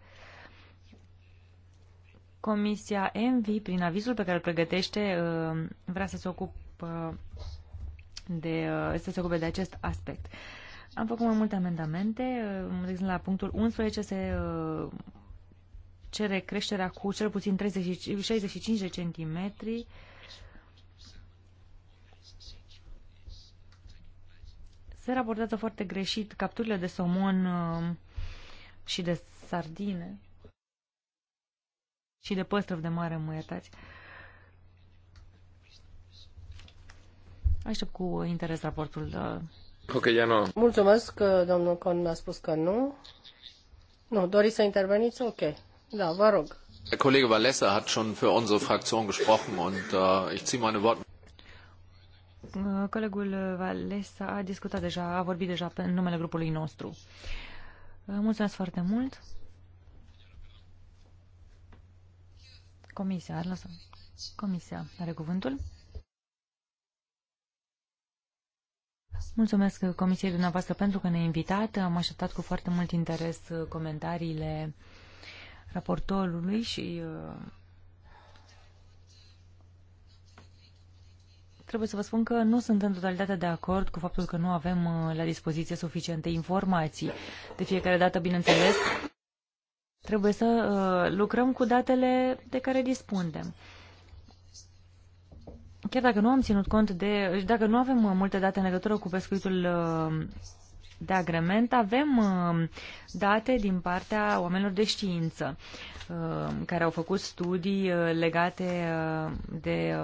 Comisia ENVI, prin avizul pe care îl pregătește, vrea să se ocupă de, să se ocupe de acest aspect. Am făcut mai multe amendamente, de exemplu la punctul 11 se cere creșterea cu cel puțin 30, 65 de centimetri. Se raportează foarte greșit capturile de somon uh, și de sardine și de păstrăv de mare, mă iertați. Aștept cu interes raportul. de? Uh, ok, ia nu. Mulțumesc că uh, domnul Con a spus că nu. Nu, doriți să interveniți? Ok. Da, vă rog. Der Kollege hat schon für unsere Fraktion gesprochen und uh, ich ziehe meine Worte. Äh, colegul Valesa a discutat deja, a vorbit deja pe numele grupului nostru. Mulțumesc foarte mult. Comisia, lasă. Comisia are cuvântul. Mulțumesc Comisiei dumneavoastră pentru că ne-a invitat. Am așteptat cu foarte mult interes comentariile uh, raportorului și uh, trebuie să vă spun că nu sunt în totalitate de acord cu faptul că nu avem uh, la dispoziție suficiente informații. De fiecare dată, bineînțeles, trebuie să uh, lucrăm cu datele de care dispunem. Chiar dacă nu am ținut cont de, dacă nu avem multe date în legătură cu pescuitul de agrement avem uh, date din partea oamenilor de știință uh, care au făcut studii uh, legate de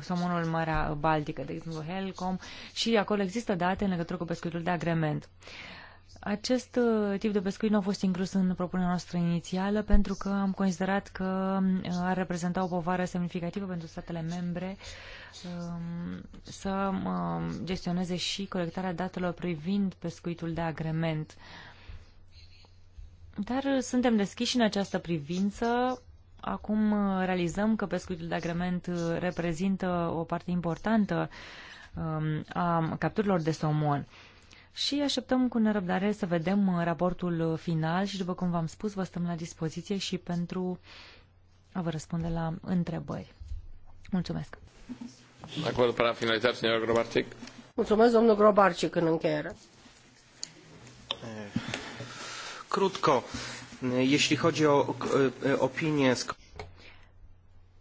somonul Marea Baltică, de exemplu Helcom, și acolo există date în legătură cu pescuitul de agrement. Acest uh, tip de pescuit nu a fost inclus în propunerea noastră inițială pentru că am considerat că uh, ar reprezenta o povară semnificativă pentru statele membre um, să gestioneze și colectarea datelor privind pescuitul de agrement. Dar suntem deschiși în această privință. Acum uh, realizăm că pescuitul de agrement reprezintă o parte importantă um, a capturilor de somon și așteptăm cu nerăbdare să vedem uh, raportul uh, final și, după cum v-am spus, vă stăm la dispoziție și pentru a vă răspunde la întrebări. Mulțumesc! Acolo, para finalizar, señora Grobarcic. Mulțumesc, domnul Grobarcic, în încheiere. Crutco, eh, ești eh, chodzi o opinie,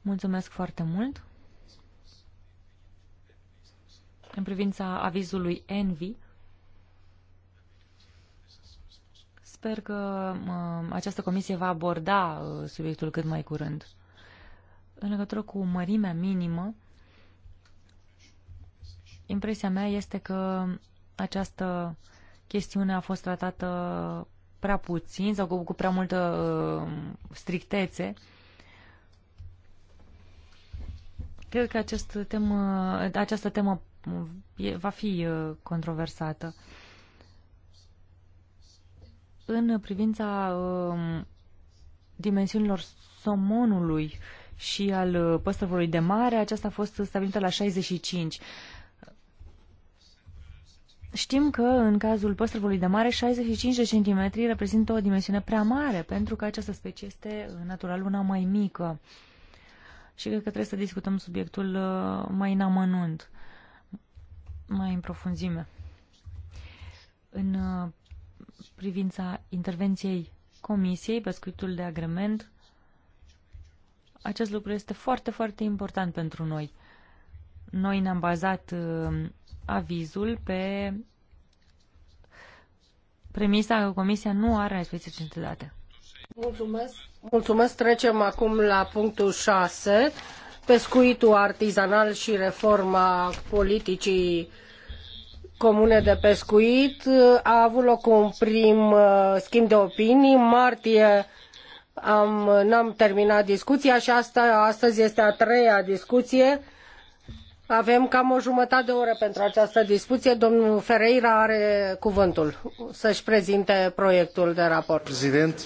Mulțumesc foarte mult. În privința avizului Envy, Sper că această comisie va aborda uh, subiectul cât mai curând. În legătură cu mărimea minimă, impresia mea este că această chestiune a fost tratată prea puțin sau cu, cu prea multă uh, strictețe. Cred că acest temă, această temă uh, va fi controversată în privința um, dimensiunilor somonului și al uh, păstrăvului de mare, aceasta a fost stabilită la 65. Știm că în cazul păstrăvului de mare 65 de centimetri reprezintă o dimensiune prea mare pentru că această specie este natural una mai mică. Și cred că trebuie să discutăm subiectul uh, mai în amănunt, mai în profunzime. În uh, privința intervenției Comisiei pe scriptul de agrement. Acest lucru este foarte, foarte important pentru noi. Noi ne-am bazat uh, avizul pe premisa că Comisia nu are respectivități date. Mulțumesc. Mulțumesc. Trecem acum la punctul 6, pescuitul artizanal și reforma politicii comune de pescuit. A avut loc un prim uh, schimb de opinii. Martie am, n-am terminat discuția și asta, astăzi este a treia discuție. Avem cam o jumătate de oră pentru această discuție. Domnul Ferreira are cuvântul să-și prezinte proiectul de raport. Președinte.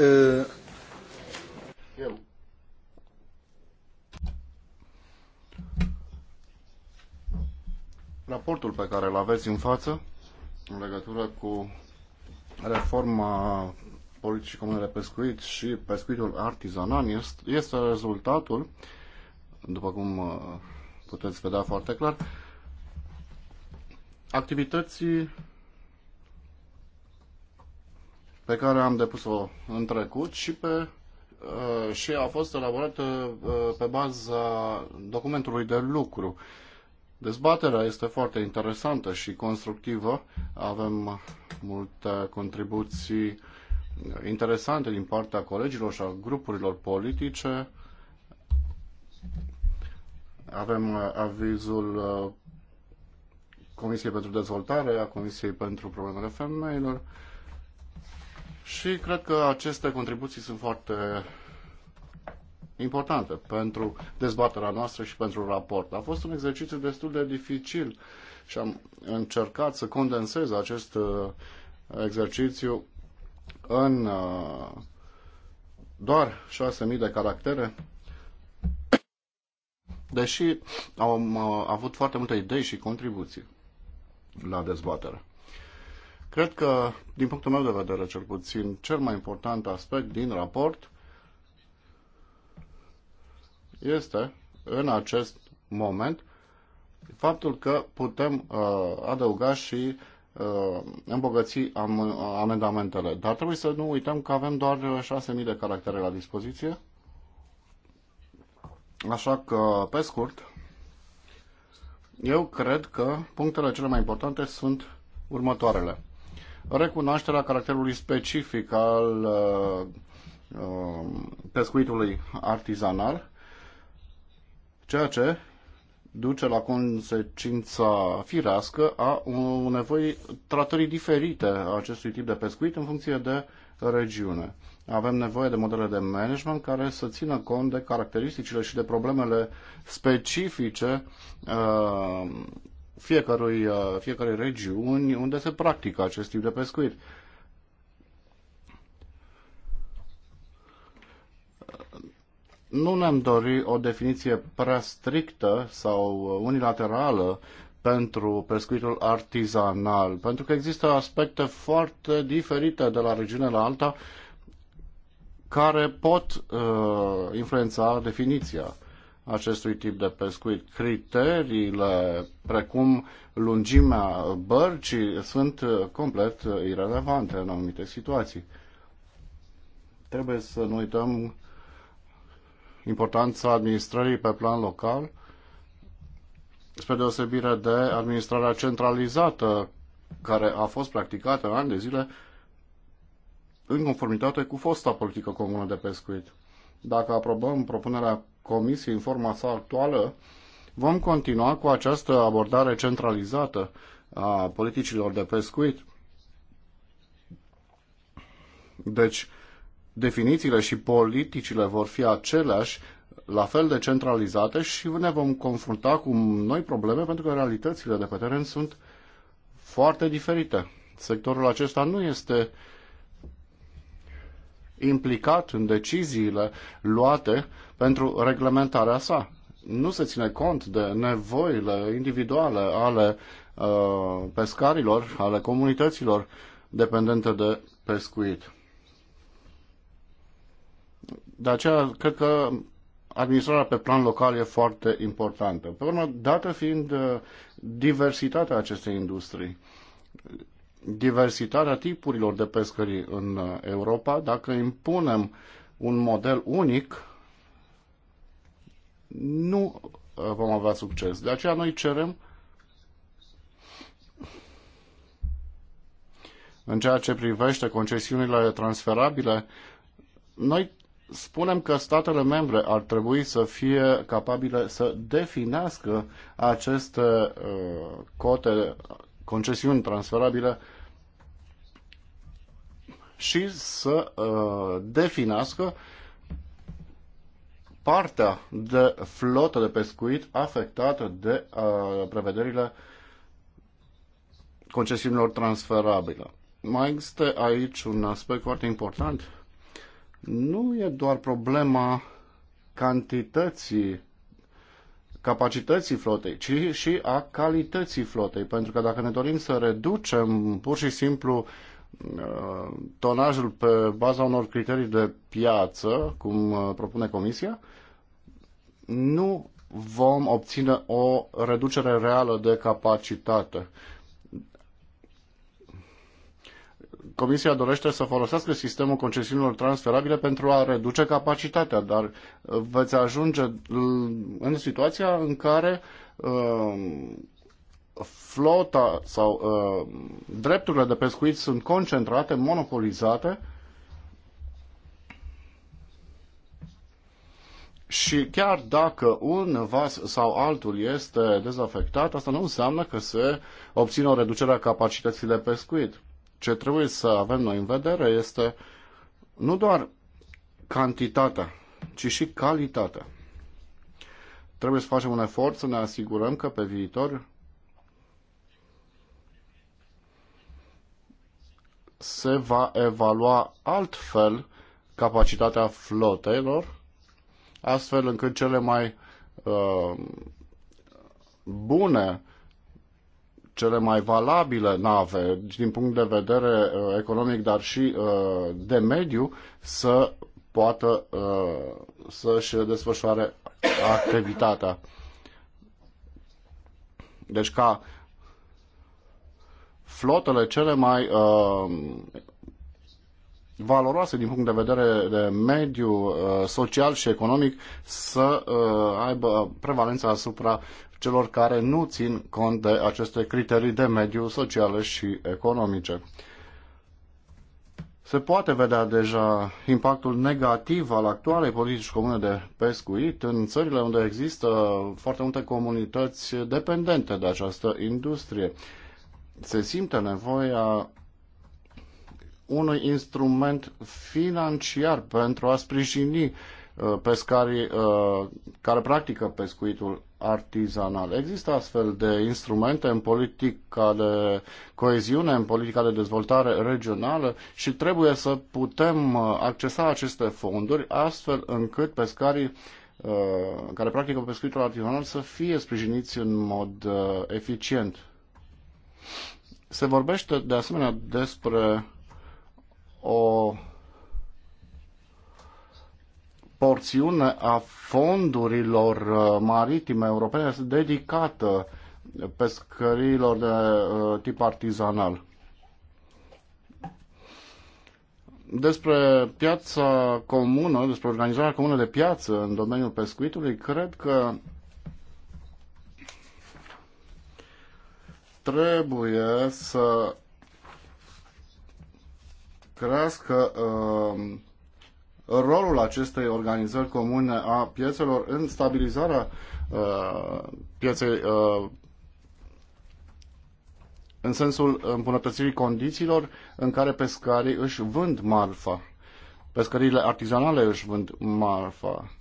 Uh, Raportul pe care îl aveți în față, în legătură cu reforma politicii comune de pescuit și pescuitul artizanal, este rezultatul, după cum uh, puteți vedea foarte clar, activității pe care am depus-o în trecut și pe uh, și a fost elaborată uh, pe baza documentului de lucru Dezbaterea este foarte interesantă și constructivă. Avem multe contribuții interesante din partea colegilor și a grupurilor politice. Avem uh, avizul uh, Comisiei pentru Dezvoltare, a Comisiei pentru Problemele Femeilor și cred că aceste contribuții sunt foarte importantă pentru dezbaterea noastră și pentru raport. A fost un exercițiu destul de dificil și am încercat să condensez acest uh, exercițiu în uh, doar 6.000 de caractere, deși am uh, avut foarte multe idei și contribuții la dezbatere. Cred că, din punctul meu de vedere cel puțin, cel mai important aspect din raport este în acest moment faptul că putem uh, adăuga și uh, îmbogăți am, amendamentele. Dar trebuie să nu uităm că avem doar 6.000 de caractere la dispoziție. Așa că, pe scurt, eu cred că punctele cele mai importante sunt următoarele. Recunoașterea caracterului specific al uh, uh pescuitului artizanal, ceea ce duce la consecința firească a nevoii tratării diferite a acestui tip de pescuit în funcție de regiune. Avem nevoie de modele de management care să țină cont de caracteristicile și de problemele specifice uh, fiecărui, uh, fiecărei regiuni unde se practică acest tip de pescuit. nu ne-am dori o definiție prea strictă sau unilaterală pentru pescuitul artizanal, pentru că există aspecte foarte diferite de la regiune la alta care pot uh, influența definiția acestui tip de pescuit. Criteriile precum lungimea bărcii sunt uh, complet uh, irelevante în anumite situații. Trebuie să nu uităm importanța administrării pe plan local, spre deosebire de administrarea centralizată care a fost practicată în ani de zile în conformitate cu fosta politică comună de pescuit. Dacă aprobăm propunerea Comisiei în forma sa actuală, vom continua cu această abordare centralizată a politicilor de pescuit. Deci, definițiile și politicile vor fi aceleași, la fel de centralizate și ne vom confrunta cu noi probleme pentru că realitățile de pe teren sunt foarte diferite. Sectorul acesta nu este implicat în deciziile luate pentru reglementarea sa. Nu se ține cont de nevoile individuale ale uh, pescarilor, ale comunităților dependente de pescuit. De aceea, cred că administrarea pe plan local e foarte importantă. Pe urmă, dată fiind uh, diversitatea acestei industrii, diversitatea tipurilor de pescării în uh, Europa, dacă impunem un model unic, nu uh, vom avea succes. De aceea noi cerem în ceea ce privește concesiunile transferabile, noi spunem că statele membre ar trebui să fie capabile să definească aceste uh, cote, concesiuni transferabile și să uh, definească partea de flotă de pescuit afectată de uh, prevederile concesiunilor transferabile. Mai există aici un aspect foarte important nu e doar problema cantității capacității flotei, ci și a calității flotei. Pentru că dacă ne dorim să reducem pur și simplu uh, tonajul pe baza unor criterii de piață, cum uh, propune Comisia, nu vom obține o reducere reală de capacitate. Comisia dorește să folosească sistemul concesiunilor transferabile pentru a reduce capacitatea, dar uh, veți ajunge uh, în situația în care uh, flota sau drepturile de pescuit sunt concentrate, monopolizate Și chiar dacă un vas sau altul este dezafectat, asta nu înseamnă că se obține o reducere a capacității de pescuit ce trebuie să avem noi în vedere este nu doar cantitatea, ci și calitatea. Trebuie să facem un efort să ne asigurăm că pe viitor se va evalua altfel capacitatea flotelor, astfel încât cele mai uh, bune cele mai valabile nave din punct de vedere uh, economic, dar și uh, de mediu, să poată uh, să-și desfășoare activitatea. Deci ca flotele cele mai valoroase din punct de vedere de mediu, social și economic să aibă prevalența asupra celor care nu țin cont de aceste criterii de mediu sociale și economice. Se poate vedea deja impactul negativ al actualei politici comune de pescuit în țările unde există foarte multe comunități dependente de această industrie. Se simte nevoia unui instrument financiar pentru a sprijini Uh, pescarii uh, care practică pescuitul artizanal. Există astfel de instrumente în politica de coeziune, în politica de dezvoltare regională și trebuie să putem uh, accesa aceste fonduri astfel încât pescarii care practică pescuitul artizanal să fie sprijiniți în mod eficient. Se vorbește de asemenea despre o porțiune a fondurilor uh, maritime europene este dedicată pescărilor de uh, tip artizanal. Despre piața comună, despre organizarea comună de piață în domeniul pescuitului, cred că trebuie să crească uh, rolul acestei organizări comune a piețelor în stabilizarea uh, pieței uh, în sensul îmbunătățirii condițiilor în care pescarii își vând marfa. Pescările artizanale își vând marfa.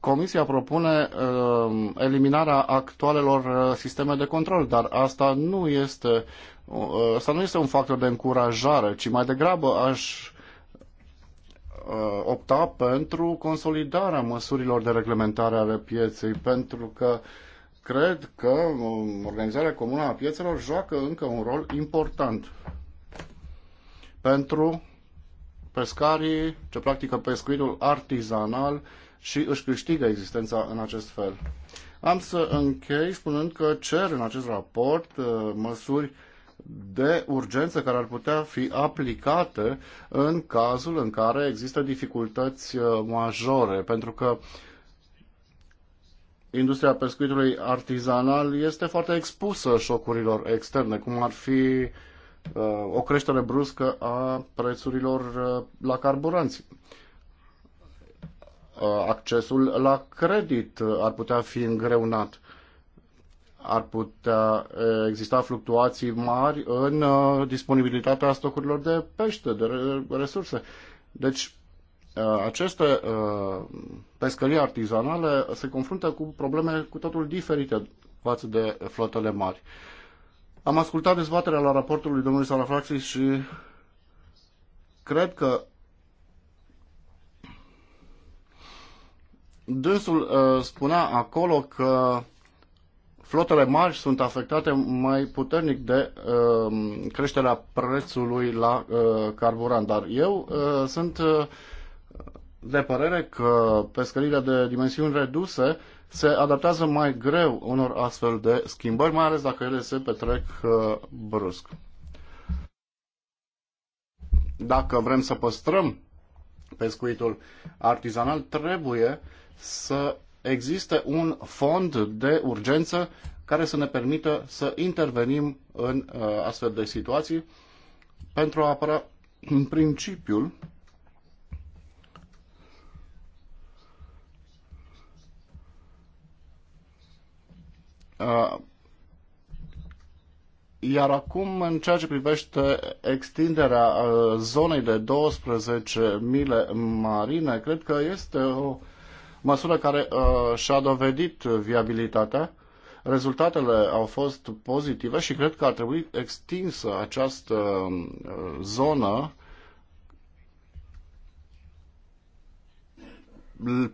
Comisia propune uh, eliminarea actualelor uh, sisteme de control, dar asta nu este uh, asta nu este un factor de încurajare, ci mai degrabă aș Uh, opta pentru consolidarea măsurilor de reglementare ale pieței, pentru că cred că um, organizarea comună a piețelor joacă încă un rol important pentru pescarii ce practică pescuitul artizanal și își câștigă existența în acest fel. Am să închei spunând că cer în acest raport uh, măsuri de urgență care ar putea fi aplicate în cazul în care există dificultăți uh, majore, pentru că industria pescuitului artizanal este foarte expusă șocurilor externe, cum ar fi uh, o creștere bruscă a prețurilor uh, la carburanți. Accesul la credit ar putea fi îngreunat ar putea eh, exista fluctuații mari în eh, disponibilitatea stocurilor de pește, de resurse. Deci, eh, aceste pescării artizanale se confruntă cu probleme cu totul diferite față de flotele mari. Am ascultat dezbaterea la raportul lui domnului Salafraxis și cred că dânsul spunea acolo că Flotele mari sunt afectate mai puternic de uh, creșterea prețului la uh, carburant, dar eu uh, sunt uh, de părere că pescările de dimensiuni reduse se adaptează mai greu unor astfel de schimbări, mai ales dacă ele se petrec uh, brusc. Dacă vrem să păstrăm pescuitul artizanal, trebuie să existe un fond de urgență care să ne permită să intervenim în uh, astfel de situații pentru a apăra în principiul uh, Iar acum, în ceea ce privește extinderea uh, zonei de 12 mile marine, cred că este o măsură care uh, și-a dovedit viabilitatea. Rezultatele au fost pozitive și cred că ar trebui extinsă această uh, zonă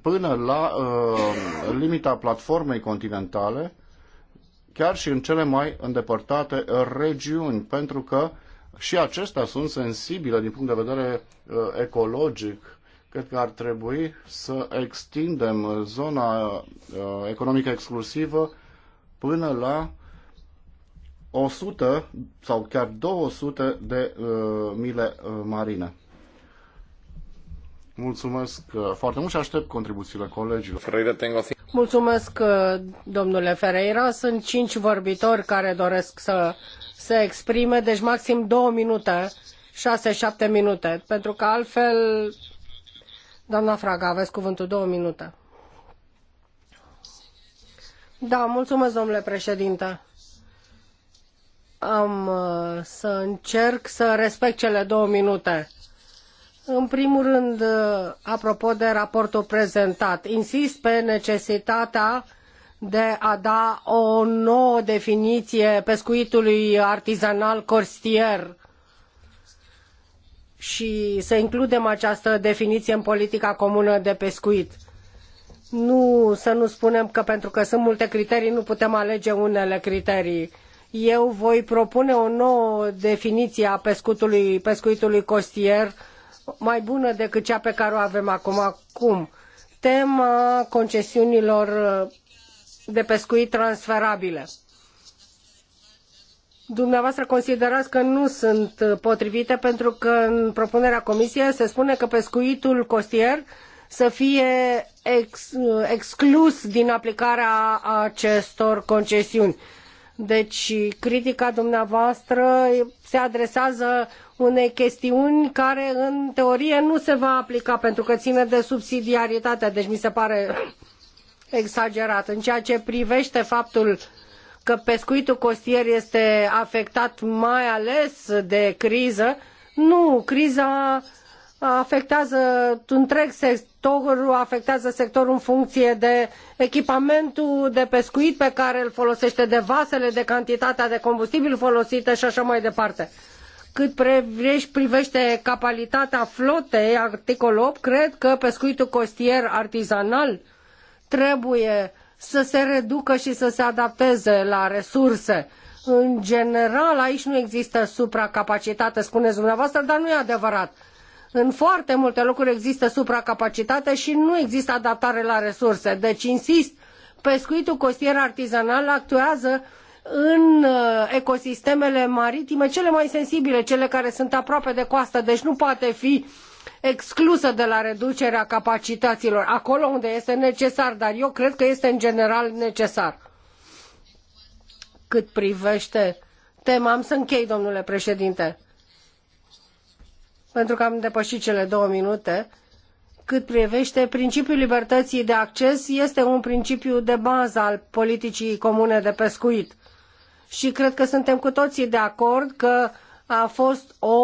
până la uh, limita platformei continentale, chiar și în cele mai îndepărtate regiuni, pentru că și acestea sunt sensibile din punct de vedere uh, ecologic Cred că ar trebui să extindem zona uh, economică exclusivă până la 100 sau chiar 200 de uh, mile uh, marine. Mulțumesc uh, foarte mult și aștept contribuțiile colegilor. Mulțumesc, uh, domnule Ferreira. Sunt cinci vorbitori care doresc să se exprime, deci maxim două minute, șase, șapte minute, pentru că altfel Doamna Fraga, aveți cuvântul două minute. Da, mulțumesc, domnule președinte. Am uh, să încerc să respect cele două minute. În primul rând, uh, apropo de raportul prezentat, insist pe necesitatea de a da o nouă definiție pescuitului artizanal costier și să includem această definiție în politica comună de pescuit. Nu să nu spunem că pentru că sunt multe criterii nu putem alege unele criterii. Eu voi propune o nouă definiție a pescuitului, pescuitului costier mai bună decât cea pe care o avem acum. acum. Tema concesiunilor de pescuit transferabile dumneavoastră considerați că nu sunt uh, potrivite pentru că în propunerea comisiei se spune că pescuitul costier să fie ex, uh, exclus din aplicarea acestor concesiuni. Deci critica dumneavoastră se adresează unei chestiuni care în teorie nu se va aplica pentru că ține de subsidiaritate, deci mi se pare exagerat. În ceea ce privește faptul uh, că pescuitul costier este afectat mai ales de criză. Nu, criza afectează întreg sectorul, afectează sectorul în funcție de echipamentul de pescuit pe care îl folosește, de vasele, de cantitatea de combustibil folosită și așa mai departe. Cât privește capacitatea flotei, articol 8, cred că pescuitul costier artizanal trebuie uh, să se reducă și să se adapteze la resurse. În general, aici nu există supracapacitate, spuneți dumneavoastră, dar nu e adevărat. În foarte multe locuri există supracapacitate și nu există adaptare la resurse. Deci, insist, pescuitul costier artizanal actuează în uh, ecosistemele maritime cele mai sensibile, cele care sunt aproape de coastă, deci nu poate fi exclusă de la reducerea capacităților, acolo unde este necesar, dar eu cred că este în general necesar. Cât privește tema, am să închei, domnule președinte, pentru că am depășit cele două minute. Cât privește principiul libertății de acces, este un principiu de bază al politicii comune de pescuit. Și cred că suntem cu toții de acord că a fost o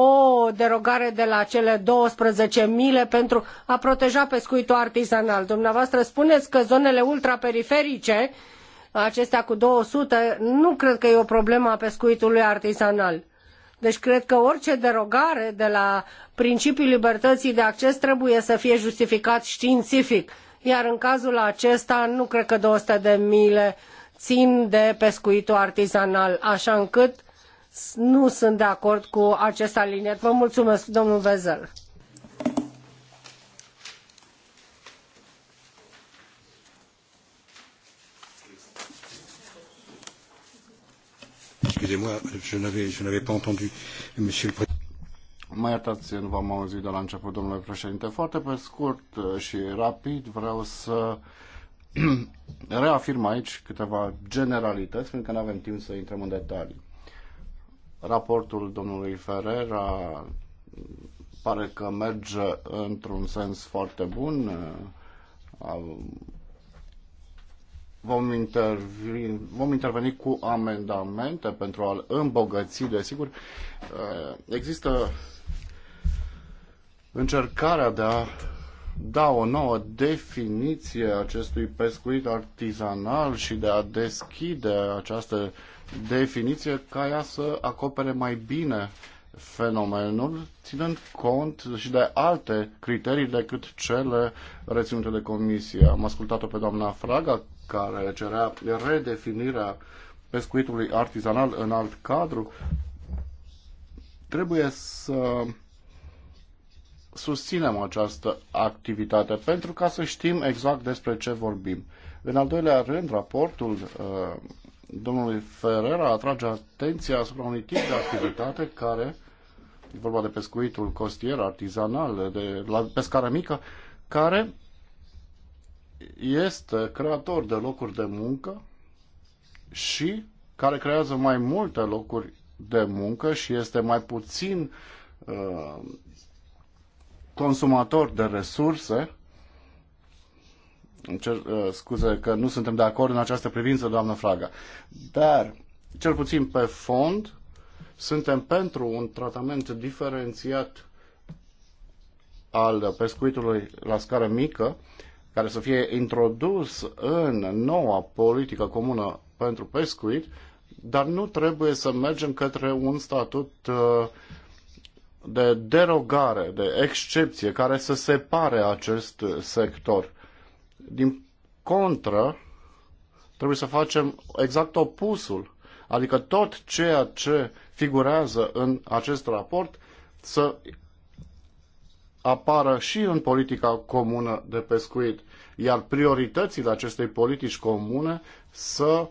derogare de la cele 12 mile pentru a proteja pescuitul artizanal. Dumneavoastră spuneți că zonele ultraperiferice, acestea cu 200, nu cred că e o problemă a pescuitului artizanal. Deci cred că orice derogare de la principiul libertății de acces trebuie să fie justificat științific. Iar în cazul acesta nu cred că 200 de mile țin de pescuitul artizanal, așa încât nu sunt de acord cu acest aliniat. Vă mulțumesc, domnul Vezel. Excusez-moi, je n'avais pas entendu, monsieur le Mă iertați, nu v-am auzit de la început, domnule președinte. Foarte pe scurt și rapid vreau să [CLEARS THROAT] reafirm aici câteva generalități, pentru că nu avem timp să intrăm în detalii. Raportul domnului Ferrera pare că merge într-un sens foarte bun. Vom, interveni, vom interveni cu amendamente pentru a-l îmbogăți, desigur. Eh, există încercarea de a da o nouă definiție acestui pescuit artizanal și de a deschide această definiție ca ea să acopere mai bine fenomenul, ținând cont și de alte criterii decât cele reținute de comisie. Am ascultat-o pe doamna Fraga, care cerea redefinirea pescuitului artizanal în alt cadru. Trebuie să susținem această activitate pentru ca să știm exact despre ce vorbim. În al doilea rând, raportul uh, domnului Ferrer atrage atenția asupra unui tip de activitate care, e vorba de pescuitul costier, artizanal, de la pescară mică, care este creator de locuri de muncă și care creează mai multe locuri de muncă și este mai puțin uh, consumator de resurse îmi cer uh, scuze că nu suntem de acord în această privință, doamnă Fraga. Dar, cel puțin pe fond, suntem pentru un tratament diferențiat al pescuitului la scară mică, care să fie introdus în noua politică comună pentru pescuit, dar nu trebuie să mergem către un statut uh, de derogare, de excepție, care să separe acest sector. Din contră, trebuie să facem exact opusul, adică tot ceea ce figurează în acest raport să apară și în politica comună de pescuit, iar prioritățile acestei politici comune să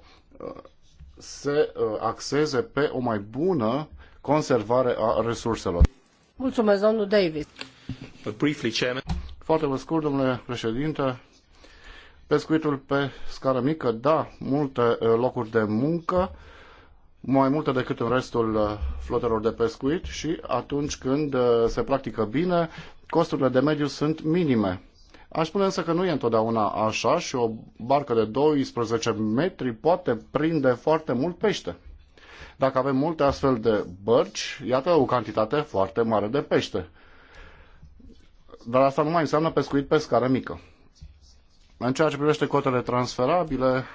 se uh, axeze pe o mai bună conservare a resurselor. Mulțumesc, domnul Davis. Briefly, Chairman. Foarte vă scurt, domnule președinte, Pescuitul pe scară mică, da, multe locuri de muncă, mai multe decât în restul flotelor de pescuit și atunci când se practică bine, costurile de mediu sunt minime. Aș spune însă că nu e întotdeauna așa și o barcă de 12 metri poate prinde foarte mult pește. Dacă avem multe astfel de bărci, iată o cantitate foarte mare de pește. Dar asta nu mai înseamnă pescuit pe scară mică. În ceea ce privește cotele transferabile,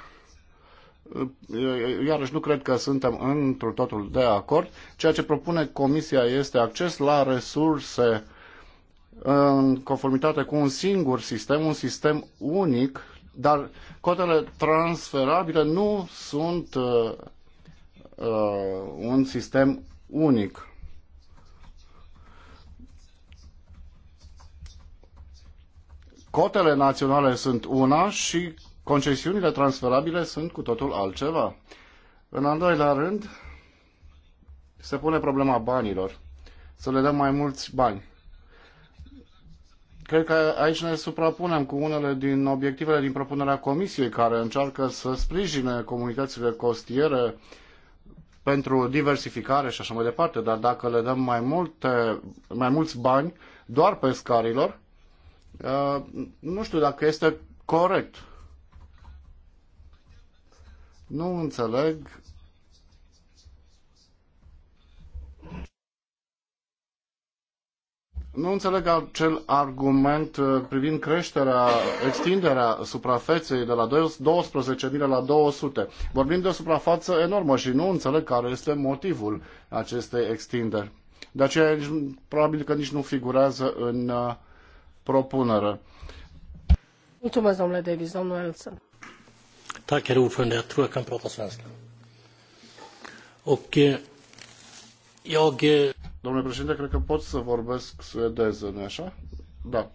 iarăși nu cred că suntem într totul de acord. Ceea ce propune Comisia este acces la resurse în conformitate cu un singur sistem, un sistem unic, dar cotele transferabile nu sunt uh, uh, un sistem unic. Cotele naționale sunt una și concesiunile transferabile sunt cu totul altceva. În al doilea rând, se pune problema banilor. Să le dăm mai mulți bani. Cred că aici ne suprapunem cu unele din obiectivele din propunerea Comisiei, care încearcă să sprijine comunitățile costiere pentru diversificare și așa mai departe, dar dacă le dăm mai, multe, mai mulți bani doar pescarilor, Uh, nu știu dacă este corect. Nu înțeleg Nu înțeleg acel argument uh, privind creșterea, extinderea suprafeței de la 12.000 la 200. Vorbim de o suprafață enormă și nu înțeleg care este motivul acestei extinderi. De aceea, probabil că nici nu figurează în uh, propunere. Mulțumesc, domnule Davis, domnul Elson. Tack, herr ordförande. Jag tror jag kan prata svenska. Och eh, jag... Eh, domnule președinte, cred că pot să vorbesc suedeză, nu așa? Da.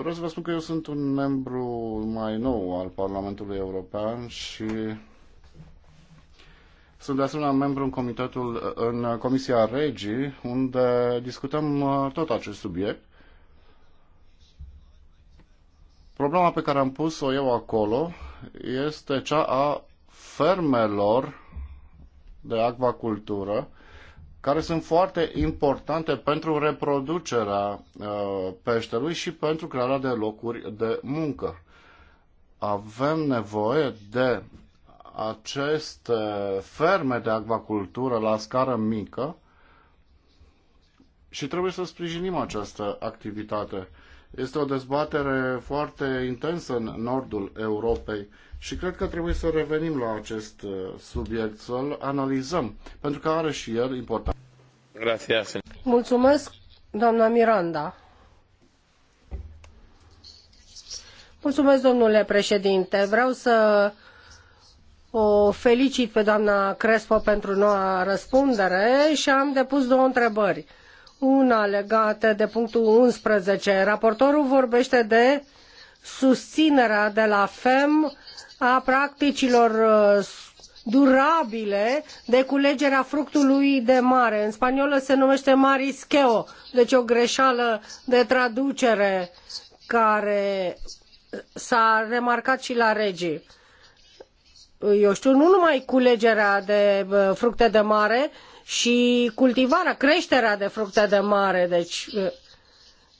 Vreau să vă spun că eu sunt un membru mai nou al Parlamentului European și sunt de asemenea membru în comitetul, în Comisia Regii, unde discutăm uh, tot acest subiect. Problema pe care am pus-o eu acolo este cea a fermelor de acvacultură care sunt foarte importante pentru reproducerea uh, peștelui și pentru crearea de locuri de muncă. Avem nevoie de aceste ferme de acvacultură la scară mică și trebuie să sprijinim această activitate. Este o dezbatere foarte intensă în nordul Europei și cred că trebuie să revenim la acest uh, subiect, să-l analizăm, pentru că are și el importanță. Mulțumesc, doamna Miranda. Mulțumesc, domnule președinte. Vreau să o felicit pe doamna Crespo pentru noua răspundere și am depus două întrebări una legată de punctul 11. Raportorul vorbește de susținerea de la FEM a practicilor uh, durabile de culegerea fructului de mare. În spaniolă se numește marisqueo, deci o greșeală de traducere care s-a remarcat și la regii. Eu știu, nu numai culegerea de uh, fructe de mare, și cultivarea, creșterea de fructe de mare. Deci,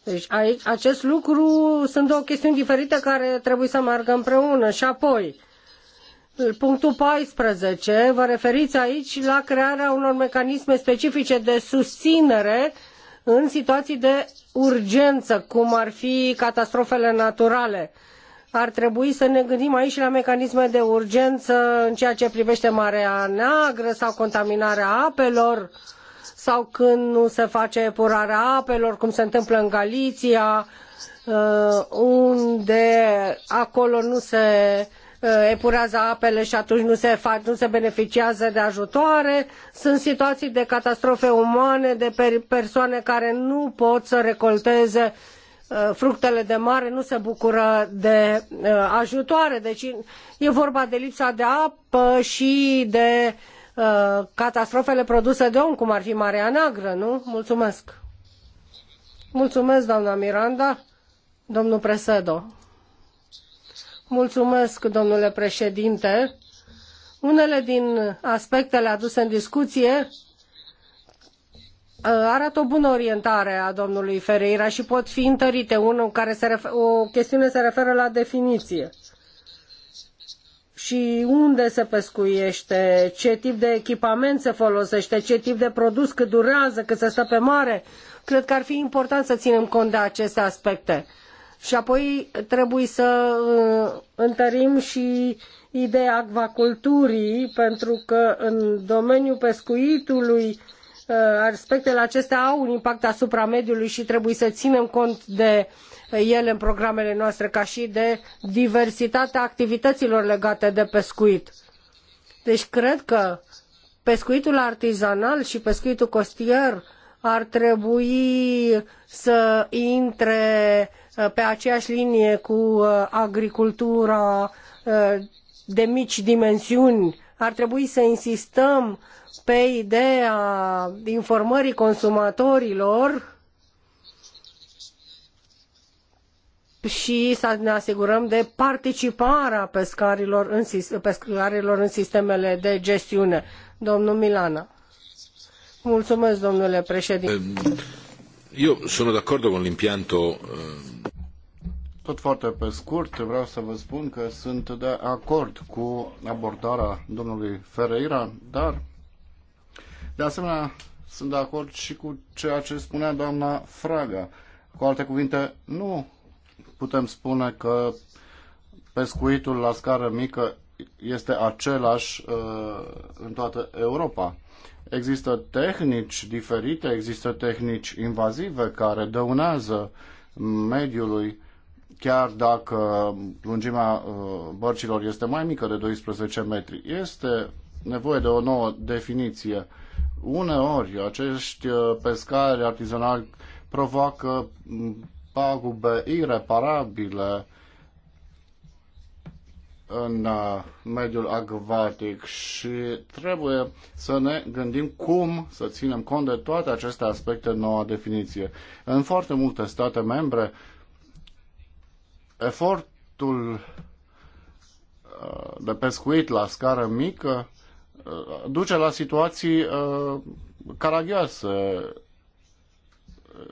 deci aici, acest lucru sunt două chestiuni diferite care trebuie să meargă împreună. Și apoi, punctul 14, vă referiți aici la crearea unor mecanisme specifice de susținere în situații de urgență, cum ar fi catastrofele naturale ar trebui să ne gândim aici la mecanisme de urgență în ceea ce privește marea neagră sau contaminarea apelor sau când nu se face epurarea apelor, cum se întâmplă în Galiția, uh, unde acolo nu se uh, epurează apele și atunci nu se, fac, nu se beneficiază de ajutoare. Sunt situații de catastrofe umane, de persoane care nu pot să recolteze Uh, fructele de mare nu se bucură de uh, ajutoare. Deci e vorba de lipsa de apă și de uh, catastrofele produse de om, cum ar fi Marea Neagră, nu? Mulțumesc! Mulțumesc, doamna Miranda, domnul Presedo. Mulțumesc, domnule președinte. Unele din aspectele aduse în discuție Uh, arată o bună orientare a domnului Ferreira și pot fi întărite. Unul care se refer, o chestiune se referă la definiție și unde se pescuiește, ce tip de echipament se folosește, ce tip de produs, cât durează, cât se stă pe mare. Cred că ar fi important să ținem cont de aceste aspecte. Și apoi trebuie să uh, întărim și ideea acvaculturii, pentru că în domeniul pescuitului Uh, aspectele acestea au un impact asupra mediului și trebuie să ținem cont de ele în programele noastre, ca și de diversitatea activităților legate de pescuit. Deci cred că pescuitul artizanal și pescuitul costier ar trebui să intre uh, pe aceeași linie cu uh, agricultura de mici dimensiuni. Ar trebui să insistăm pe ideea informării consumatorilor și să ne asigurăm de participarea pescarilor în, pescarilor în sistemele de gestiune. Domnul Milana. Mulțumesc, domnule președinte. Ehm, eu sunt de acord cu l'impianto. Ehm. Tot foarte pe scurt, vreau să vă spun că sunt de acord cu abordarea domnului Ferreira, dar de asemenea, sunt de acord și cu ceea ce spunea doamna Fraga. Cu alte cuvinte, nu putem spune că pescuitul la scară mică este același uh, în toată Europa. Există tehnici diferite, există tehnici invazive care dăunează mediului, chiar dacă lungimea uh, bărcilor este mai mică de 12 metri. Este nevoie de o nouă definiție uh, Uneori, acești uh, pescari artizanali provoacă pagube ireparabile în uh, mediul acvatic și trebuie să ne gândim cum să ținem cont de toate aceste aspecte în noua definiție. În foarte multe state membre, efortul uh, de pescuit la scară mică Uh, duce la situații uh, caragioase.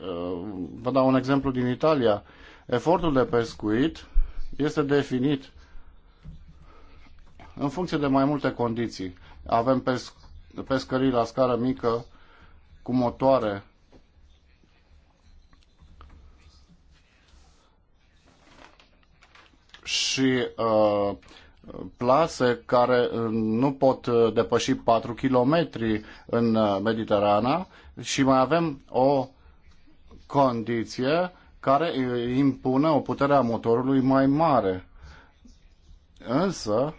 Uh, vă dau un exemplu din Italia. Efortul de pescuit este definit în funcție de mai multe condiții. Avem pesc pescării la scară mică cu motoare și uh, plase care uh, nu pot uh, depăși 4 km în uh, Mediterana și mai avem o condiție care impune o putere a motorului mai mare. Însă,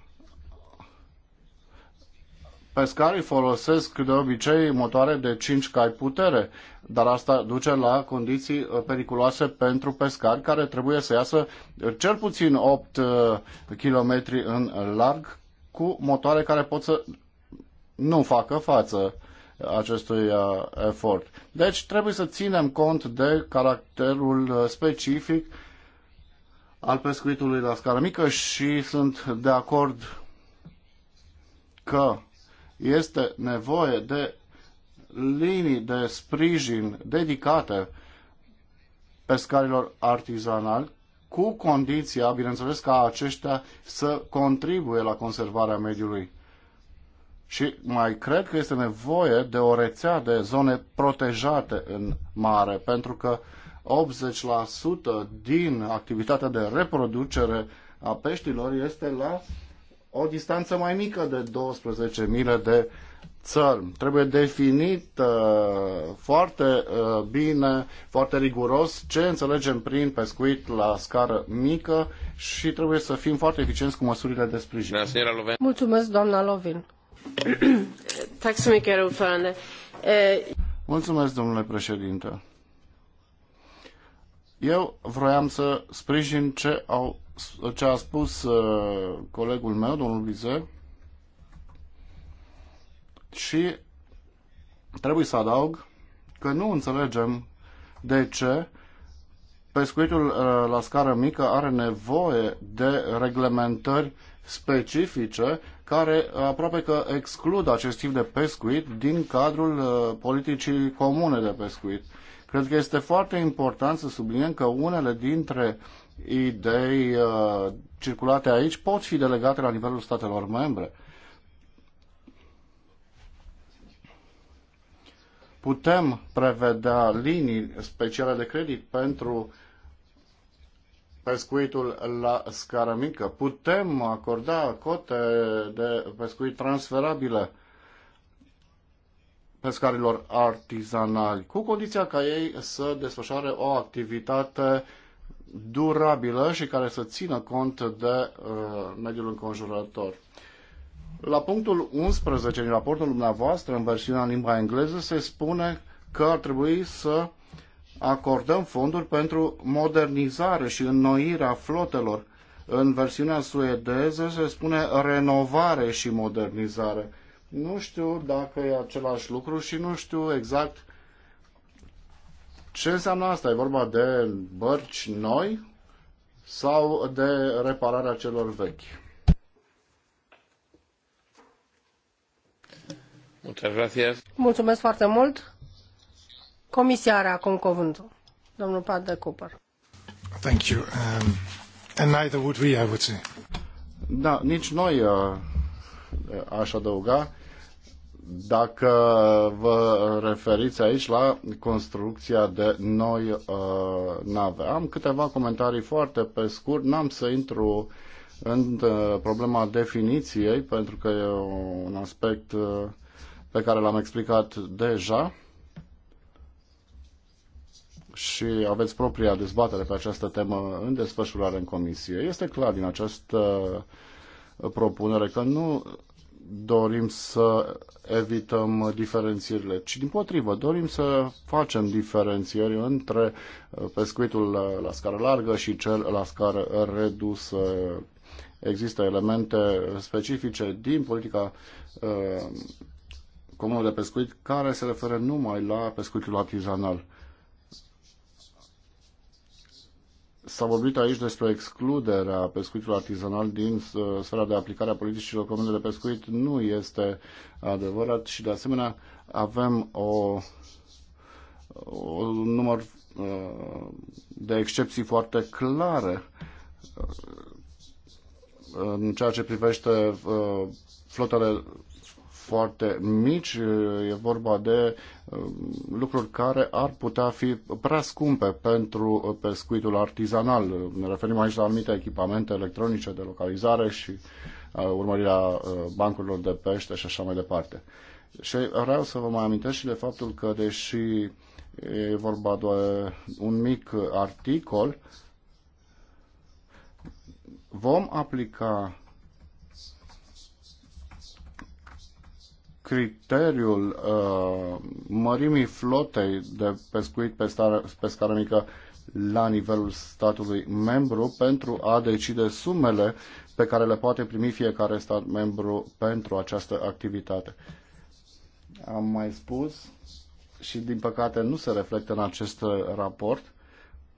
pescarii folosesc de obicei motoare de 5 cai putere, dar asta duce la condiții uh, periculoase pentru pescari care trebuie să iasă uh, cel puțin 8 uh, km în larg cu motoare care pot să nu facă față acestui efort. Deci trebuie să ținem cont de caracterul specific al pescuitului la scară mică și sunt de acord că este nevoie de linii de sprijin dedicate pescarilor artizanali, cu condiția, bineînțeles, ca aceștia să contribuie la conservarea mediului. Și mai cred că este nevoie de o rețea de zone protejate în mare, pentru că 80% din activitatea de reproducere a peștilor este la o distanță mai mică de 12.000 de țări. Trebuie definit uh, foarte uh, bine, foarte riguros ce înțelegem prin pescuit la scară mică și trebuie să fim foarte eficienți cu măsurile de sprijin. Da, Mulțumesc, doamna Lovin. [COUGHS] Eh, Mulțumesc, domnule președinte. Eu vroiam să sprijin ce au ce a spus uh, colegul meu, domnul Vize, și trebuie să adaug că nu înțelegem de ce pescuitul uh, la scară mică are nevoie de reglementări specifice care aproape că exclud acest tip de pescuit din cadrul uh, politicii comune de pescuit. Cred că este foarte important să subliniem că unele dintre uh, idei uh, circulate aici pot fi delegate la nivelul statelor membre. Putem prevedea linii speciale de credit pentru pescuitul la scară mică. Putem acorda cote de pescuit transferabile pescarilor artizanali, cu condiția ca ei să desfășoare o activitate durabilă și care să țină cont de uh, mediul înconjurător. La punctul 11 din raportul dumneavoastră, în versiunea în limba engleză, se spune că ar trebui să acordăm fonduri pentru modernizare și înnoirea flotelor. În versiunea suedeză se spune renovare și modernizare. Nu știu dacă e același lucru și nu știu exact ce înseamnă asta? E vorba de bărci noi sau de repararea celor vechi? Mulțumesc foarte mult. Comisia are acum cuvântul. Domnul Pat de Cooper. Thank you. Um, and neither would we, I would say. Da, nici noi uh, aș adăuga dacă vă referiți aici la construcția de noi uh, nave. Am câteva comentarii foarte pe scurt, n-am să intru în uh, problema definiției, pentru că e un aspect uh, pe care l-am explicat deja și aveți propria dezbatere pe această temă în desfășurare în comisie. Este clar din această uh, propunere că nu dorim să evităm diferențierile, ci din potrivă, dorim să facem diferențieri între uh, pescuitul uh, la scară largă și cel la scară redusă. Există elemente specifice din politica uh, comună de pescuit care se referă numai la pescuitul artizanal. S-a vorbit aici despre excluderea pescuitului artizanal din uh, sfera de aplicare a politicilor comune de pescuit. Nu este adevărat și, de asemenea, avem o, o număr uh, de excepții foarte clare uh, în ceea ce privește flotele foarte mici, e vorba de uh, lucruri care ar putea fi prea scumpe pentru uh, pescuitul artizanal. Ne referim aici la anumite echipamente electronice de localizare și uh, urmărirea bancurilor de pește și așa mai departe. Și vreau să vă mai amintesc și de faptul că, deși e vorba de un mic articol, vom aplica criteriul uh, mărimii flotei de pescuit pe, stare, pe scară mică la nivelul statului membru pentru a decide sumele pe care le poate primi fiecare stat membru pentru această activitate. Am mai spus și din păcate nu se reflectă în acest raport,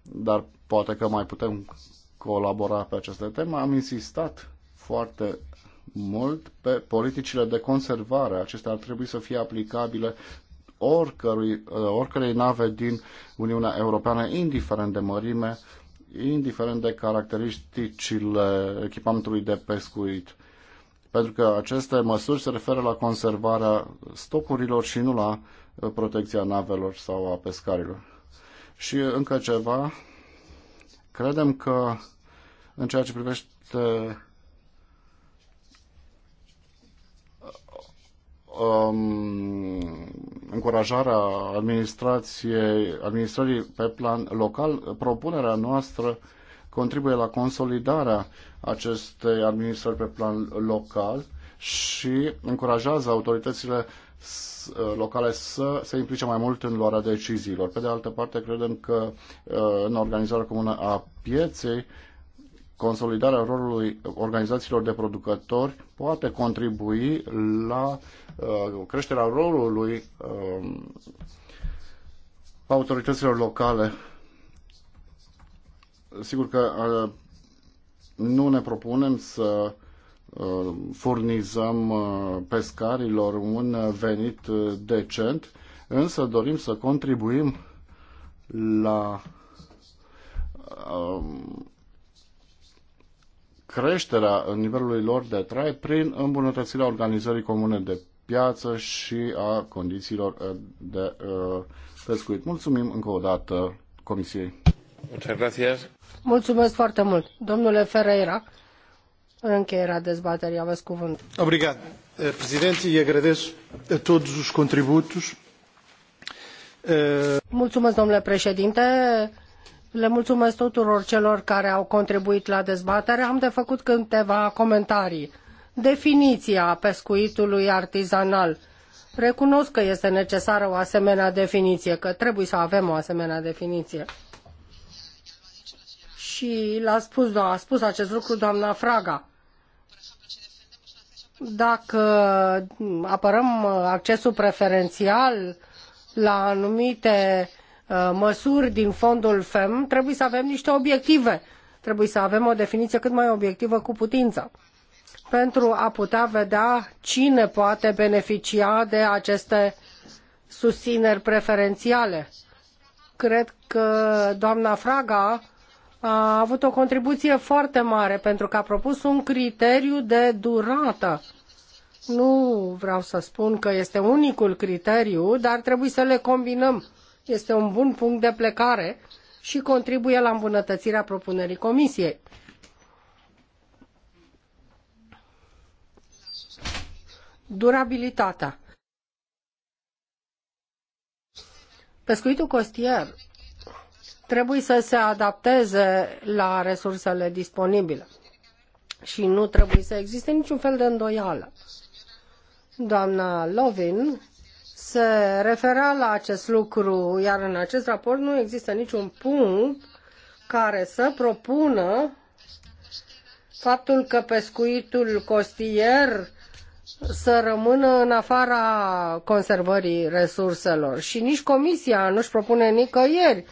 dar poate că mai putem colabora pe această temă. Am insistat foarte mult pe politicile de conservare. Acestea ar trebui să fie aplicabile oricărui, uh, oricărei nave din Uniunea Europeană, indiferent de mărime, indiferent de caracteristicile echipamentului de pescuit. Pentru că aceste măsuri se referă la conservarea stocurilor și nu la uh, protecția navelor sau a pescarilor. Și încă ceva, credem că în ceea ce privește um, încurajarea administrației, administrării pe plan local, propunerea noastră contribuie la consolidarea acestei administrări pe plan local și încurajează autoritățile uh, locale să se implice mai mult în luarea deciziilor. Pe de altă parte, credem că uh, în organizarea comună a pieței consolidarea rolului organizațiilor de producători poate contribui la uh, creșterea rolului uh, autorităților locale. Sigur că uh, nu ne propunem să uh, furnizăm uh, pescarilor un venit uh, decent, însă dorim să contribuim la uh, creșterea nivelului lor de trai prin îmbunătățirea organizării comune de piață și a condițiilor uh, de uh, pescuit. Mulțumim încă o dată Comisiei. Mulțumesc, foarte mult. Domnule Ferreira, în încheierea dezbaterii aveți cuvânt. Obrigado, eh, Presidente, e agradeço a todos os contributos. Eh, Mulțumesc, domnule președinte. Le mulțumesc tuturor celor care au contribuit la dezbatere. Am de făcut câteva comentarii. Definiția pescuitului artizanal. Recunosc că este necesară o asemenea definiție, că trebuie să avem o asemenea definiție. Și l-a spus, a spus acest lucru doamna Fraga dacă apărăm accesul preferențial la anumite Uh, măsuri din fondul FEM, trebuie să avem niște obiective. Trebuie să avem o definiție cât mai obiectivă cu putință pentru a putea vedea cine poate beneficia de aceste susțineri preferențiale. Cred că doamna Fraga a avut o contribuție foarte mare pentru că a propus un criteriu de durată. Nu vreau să spun că este unicul criteriu, dar trebuie să le combinăm este un bun punct de plecare și contribuie la îmbunătățirea propunerii Comisiei. Durabilitatea. Pescuitul costier trebuie să se adapteze la resursele disponibile și nu trebuie să existe niciun fel de îndoială. Doamna Lovin se refera la acest lucru, iar în acest raport nu există niciun punct care să propună faptul că pescuitul costier să rămână în afara conservării resurselor. Și nici Comisia nu-și propune nicăieri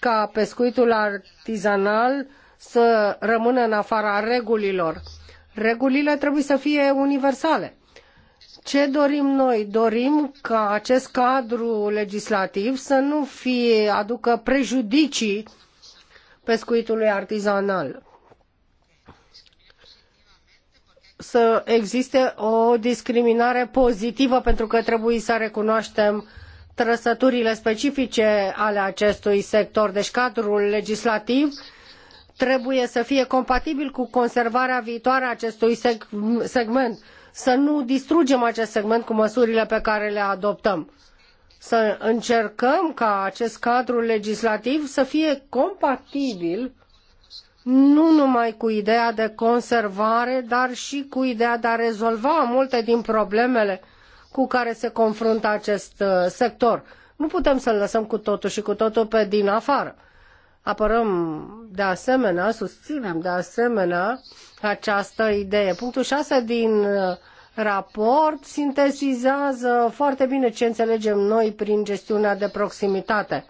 ca pescuitul artizanal să rămână în afara regulilor. Regulile trebuie să fie universale. Ce dorim noi? Dorim ca acest cadru legislativ să nu fie aducă prejudicii pescuitului artizanal. Să existe o discriminare pozitivă pentru că trebuie să recunoaștem trăsăturile specifice ale acestui sector. Deci cadrul legislativ trebuie să fie compatibil cu conservarea viitoare a acestui segment să nu distrugem acest segment cu măsurile pe care le adoptăm. Să încercăm ca acest cadru legislativ să fie compatibil nu numai cu ideea de conservare, dar și cu ideea de a rezolva multe din problemele cu care se confruntă acest uh, sector. Nu putem să-l lăsăm cu totul și cu totul pe din afară. Apărăm de asemenea, susținem de asemenea această idee. Punctul 6 din uh, raport sintetizează foarte bine ce înțelegem noi prin gestiunea de proximitate.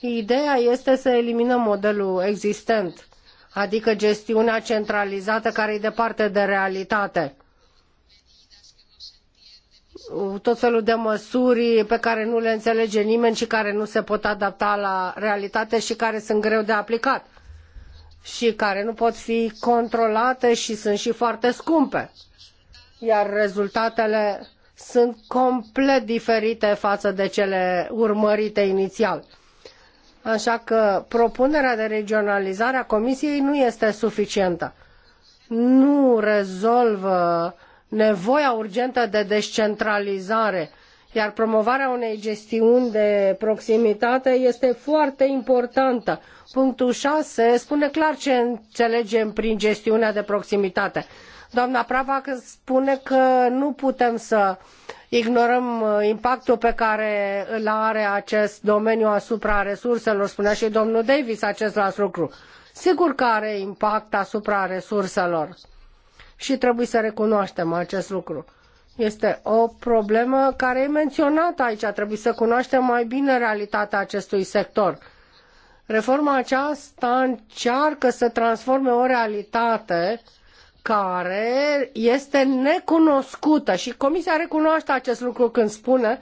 Ideea este să eliminăm modelul existent, adică gestiunea centralizată care e departe de realitate tot felul de măsuri pe care nu le înțelege nimeni și care nu se pot adapta la realitate și care sunt greu de aplicat și care nu pot fi controlate și sunt și foarte scumpe. Iar rezultatele sunt complet diferite față de cele urmărite inițial. Așa că propunerea de regionalizare a Comisiei nu este suficientă. Nu rezolvă nevoia urgentă de descentralizare iar promovarea unei gestiuni de proximitate este foarte importantă. Punctul 6 spune clar ce înțelegem prin gestiunea de proximitate. Doamna Prava spune că nu putem să ignorăm uh, impactul pe care îl are acest domeniu asupra resurselor. Spunea și domnul Davis acest lucru. Sigur că are impact asupra resurselor și trebuie să recunoaștem acest lucru. Este o problemă care e menționată aici. Trebuie să cunoaștem mai bine realitatea acestui sector. Reforma aceasta încearcă să transforme o realitate care este necunoscută și Comisia recunoaște acest lucru când spune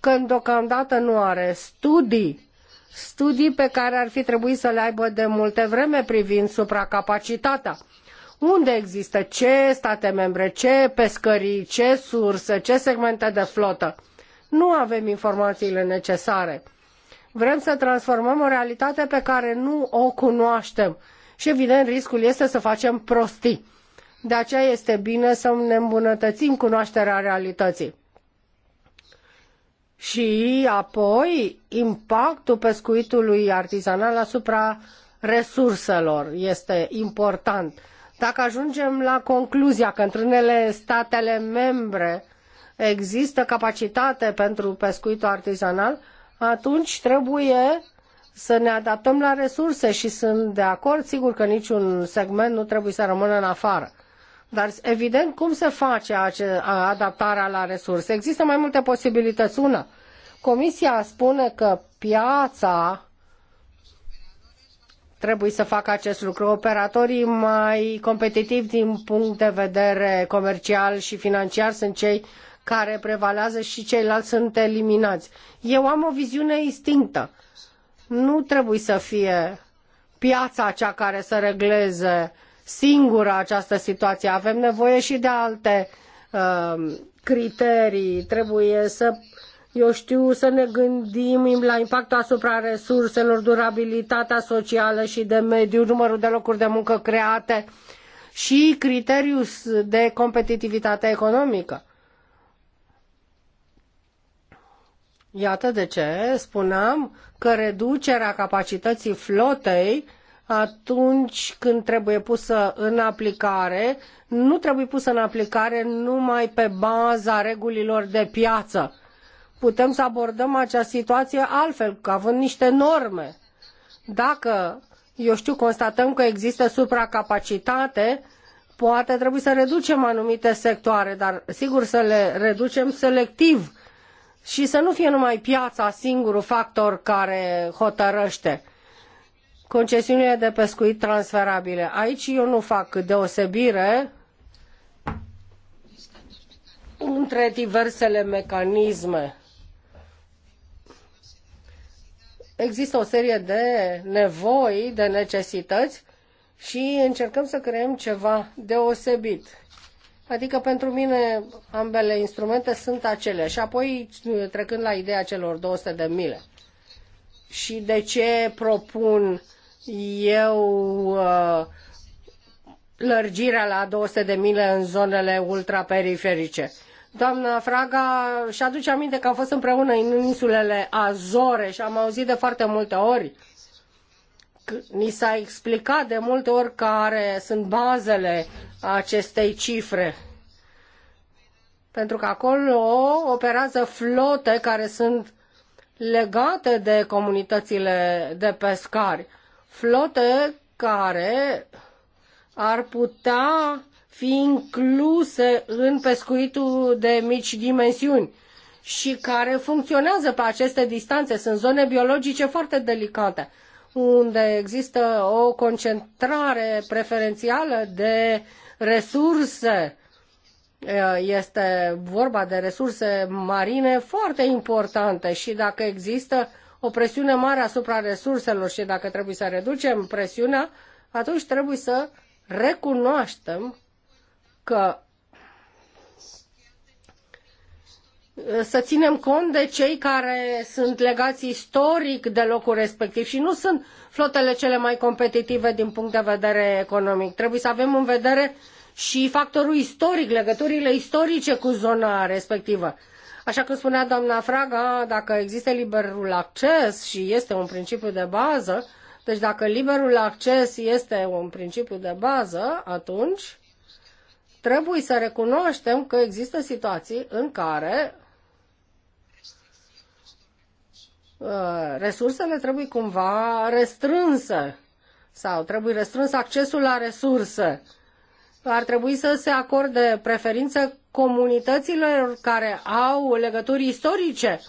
că deocamdată nu are studii studii pe care ar fi trebuit să le aibă de multe vreme privind supracapacitatea unde există ce state membre, ce pescării, ce surse, ce segmente de flotă. Nu avem informațiile necesare. Vrem să transformăm o realitate pe care nu o cunoaștem și evident riscul este să facem prostii. De aceea este bine să ne îmbunătățim cunoașterea realității. Și apoi impactul pescuitului artizanal asupra resurselor este important. Dacă ajungem la concluzia că între unele statele membre există capacitate pentru pescuitul artizanal, atunci trebuie să ne adaptăm la resurse și sunt de acord, sigur că niciun segment nu trebuie să rămână în afară. Dar evident, cum se face adaptarea la resurse? Există mai multe posibilități. Una, Comisia spune că piața trebuie să facă acest lucru. Operatorii mai competitivi din punct de vedere comercial și financiar sunt cei care prevalează și ceilalți sunt eliminați. Eu am o viziune instinctă. Nu trebuie să fie piața cea care să regleze singură această situație. Avem nevoie și de alte uh, criterii. Trebuie să eu știu, să ne gândim la impactul asupra resurselor, durabilitatea socială și de mediu, numărul de locuri de muncă create și criteriul de competitivitate economică. Iată de ce spuneam că reducerea capacității flotei atunci când trebuie pusă în aplicare, nu trebuie pusă în aplicare numai pe baza regulilor de piață, putem să abordăm această situație altfel, având niște norme. Dacă, eu știu, constatăm că există supracapacitate, poate trebuie să reducem anumite sectoare, dar sigur să le reducem selectiv și să nu fie numai piața singurul factor care hotărăște concesiunile de pescuit transferabile. Aici eu nu fac deosebire între diversele mecanisme există o serie de nevoi, de necesități și încercăm să creăm ceva deosebit. Adică pentru mine ambele instrumente sunt acele. Și apoi trecând la ideea celor 200 de mile. Și de ce propun eu uh, lărgirea la 200 de mile în zonele ultraperiferice? Doamna Fraga și aduce aminte că am fost împreună în insulele Azore și am auzit de foarte multe ori ni s-a explicat de multe ori care sunt bazele acestei cifre. Pentru că acolo operează flote care sunt legate de comunitățile de pescari. Flote care ar putea fi inclusă în pescuitul de mici dimensiuni și care funcționează pe aceste distanțe. Sunt zone biologice foarte delicate, unde există o concentrare preferențială de resurse. Este vorba de resurse marine foarte importante și dacă există o presiune mare asupra resurselor și dacă trebuie să reducem presiunea, atunci trebuie să recunoaștem că să ținem cont de cei care sunt legați istoric de locul respectiv și nu sunt flotele cele mai competitive din punct de vedere economic. Trebuie să avem în vedere și factorul istoric, legăturile istorice cu zona respectivă. Așa cum spunea doamna Fraga, dacă există liberul acces și este un principiu de bază, deci dacă liberul acces este un principiu de bază, atunci trebuie să recunoaștem că există situații în care uh, resursele trebuie cumva restrânse sau trebuie restrâns accesul la resurse. Ar trebui să se acorde preferință comunităților care au legături istorice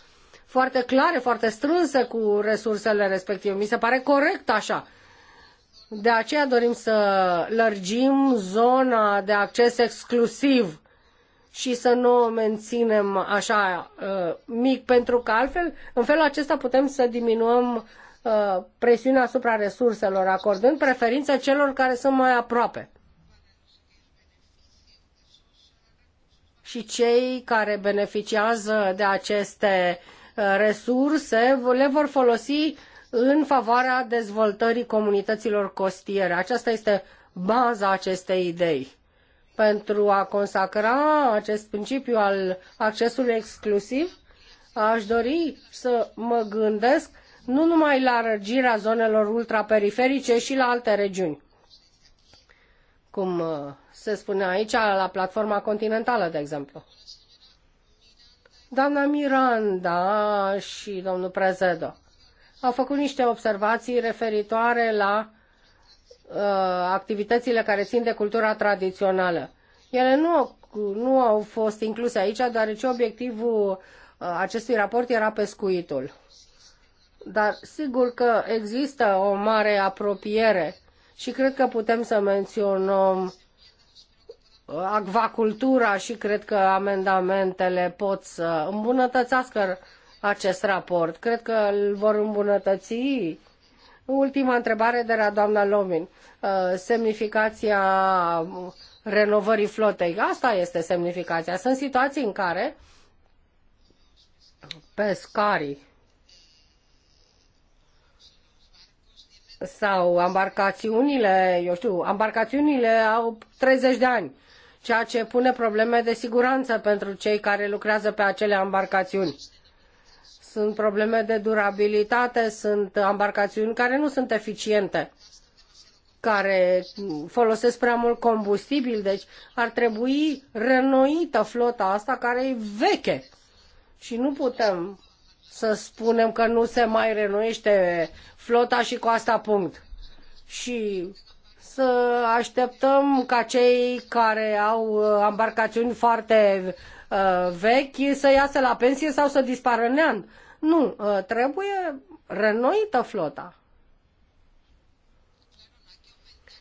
foarte clare, foarte strânse cu resursele respective. Mi se pare corect așa. De aceea dorim să lărgim zona de acces exclusiv și să nu o menținem așa uh, mic, pentru că altfel, în felul acesta putem să diminuăm uh, presiunea asupra resurselor, acordând preferință celor care sunt mai aproape. Și cei care beneficiază de aceste uh, resurse le vor folosi în favoarea dezvoltării comunităților costiere. Aceasta este baza acestei idei. Pentru a consacra acest principiu al accesului exclusiv, aș dori să mă gândesc nu numai la răgirea zonelor ultraperiferice, și la alte regiuni. Cum uh, se spune aici, la platforma continentală, de exemplu. Doamna Miranda și domnul Prezedo au făcut niște observații referitoare la uh, activitățile care țin de cultura tradițională. Ele nu au, nu au fost incluse aici, deoarece obiectivul uh, acestui raport era pescuitul. Dar sigur că există o mare apropiere și cred că putem să menționăm uh, acvacultura și cred că amendamentele pot să îmbunătățească acest raport. Cred că îl vor îmbunătăți. Ultima întrebare de la doamna Lomin. Uh, semnificația renovării flotei. Asta este semnificația. Sunt situații în care pescarii sau embarcațiunile, eu știu, embarcațiunile au 30 de ani, ceea ce pune probleme de siguranță pentru cei care lucrează pe acele embarcațiuni. Sunt probleme de durabilitate, sunt embarcațiuni care nu sunt eficiente, care folosesc prea mult combustibil, deci ar trebui renoită flota asta care e veche. Și nu putem să spunem că nu se mai renoiește flota și cu asta punct. Și să așteptăm ca cei care au uh, embarcațiuni foarte uh, vechi să iasă la pensie sau să dispară în neant. Nu, ă, trebuie rănoită flota.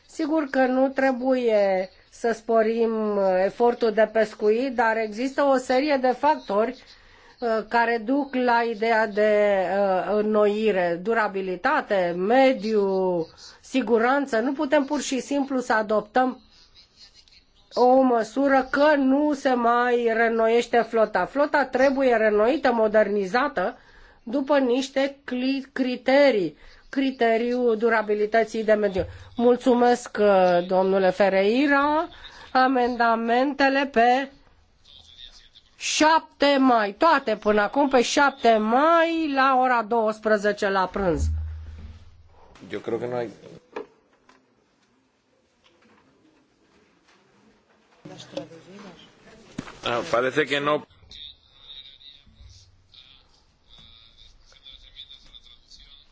Sigur că nu trebuie să sporim ă, efortul de pescuit, dar există o serie de factori ă, care duc la ideea de înnoire, durabilitate, mediu, siguranță. Nu putem pur și simplu să adoptăm o măsură că nu se mai renoiește flota. Flota trebuie renoită, modernizată după niște criterii, criteriul durabilității de mediu. Mulțumesc, uh, domnule Ferreira, amendamentele pe 7 mai, toate până acum pe 7 mai la ora 12 la prânz. Eu cred că noi Ah, parece que no.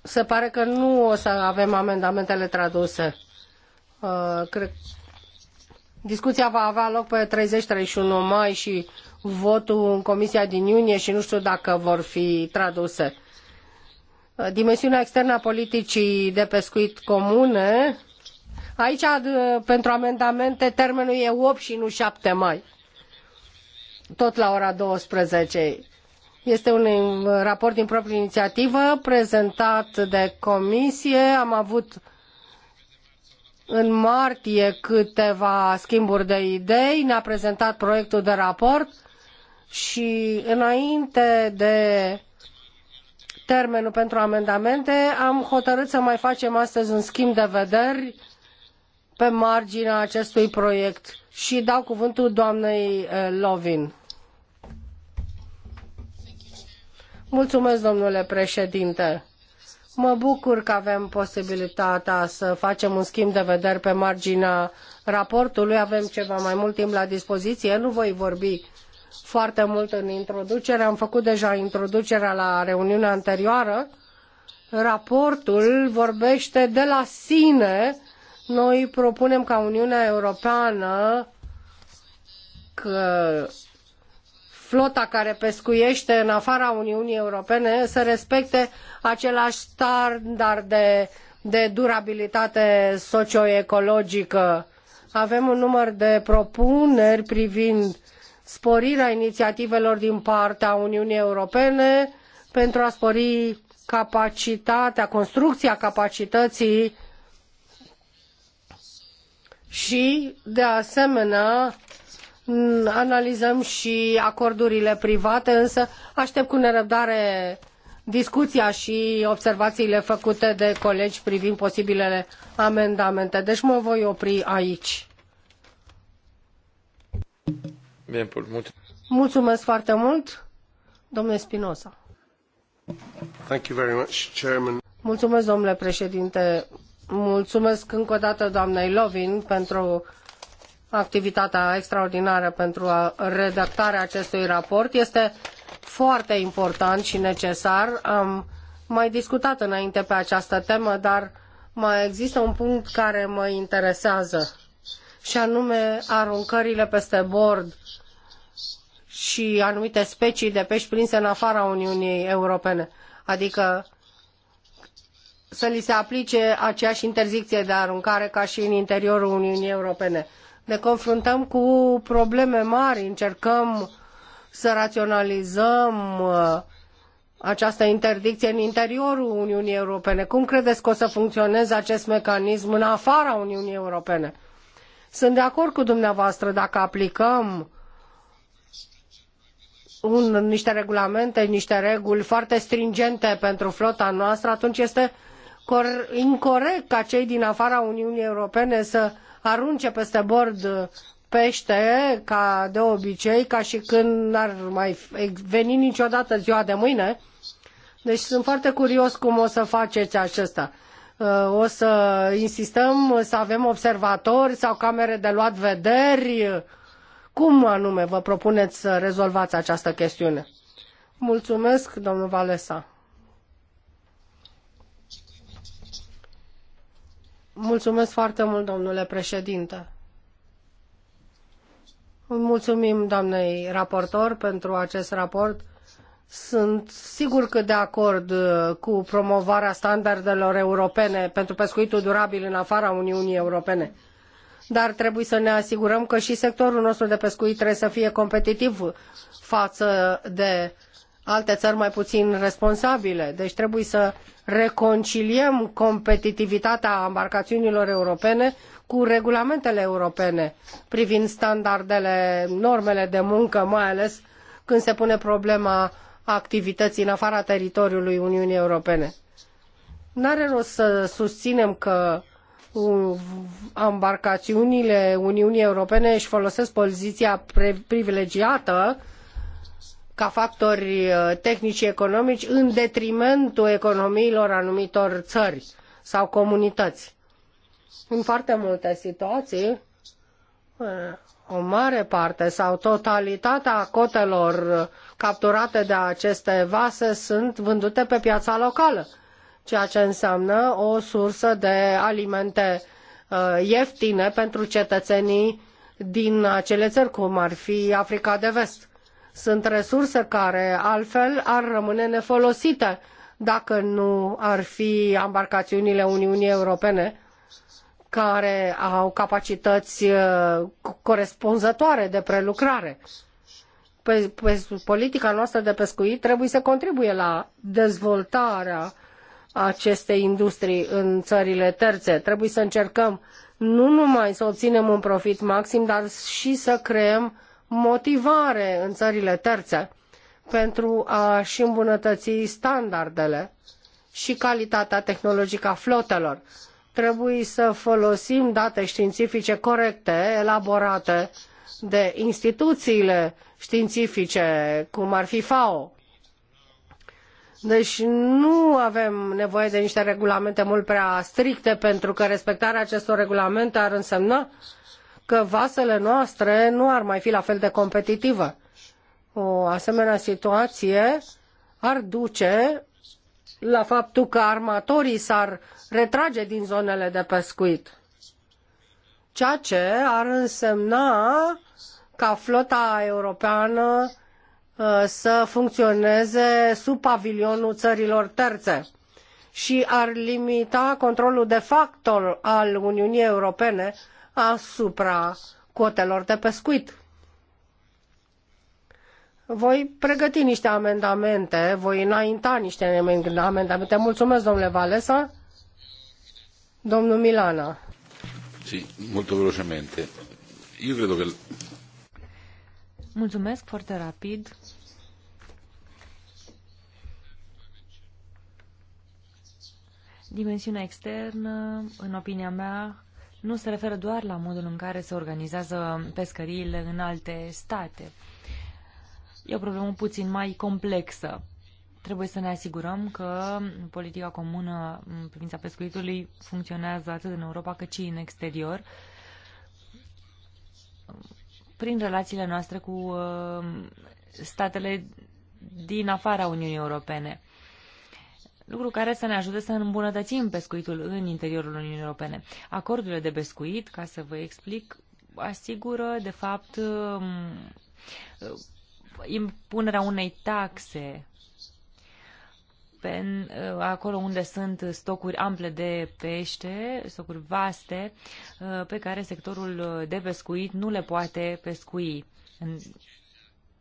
Se pare că nu o să avem amendamentele traduse. Uh, cred... Discuția va avea loc pe 30-31 mai și votul în comisia din iunie și nu știu dacă vor fi traduse. Uh, dimensiunea externă a politicii de pescuit comune. Aici, uh, pentru amendamente, termenul e 8 și nu 7 mai. Tot la ora 12. Este un uh, raport din proprie inițiativă prezentat de comisie. Am avut în martie câteva schimburi de idei, ne-a prezentat proiectul de raport și înainte de termenul pentru amendamente, am hotărât să mai facem astăzi un schimb de vederi pe marginea acestui proiect și dau cuvântul doamnei uh, Lovin. Mulțumesc, domnule președinte. Mă bucur că avem posibilitatea să facem un schimb de vederi pe marginea raportului. Avem ceva mai mult timp la dispoziție. Nu voi vorbi foarte mult în introducere. Am făcut deja introducerea la reuniunea anterioară. Raportul vorbește de la sine. Noi propunem ca Uniunea Europeană că flota care pescuiește în afara Uniunii Europene să respecte același standarde de durabilitate socioecologică. Avem un număr de propuneri privind sporirea inițiativelor din partea Uniunii Europene pentru a spori capacitatea, construcția capacității și, de asemenea, analizăm și acordurile private, însă aștept cu nerăbdare discuția și observațiile făcute de colegi privind posibilele amendamente. Deci mă voi opri aici. Bine, mult. Mulțumesc foarte mult, domnule Spinoza. Thank you very much, Chairman. Mulțumesc, domnule președinte. Mulțumesc încă o dată doamnei Lovin pentru activitatea extraordinară pentru redactarea acestui raport. Este foarte important și necesar. Am mai discutat înainte pe această temă, dar mai există un punct care mă interesează și anume aruncările peste bord și anumite specii de pești prinse în afara Uniunii Europene. Adică să li se aplice aceeași interzicție de aruncare ca și în interiorul Uniunii Europene ne confruntăm cu probleme mari, încercăm să raționalizăm uh, această interdicție în interiorul Uniunii Europene. Cum credeți că o să funcționeze acest mecanism în afara Uniunii Europene? Sunt de acord cu dumneavoastră dacă aplicăm un, niște regulamente, niște reguli foarte stringente pentru flota noastră, atunci este incorrect ca cei din afara Uniunii Europene să arunce peste bord pește, ca de obicei, ca și când n-ar mai veni niciodată ziua de mâine. Deci sunt foarte curios cum o să faceți acesta. Uh, o să insistăm să avem observatori sau camere de luat vederi. Cum anume vă propuneți să rezolvați această chestiune? Mulțumesc, domnul Valesa. Mulțumesc foarte mult, domnule președinte. Mulțumim doamnei raportor pentru acest raport. Sunt sigur că de acord uh, cu promovarea standardelor europene pentru pescuitul durabil în afara Uniunii Europene. Dar trebuie să ne asigurăm că și sectorul nostru de pescuit trebuie să fie competitiv față de uh, alte țări mai puțin responsabile. Deci trebuie să reconciliem competitivitatea embarcațiunilor europene cu regulamentele europene privind standardele, normele de muncă, mai ales când se pune problema activității în afara teritoriului Uniunii Europene. N-are rost să susținem că embarcațiunile Uniunii Europene își folosesc poziția privilegiată ca factori uh, tehnici economici în detrimentul economiilor anumitor țări sau comunități. În foarte multe situații, uh, o mare parte sau totalitatea cotelor uh, capturate de aceste vase sunt vândute pe piața locală, ceea ce înseamnă o sursă de alimente ieftine pentru cetățenii din acele țări, cum ar fi Africa de Vest. Sunt resurse care altfel ar rămâne nefolosite dacă nu ar fi embarcațiunile Uniunii Europene care au capacități uh, corespunzătoare de prelucrare. Pe, pe, politica noastră de pescuit trebuie să contribuie la dezvoltarea acestei industrii în țările terțe. Trebuie să încercăm nu numai să obținem un profit maxim, dar și să creăm motivare în țările terțe pentru a-și îmbunătăți standardele și calitatea tehnologică a flotelor. Trebuie să folosim date științifice corecte, elaborate de instituțiile științifice, cum ar fi FAO. Deci nu avem nevoie de niște regulamente mult prea stricte, pentru că respectarea acestor regulamente ar însemna uh, că vasele noastre nu ar mai fi la fel de competitive. O asemenea situație ar duce la faptul că armatorii s-ar retrage din zonele de pescuit, ceea ce ar însemna ca flota europeană uh, să funcționeze sub pavilionul țărilor terțe și ar limita controlul de facto al Uniunii Europene asupra cotelor de pescuit. Voi pregăti niște amendamente, voi înainta niște amendamente. Mulțumesc, domnule Valesa. Domnul Milana. Sì, molto velocemente. Io credo che... Mulțumesc foarte rapid. Dimensiunea externă, în opinia mea, nu se referă doar la modul în care se organizează pescăriile în alte state. E o problemă puțin mai complexă. Trebuie să ne asigurăm că politica comună în privința pescuitului funcționează atât în Europa cât și în exterior, prin relațiile noastre cu uh, statele din afara Uniunii Europene lucru care să ne ajute să îmbunătățim pescuitul în interiorul Uniunii Europene. Acordurile de pescuit, ca să vă explic, asigură, de fapt, um, uh, impunerea unei taxe pe, uh, acolo unde sunt stocuri ample de pește, stocuri vaste, uh, pe care sectorul de pescuit nu le poate pescui în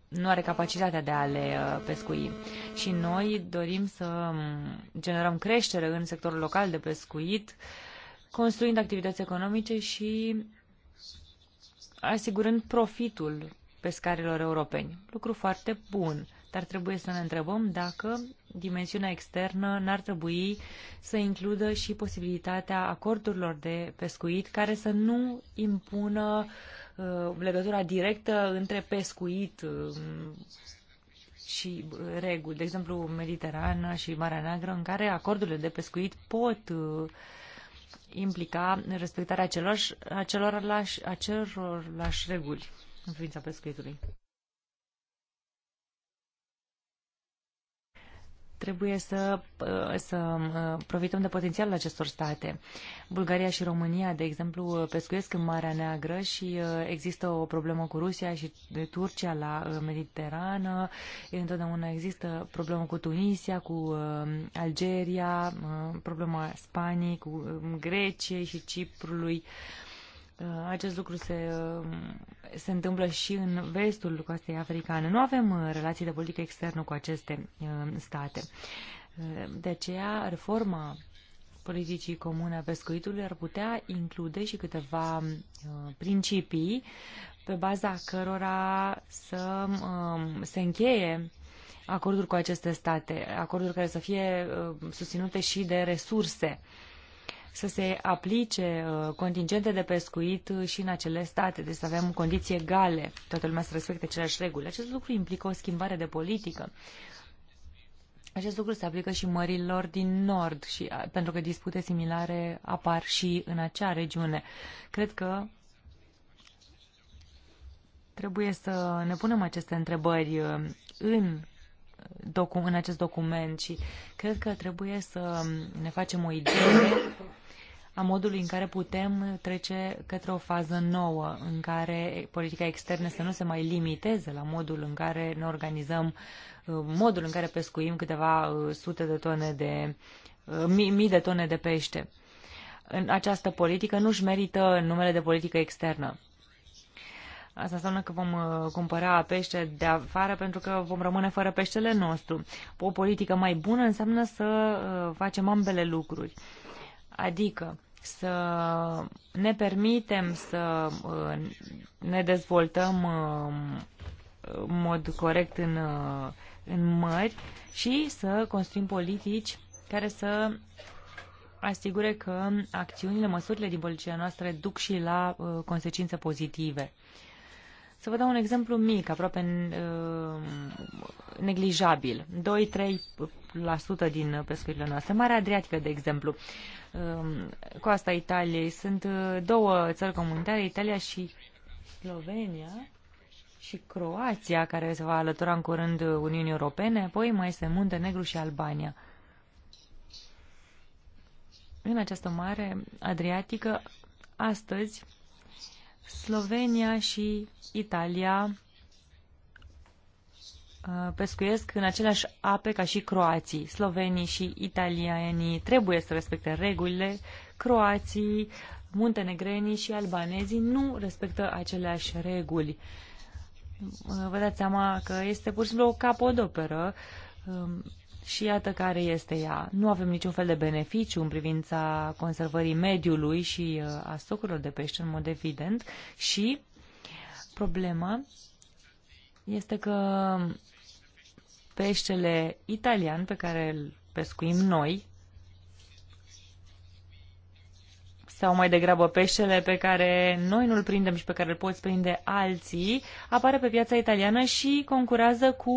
nu are capacitatea de a le uh, pescui. Și noi dorim să um, generăm creștere în sectorul local de pescuit, construind activități economice și asigurând profitul pescarilor europeni. Lucru foarte bun, dar trebuie să ne întrebăm dacă dimensiunea externă n-ar trebui să includă și posibilitatea acordurilor de pescuit care să nu impună uh, Uh, legătura directă între pescuit um, și reguli, de exemplu Mediterana și Marea Neagră, în care acordurile de pescuit pot uh, implica respectarea acelor, acelor, reguli în privința pescuitului. trebuie să, să profităm de potențialul acestor state. Bulgaria și România, de exemplu, pescuiesc în Marea Neagră și ă, există o problemă cu Rusia și Turcia la ă, Mediterană. Întotdeauna există problemă cu Tunisia, cu ă, Algeria, problema Spaniei, cu Greciei și Ciprului. Uh, acest lucru se, uh, se întâmplă și în vestul coastei africane. Nu avem uh, relații de politică externă cu aceste state. De aceea, reforma politicii comune a pescuitului ar putea include și câteva principii pe baza cărora să um, se încheie acorduri cu aceste state, acorduri care să fie susținute și de resurse să se aplice uh, contingente de pescuit uh, și în acele state, deci să avem condiții egale, toată lumea să respecte aceleași reguli. Acest lucru implică o schimbare de politică. Acest lucru se aplică și mărilor din nord, și, uh, pentru că dispute similare apar și în acea regiune. Cred că trebuie să ne punem aceste întrebări în, docu- în acest document și cred că trebuie să um, ne facem o idee a modului în care putem trece către o fază nouă, în care politica externă să nu se mai limiteze la modul în care ne organizăm, uh, modul în care pescuim câteva uh, sute de tone de, uh, mii, de tone de pește. În această politică nu-și merită numele de politică externă. Asta înseamnă că vom cumpăra pește de afară pentru că vom rămâne fără peștele nostru. O politică mai bună înseamnă să facem ambele lucruri. Adică să ne permitem să uh, ne dezvoltăm uh, în mod corect în, uh, în mări și să construim politici care să asigure că acțiunile, măsurile din poliția noastră duc și la consecințe pozitive. Să vă dau un exemplu mic, aproape uh, neglijabil. 2-3% din pescuirile noastre. Marea Adriatică, de exemplu. Um, coasta Italiei. Sunt uh, două țări comunitare, Italia și Slovenia și Croația, care se va alătura în curând Uniunii Europene, apoi mai este Muntenegru și Albania. În această mare Adriatică, astăzi, Slovenia și Italia uh, pescuiesc în aceleași ape ca și croații. Slovenii și italienii trebuie să respecte regulile, croații, muntenegrenii și albanezii nu respectă aceleași reguli. Uh, vă dați seama că este pur și simplu o capodoperă um, și iată care este ea. Nu avem niciun fel de beneficiu în privința conservării mediului și uh, a stocurilor de pește, în mod evident, și problema este că peștele italian pe care îl pescuim noi, sau mai degrabă peștele pe care noi nu-l prindem și pe care îl poți prinde alții, apare pe piața italiană și concurează cu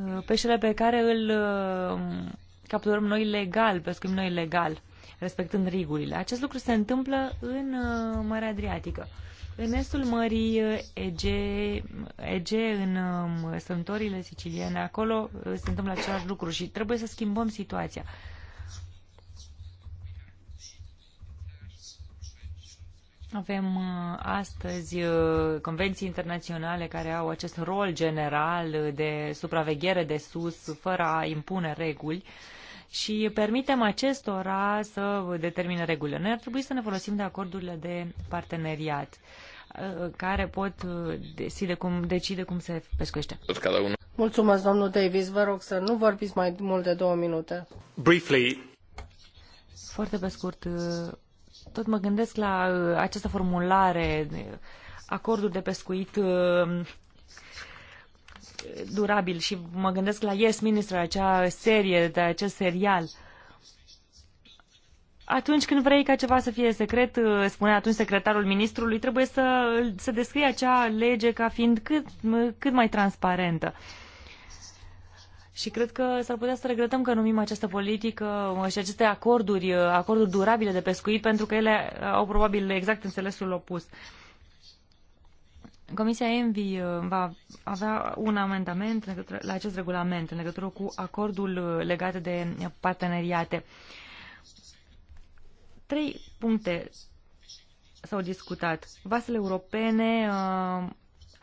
Uh, peștele pe care îl uh, capturăm noi legal, pescuim noi legal, respectând rigurile. Acest lucru se întâmplă în uh, Marea Adriatică. În estul Mării Ege, Ege în um, sănătorile siciliene, acolo se întâmplă același lucru și trebuie să schimbăm situația. Avem uh, astăzi uh, convenții internaționale care au acest rol general de supraveghere de sus, fără a impune reguli și permitem acestora să determine regulile. Noi ar trebui să ne folosim de acordurile de parteneriat uh, care pot decide cum, decide cum se pescuiește. Mulțumesc, domnul Davis. Vă rog să nu vorbiți mai mult de două minute. Briefly. Foarte pe scurt, tot mă gândesc la uh, această formulare, acordul de pescuit uh, durabil și mă gândesc la Yes Minister, acea serie, de acest serial. Atunci când vrei ca ceva să fie secret, uh, spune atunci secretarul ministrului, trebuie să, să descrie acea lege ca fiind cât, cât mai transparentă. Uh, și cred că s-ar putea să regretăm că numim această politică uh, și aceste acorduri, uh, acorduri durabile de pescuit, pentru că ele uh, au probabil exact înțelesul opus. Comisia Envi va avea un amendament la acest regulament în legătură cu acordul legat de parteneriate. Trei puncte s-au discutat. Vasele europene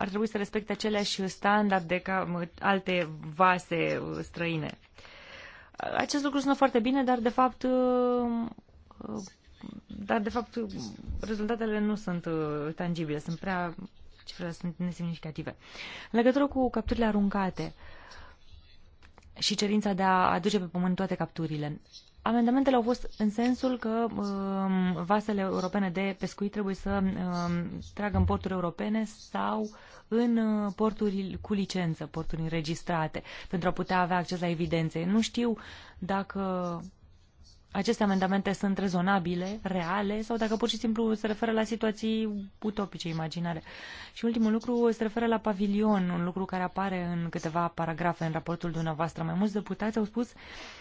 ar trebui să respecte aceleași standarde ca alte vase uh, străine. Acest lucru sună foarte bine, dar de fapt uh, uh, dar de fapt rezultatele nu sunt tangibile, sunt prea cifrele sunt nesemnificative. În legătură cu capturile aruncate și cerința de a aduce pe pământ toate capturile, Amendamentele au fost în sensul că um, vasele europene de pescuit trebuie să um, tragă în porturi europene sau în uh, porturi cu licență, porturi înregistrate, pentru a putea avea acces la evidențe. Nu știu dacă aceste amendamente sunt rezonabile, reale, sau dacă pur și simplu se referă la situații utopice, imaginare. Și ultimul lucru se referă la pavilion, un lucru care apare în câteva paragrafe în raportul dumneavoastră. Mai mulți deputați au spus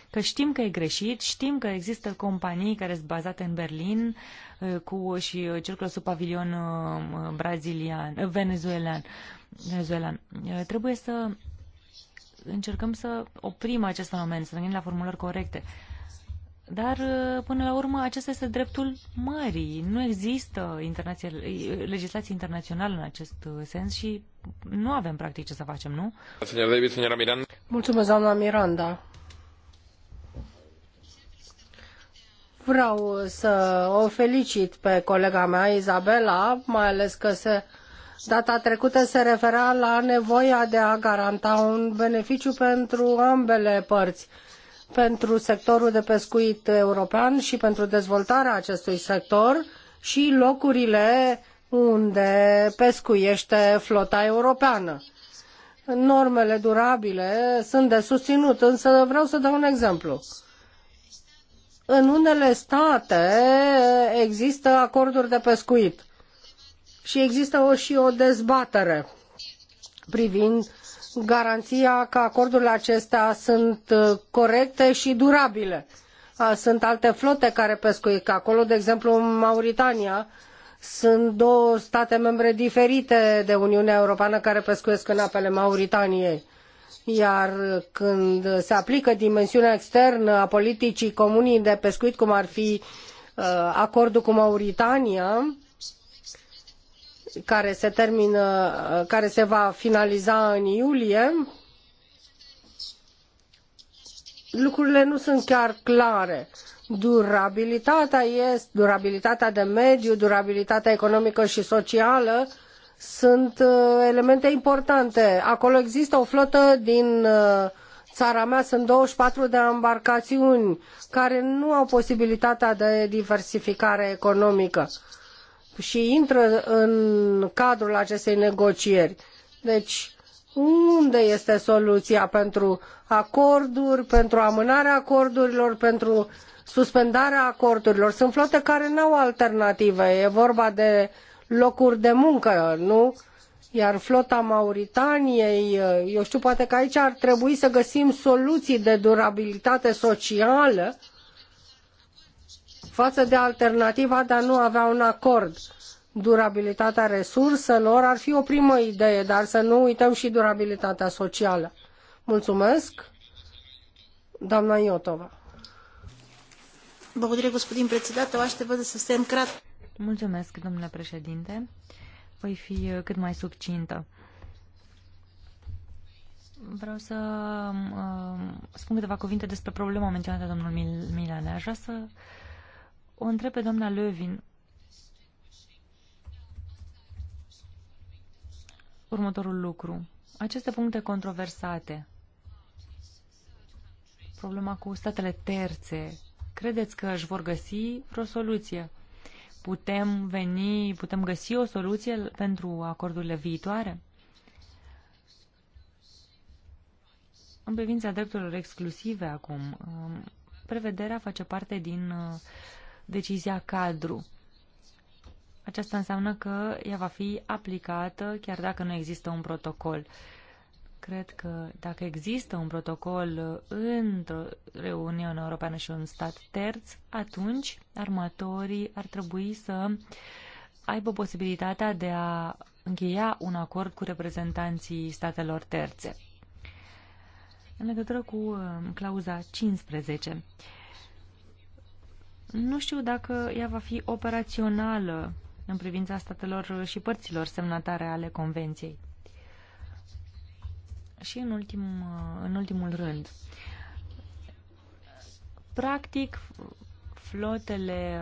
că știm că e greșit, știm că există companii care sunt bazate în Berlin uh, cu și uh, circulă sub pavilion uh, brazilian, venezuelan. venezuelan. Trebuie să încercăm să oprim acest fenomen, să venim la formulări corecte. Dar, uh, până la urmă, acesta este dreptul mării. Nu există internația, legislație internațională în acest uh, sens și nu avem practic ce să facem, nu? Mulțumesc, doamna Miranda. Vreau să o felicit pe colega mea, Izabela, mai ales că se, data trecută se refera la nevoia de a garanta un beneficiu pentru ambele părți pentru sectorul de pescuit european și pentru dezvoltarea acestui sector și locurile unde pescuiește flota europeană. Normele durabile sunt de susținut, însă vreau să dau un exemplu. În unele state există acorduri de pescuit și există o, și o dezbatere privind garanția că acordurile acestea sunt uh, corecte și durabile. Sunt alte flote care pescuiesc acolo, de exemplu în Mauritania, sunt două state membre diferite de Uniunea Europeană care pescuiesc în apele Mauritaniei. Iar când se aplică dimensiunea externă a politicii comunii de pescuit, cum ar fi uh, acordul cu Mauritania, care se termină, care se va finaliza în iulie, lucrurile nu sunt chiar clare. Durabilitatea este, durabilitatea de mediu, durabilitatea economică și socială sunt uh, elemente importante. Acolo există o flotă din uh, țara mea, sunt 24 de embarcațiuni care nu au posibilitatea de diversificare economică și intră în cadrul acestei negocieri. Deci, unde este soluția pentru acorduri, pentru amânarea acordurilor, pentru suspendarea acordurilor? Sunt flote care nu au alternative. E vorba de locuri de muncă, nu? Iar flota Mauritaniei, eu știu, poate că aici ar trebui să găsim soluții de durabilitate socială uh, față de alternativa de a nu avea un acord. Durabilitatea resurselor ar fi o primă idee, dar să nu uităm și durabilitatea socială. Mulțumesc, doamna Iotova. Благодаря, господин председател. Аз ще бъда съвсем кратка. Mulțumesc, domnule președinte. Voi fi cât mai succintă. Vreau să uh, spun câteva cuvinte despre problema menționată de domnul Mil Milan. Aș vrea să o întreb pe doamna Lövin următorul lucru. Aceste puncte controversate, problema cu statele terțe, credeți că își vor găsi vreo soluție? Putem veni, putem găsi o soluție pentru acordurile viitoare? În privința drepturilor exclusive acum, um, prevederea face parte din uh, decizia cadru. Aceasta înseamnă că ea va fi aplicată chiar dacă nu există un protocol. Cred că dacă există un protocol într-o Uniune Europeană și un stat terț, atunci armatorii ar trebui să aibă posibilitatea de a încheia un acord cu reprezentanții statelor terțe. În legătură cu uh, clauza 15, nu știu dacă ea va fi operațională în privința statelor și părților semnatare ale Convenției. Și în, ultim, în ultimul rând, practic, flotele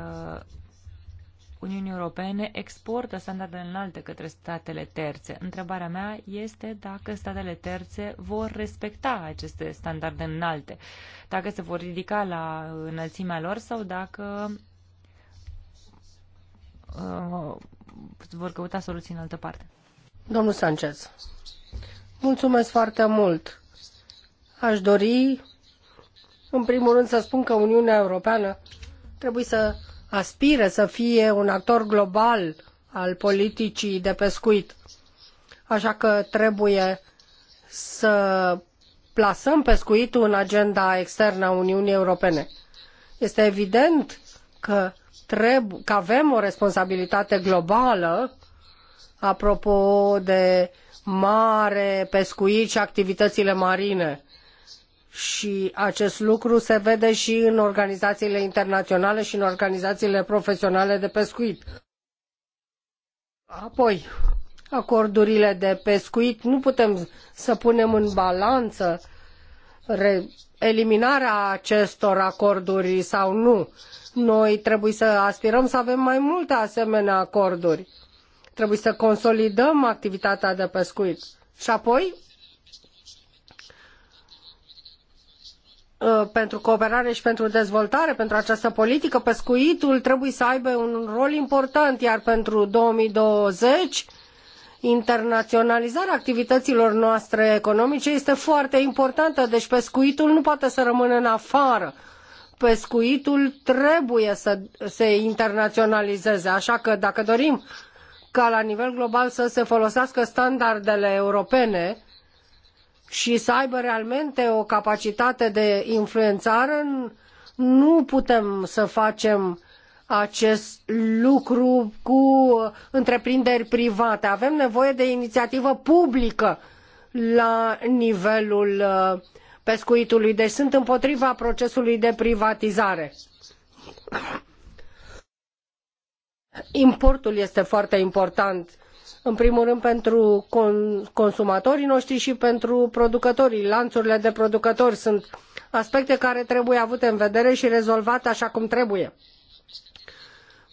Uniunii Europene exportă standarde înalte către statele terțe. Întrebarea mea este dacă statele terțe vor respecta aceste standarde înalte, dacă se vor ridica la înălțimea lor sau dacă uh, vor căuta soluții în altă parte. Domnul Sanchez, mulțumesc foarte mult. Aș dori, în primul rând, să spun că Uniunea Europeană trebuie să aspiră să fie un actor global al politicii de pescuit. Așa că trebuie să plasăm pescuitul în agenda externă a Uniunii Europene. Este evident că, trebu- că avem o responsabilitate globală apropo de mare pescuit și activitățile marine și acest lucru se vede și în organizațiile internaționale și în organizațiile profesionale de pescuit. Apoi, acordurile de pescuit nu putem să punem în balanță eliminarea acestor acorduri sau nu. Noi trebuie să aspirăm să avem mai multe asemenea acorduri. Trebuie să consolidăm activitatea de pescuit. Și apoi, Uh, pentru cooperare și pentru dezvoltare, pentru această politică, pescuitul trebuie să aibă un rol important, iar pentru 2020 internaționalizarea activităților noastre economice este foarte importantă, deci pescuitul nu poate să rămână în afară. Pescuitul trebuie să se internaționalizeze, așa că dacă dorim ca la nivel global să se folosească standardele europene, și să aibă realmente o capacitate de influențare, nu putem să facem acest lucru cu întreprinderi private. Avem nevoie de inițiativă publică la nivelul uh, pescuitului. Deci sunt împotriva procesului de privatizare. Importul este foarte important în primul rând pentru consumatorii noștri și pentru producătorii. Lanțurile de producători sunt aspecte care trebuie avute în vedere și rezolvate așa cum trebuie.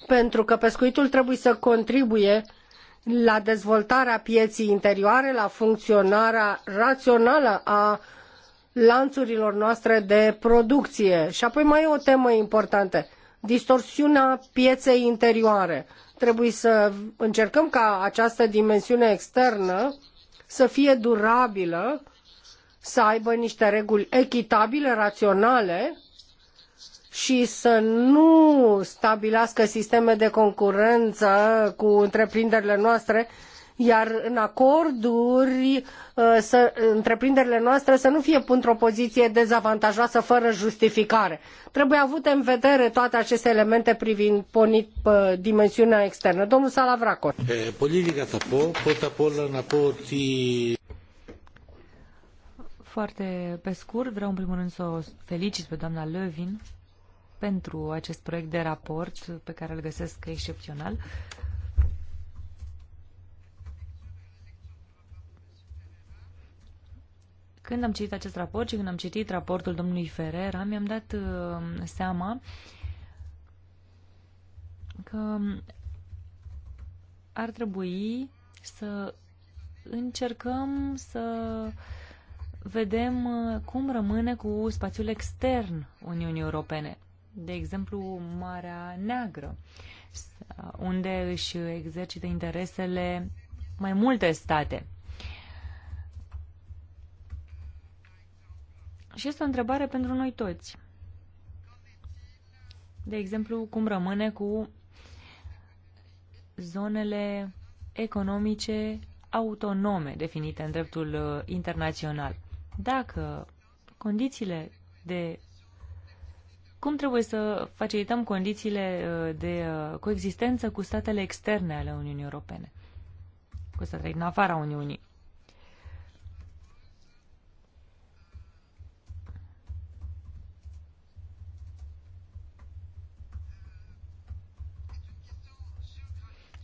Pentru că pescuitul trebuie să contribuie la dezvoltarea pieții interioare, la funcționarea rațională a lanțurilor noastre de producție. Și apoi mai e o temă importantă, distorsiunea pieței interioare. Trebuie să încercăm ca această dimensiune externă să fie durabilă, să aibă niște reguli echitabile, raționale și să nu stabilească sisteme de concurență cu întreprinderile noastre iar în acorduri uh, să, întreprinderile noastre să nu fie într-o poziție dezavantajoasă fără justificare. Trebuie avute în vedere toate aceste elemente privind ponit pe uh, dimensiunea externă. Domnul Salavracos. Politica θα πω, la απ' foarte pe scurt, vreau în primul rând să o felicit pe doamna Lövin pentru acest proiect de raport pe care îl găsesc excepțional. Uh, Când am citit acest raport și când am citit raportul domnului Ferrera, mi-am dat uh, seama că ar trebui să încercăm să vedem uh, cum rămâne cu spațiul extern Uniunii Europene. De exemplu, Marea Neagră, unde își exercită interesele mai multe state. Și este o întrebare pentru noi toți. De exemplu, cum rămâne cu zonele economice autonome definite în dreptul uh, internațional. Dacă condițiile de cum trebuie să facilităm condițiile uh, de uh, coexistență cu statele externe ale Uniunii Europene, cu statele din afara Uniunii.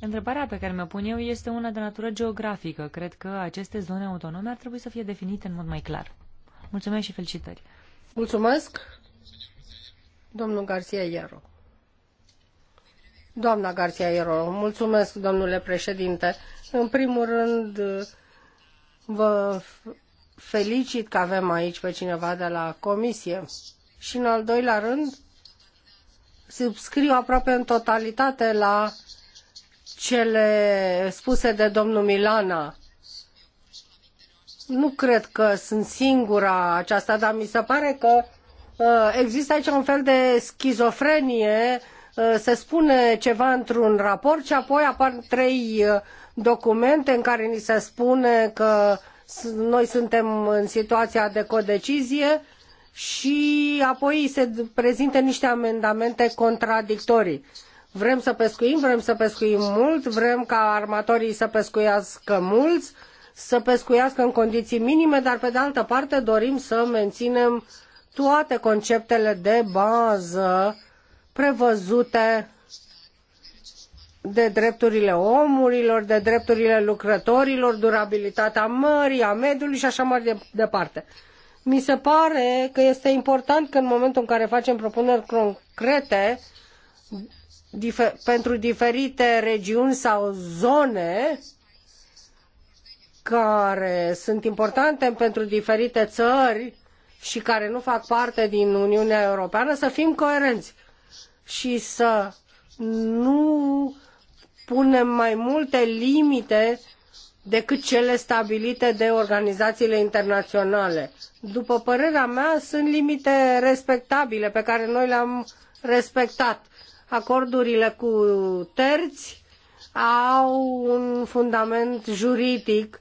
Întrebarea pe care mi-o pun eu este una de natură geografică. Cred că aceste zone autonome ar trebui să fie definite în mod mai clar. Mulțumesc și felicitări. Mulțumesc, domnul Garcia Iero. Doamna Garcia Iero, mulțumesc, domnule președinte. În primul rând, vă felicit că avem aici pe cineva de la comisie. Și în al doilea rând, subscriu aproape în totalitate la cele spuse de domnul Milana. Nu cred că sunt singura aceasta, dar mi se pare că uh, există aici un fel de schizofrenie. Uh, se spune ceva într-un raport și apoi apar trei uh, documente în care ni se spune că noi suntem în situația de codecizie și apoi se prezintă niște amendamente contradictorii. Vrem să pescuim, vrem să pescuim mult, vrem ca armatorii să pescuiască mulți, să pescuiască în condiții minime, dar pe de altă parte dorim să menținem toate conceptele de bază prevăzute de drepturile omurilor, de drepturile lucrătorilor, durabilitatea mării, a mediului și așa mai departe. Mi se pare că este important că în momentul în care facem propuneri concrete, pentru diferite regiuni sau zone care sunt importante pentru diferite țări și care nu fac parte din Uniunea Europeană, să fim coerenți și să nu punem mai multe limite decât cele stabilite de organizațiile internaționale. După părerea mea, sunt limite respectabile pe care noi le-am respectat acordurile cu terți au un fundament juridic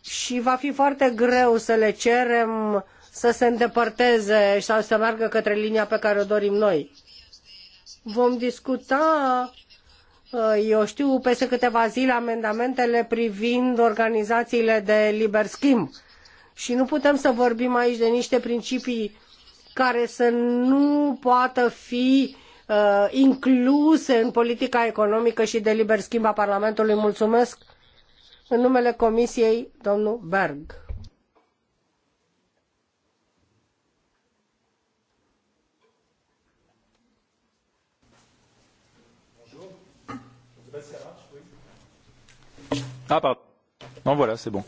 și va fi foarte greu să le cerem să se îndepărteze sau să meargă către linia pe care o dorim noi. Vom discuta, uh, eu știu, peste câteva zile amendamentele privind organizațiile de liber schimb. Și nu putem să vorbim aici de niște principii care să nu poată fi Uh, incluse în politica economică și de liber schimb a Parlamentului. Mulțumesc în numele Comisiei, domnul Berg. Ah, pardon. Non, voilà, c'est bon.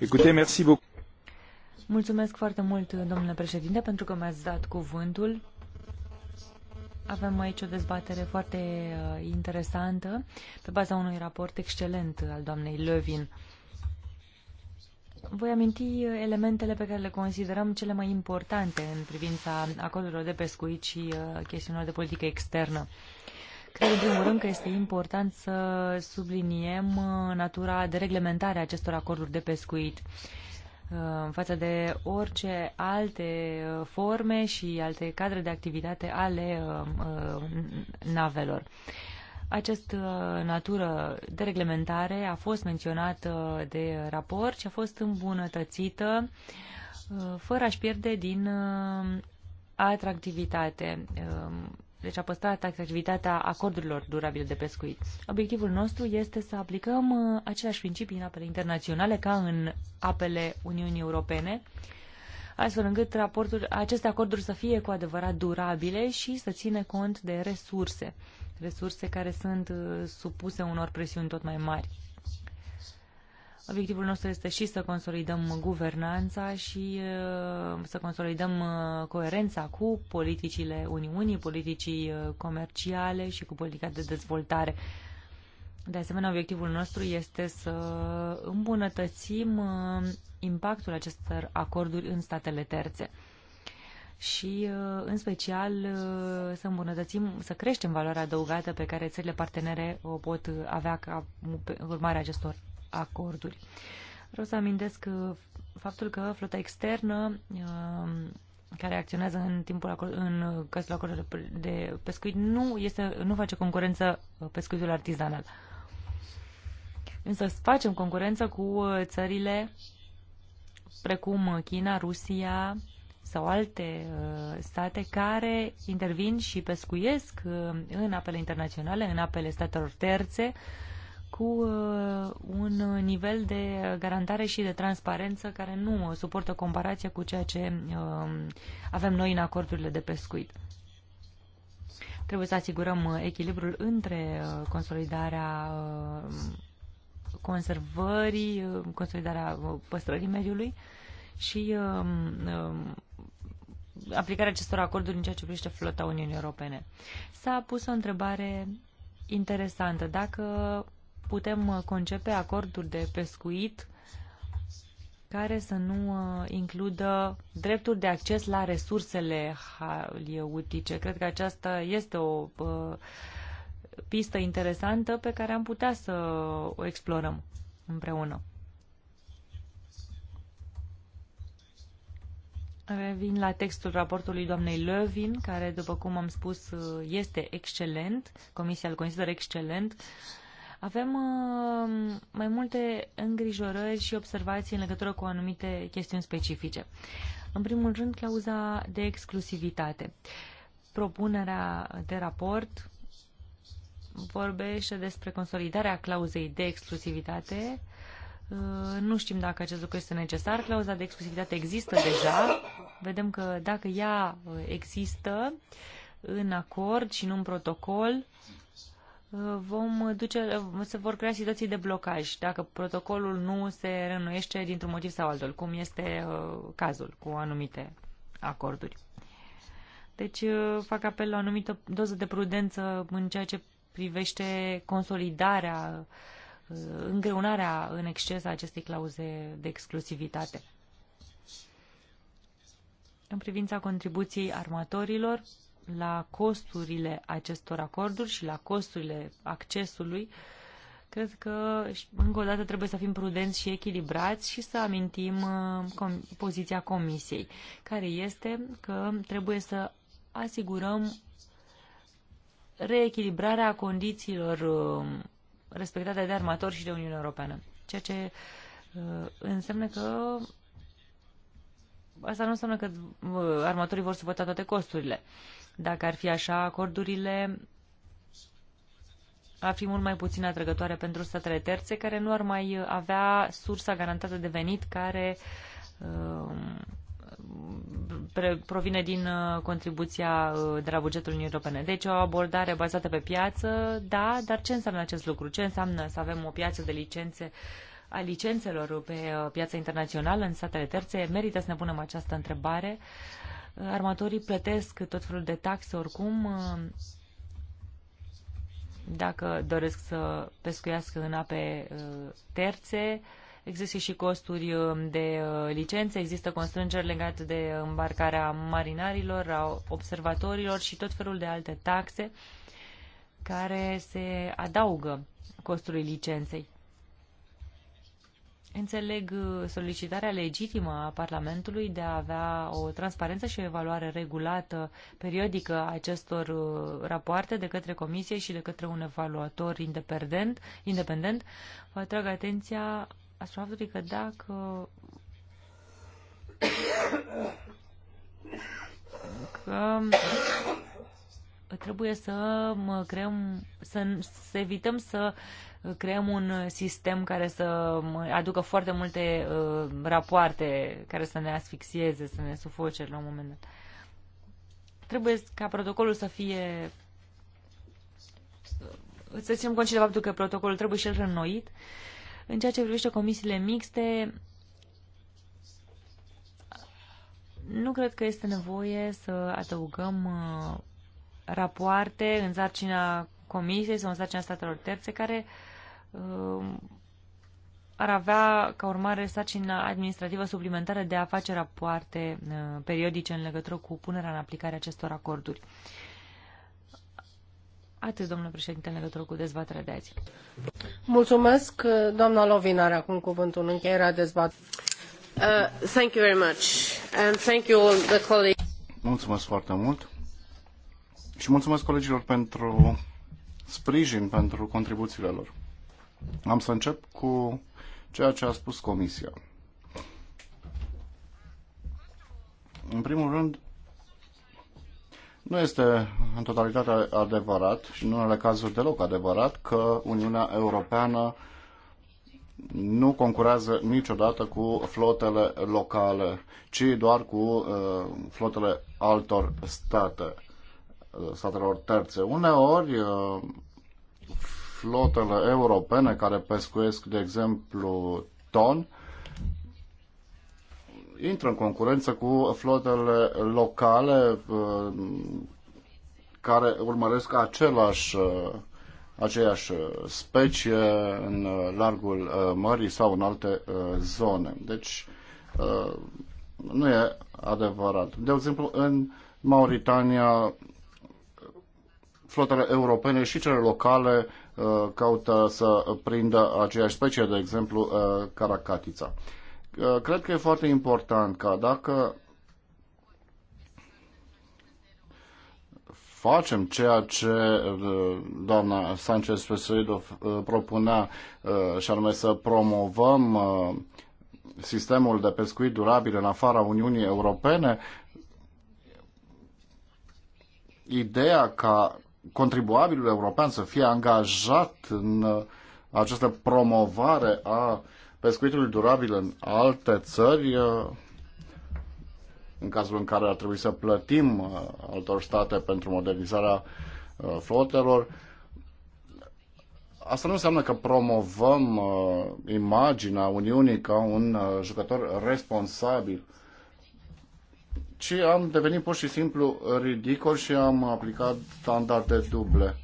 Écoutez, merci beaucoup. Mulțumesc foarte mult, domnule președinte, pentru că mi-ați dat cuvântul. Avem aici o dezbatere foarte uh, interesantă pe baza unui raport excelent al doamnei Lövin. Voi aminti uh, elementele pe care le considerăm cele mai importante în privința acordurilor de pescuit și uh, chestiunilor de politică externă. Cred, în primul rând, că este important să subliniem natura de reglementare a acestor acorduri de pescuit. Uh, Uh, față de orice alte uh, forme și alte cadre de activitate ale uh, navelor. Această natură de reglementare a fost menționată de raport și a fost îmbunătățită fără a-și pierde din atractivitate deci a păstra atractivitatea acordurilor durabile de pescuit. Obiectivul nostru este să aplicăm uh, aceleași principii în apele internaționale ca în apele Uniunii Europene, astfel încât aceste acorduri să fie cu adevărat durabile și să ține cont de resurse, resurse care sunt uh, supuse unor presiuni tot mai mari. Obiectivul nostru este și să consolidăm guvernanța și uh, să consolidăm uh, coerența cu politicile Uniunii, politicii uh, comerciale și cu politica de dezvoltare. De asemenea, obiectivul nostru este să îmbunătățim impactul acestor acorduri în statele terțe și, în special, să îmbunătățim, să creștem valoarea adăugată pe care țările partenere o pot avea ca urmare a acestor acorduri. Vreau să amintesc uh, faptul că flota externă uh, care acționează în timpul acolo, în cazul acordului de pescuit nu, este, nu face concurență uh, pescuitul artizanal. Însă facem concurență cu țările precum China, Rusia sau alte state care intervin și pescuiesc în apele internaționale, în apele statelor terțe, cu uh, un nivel de garantare și de transparență care nu suportă comparația cu ceea ce uh, avem noi în acordurile de pescuit. Trebuie să asigurăm uh, echilibrul între consolidarea conservării, consolidarea păstrării mediului și aplicarea acestor acorduri în ceea ce privește flota Uniunii Europene. S-a pus o întrebare interesantă. Dacă putem uh, concepe acorduri de pescuit care să nu uh, includă drepturi de acces la resursele halieutice. Cred că aceasta este o uh, pistă interesantă pe care am putea să o explorăm împreună. Revin la textul raportului doamnei Lövin, care, după cum am spus, este excelent. Comisia îl consideră excelent. Uh, avem uh, mai multe îngrijorări și observații în legătură cu anumite chestiuni specifice. În primul rând, clauza de exclusivitate. Propunerea de raport vorbește despre consolidarea clauzei de exclusivitate. Uh, nu știm dacă acest lucru este necesar. Clauza de exclusivitate există deja. Vedem că dacă ea uh, există în acord și nu în protocol, vom duce, se vor crea situații de blocaj dacă protocolul nu se renuiește dintr-un motiv sau altul, cum este uh, cazul cu anumite acorduri. Deci uh, fac apel la o anumită doză de prudență în ceea ce privește consolidarea, uh, îngreunarea în exces a acestei clauze de exclusivitate. În privința contribuției armatorilor, la costurile acestor acorduri și la costurile accesului, cred că încă o dată trebuie să fim prudenți și echilibrați și să amintim uh, poziția Comisiei, care este că trebuie să asigurăm reechilibrarea condițiilor uh, respectate de armatori și de Uniunea Europeană, ceea ce uh, înseamnă că asta nu înseamnă că armatorii vor suporta toate costurile. Dacă ar fi așa, acordurile ar fi mult mai puțin atrăgătoare pentru statele terțe, care nu ar mai avea sursa garantată de venit care um, provine din uh, contribuția uh, de la bugetul Uniunii Europene. Deci o abordare bazată pe piață, da, dar ce înseamnă acest lucru? Ce înseamnă să avem o piață de licențe a licențelor pe uh, piața internațională în statele terțe? Merită să ne punem această întrebare. Uh, Armatorii plătesc tot felul de taxe oricum uh, dacă doresc să pescuiască în ape uh, terțe. Există și costuri uh, de licență, există constrângeri legate de îmbarcarea marinarilor, a observatorilor și tot felul de alte taxe care se adaugă costului licenței. Înțeleg uh, solicitarea legitimă a Parlamentului de a avea o transparență și o evaluare regulată, periodică a acestor uh, rapoarte de către Comisie și de către un evaluator independent. independent. Vă atrag atenția asupra faptului că dacă că trebuie să mă creăm, să, să evităm să creăm un sistem care să aducă foarte multe uh, rapoarte care să ne asfixieze, să ne sufoce la un moment dat. Trebuie ca protocolul să fie uh, să ținem cont și de faptul că protocolul trebuie și el reînnoit. În ceea ce privește comisiile mixte, nu cred că este nevoie să adăugăm uh, rapoarte în sarcina Comisiei sau în sarcina statelor terțe care Um, ar avea ca urmare sarcina administrativă suplimentară de a face rapoarte uh, periodice în legătură cu punerea în aplicare acestor acorduri. Atât, domnule președinte, în legătură cu dezbaterea de azi. Mulțumesc. Doamna Lovin are acum cuvântul în încheierea dezbaterii. Uh, thank you very much and thank you all the colleagues. Mulțumesc foarte mult și mulțumesc colegilor pentru sprijin, pentru contribuțiile lor. Am să încep cu ceea ce a spus Comisia. În primul rând, nu este în totalitate adevărat și în unele cazuri deloc adevărat că Uniunea Europeană nu concurează niciodată cu flotele locale, ci doar cu uh, flotele altor state, uh, statelor terțe. Uneori, uh, flotele europene care pescuiesc, de exemplu, ton, intră în concurență cu flotele locale uh, care urmăresc același, uh, aceeași specie în uh, largul mării sau în alte zone. Deci nu e adevărat. De exemplu, în Mauritania flotele europene și cele locale Uh, caută să prindă aceeași specie, de exemplu uh, caracatița. Uh, cred că e foarte important ca dacă facem ceea ce doamna Sanchez Pesuido propunea și anume să promovăm sistemul de pescuit durabil în afara Uniunii Europene, ideea ca contribuabilul european să fie angajat în uh, această promovare a pescuitului durabil în alte țări, uh, în cazul în care ar trebui să plătim uh, altor state pentru modernizarea flotelor. Asta nu înseamnă că promovăm imaginea Uniunii ca un jucător responsabil ci am devenit pur și simplu ridicol și am aplicat standarde duble.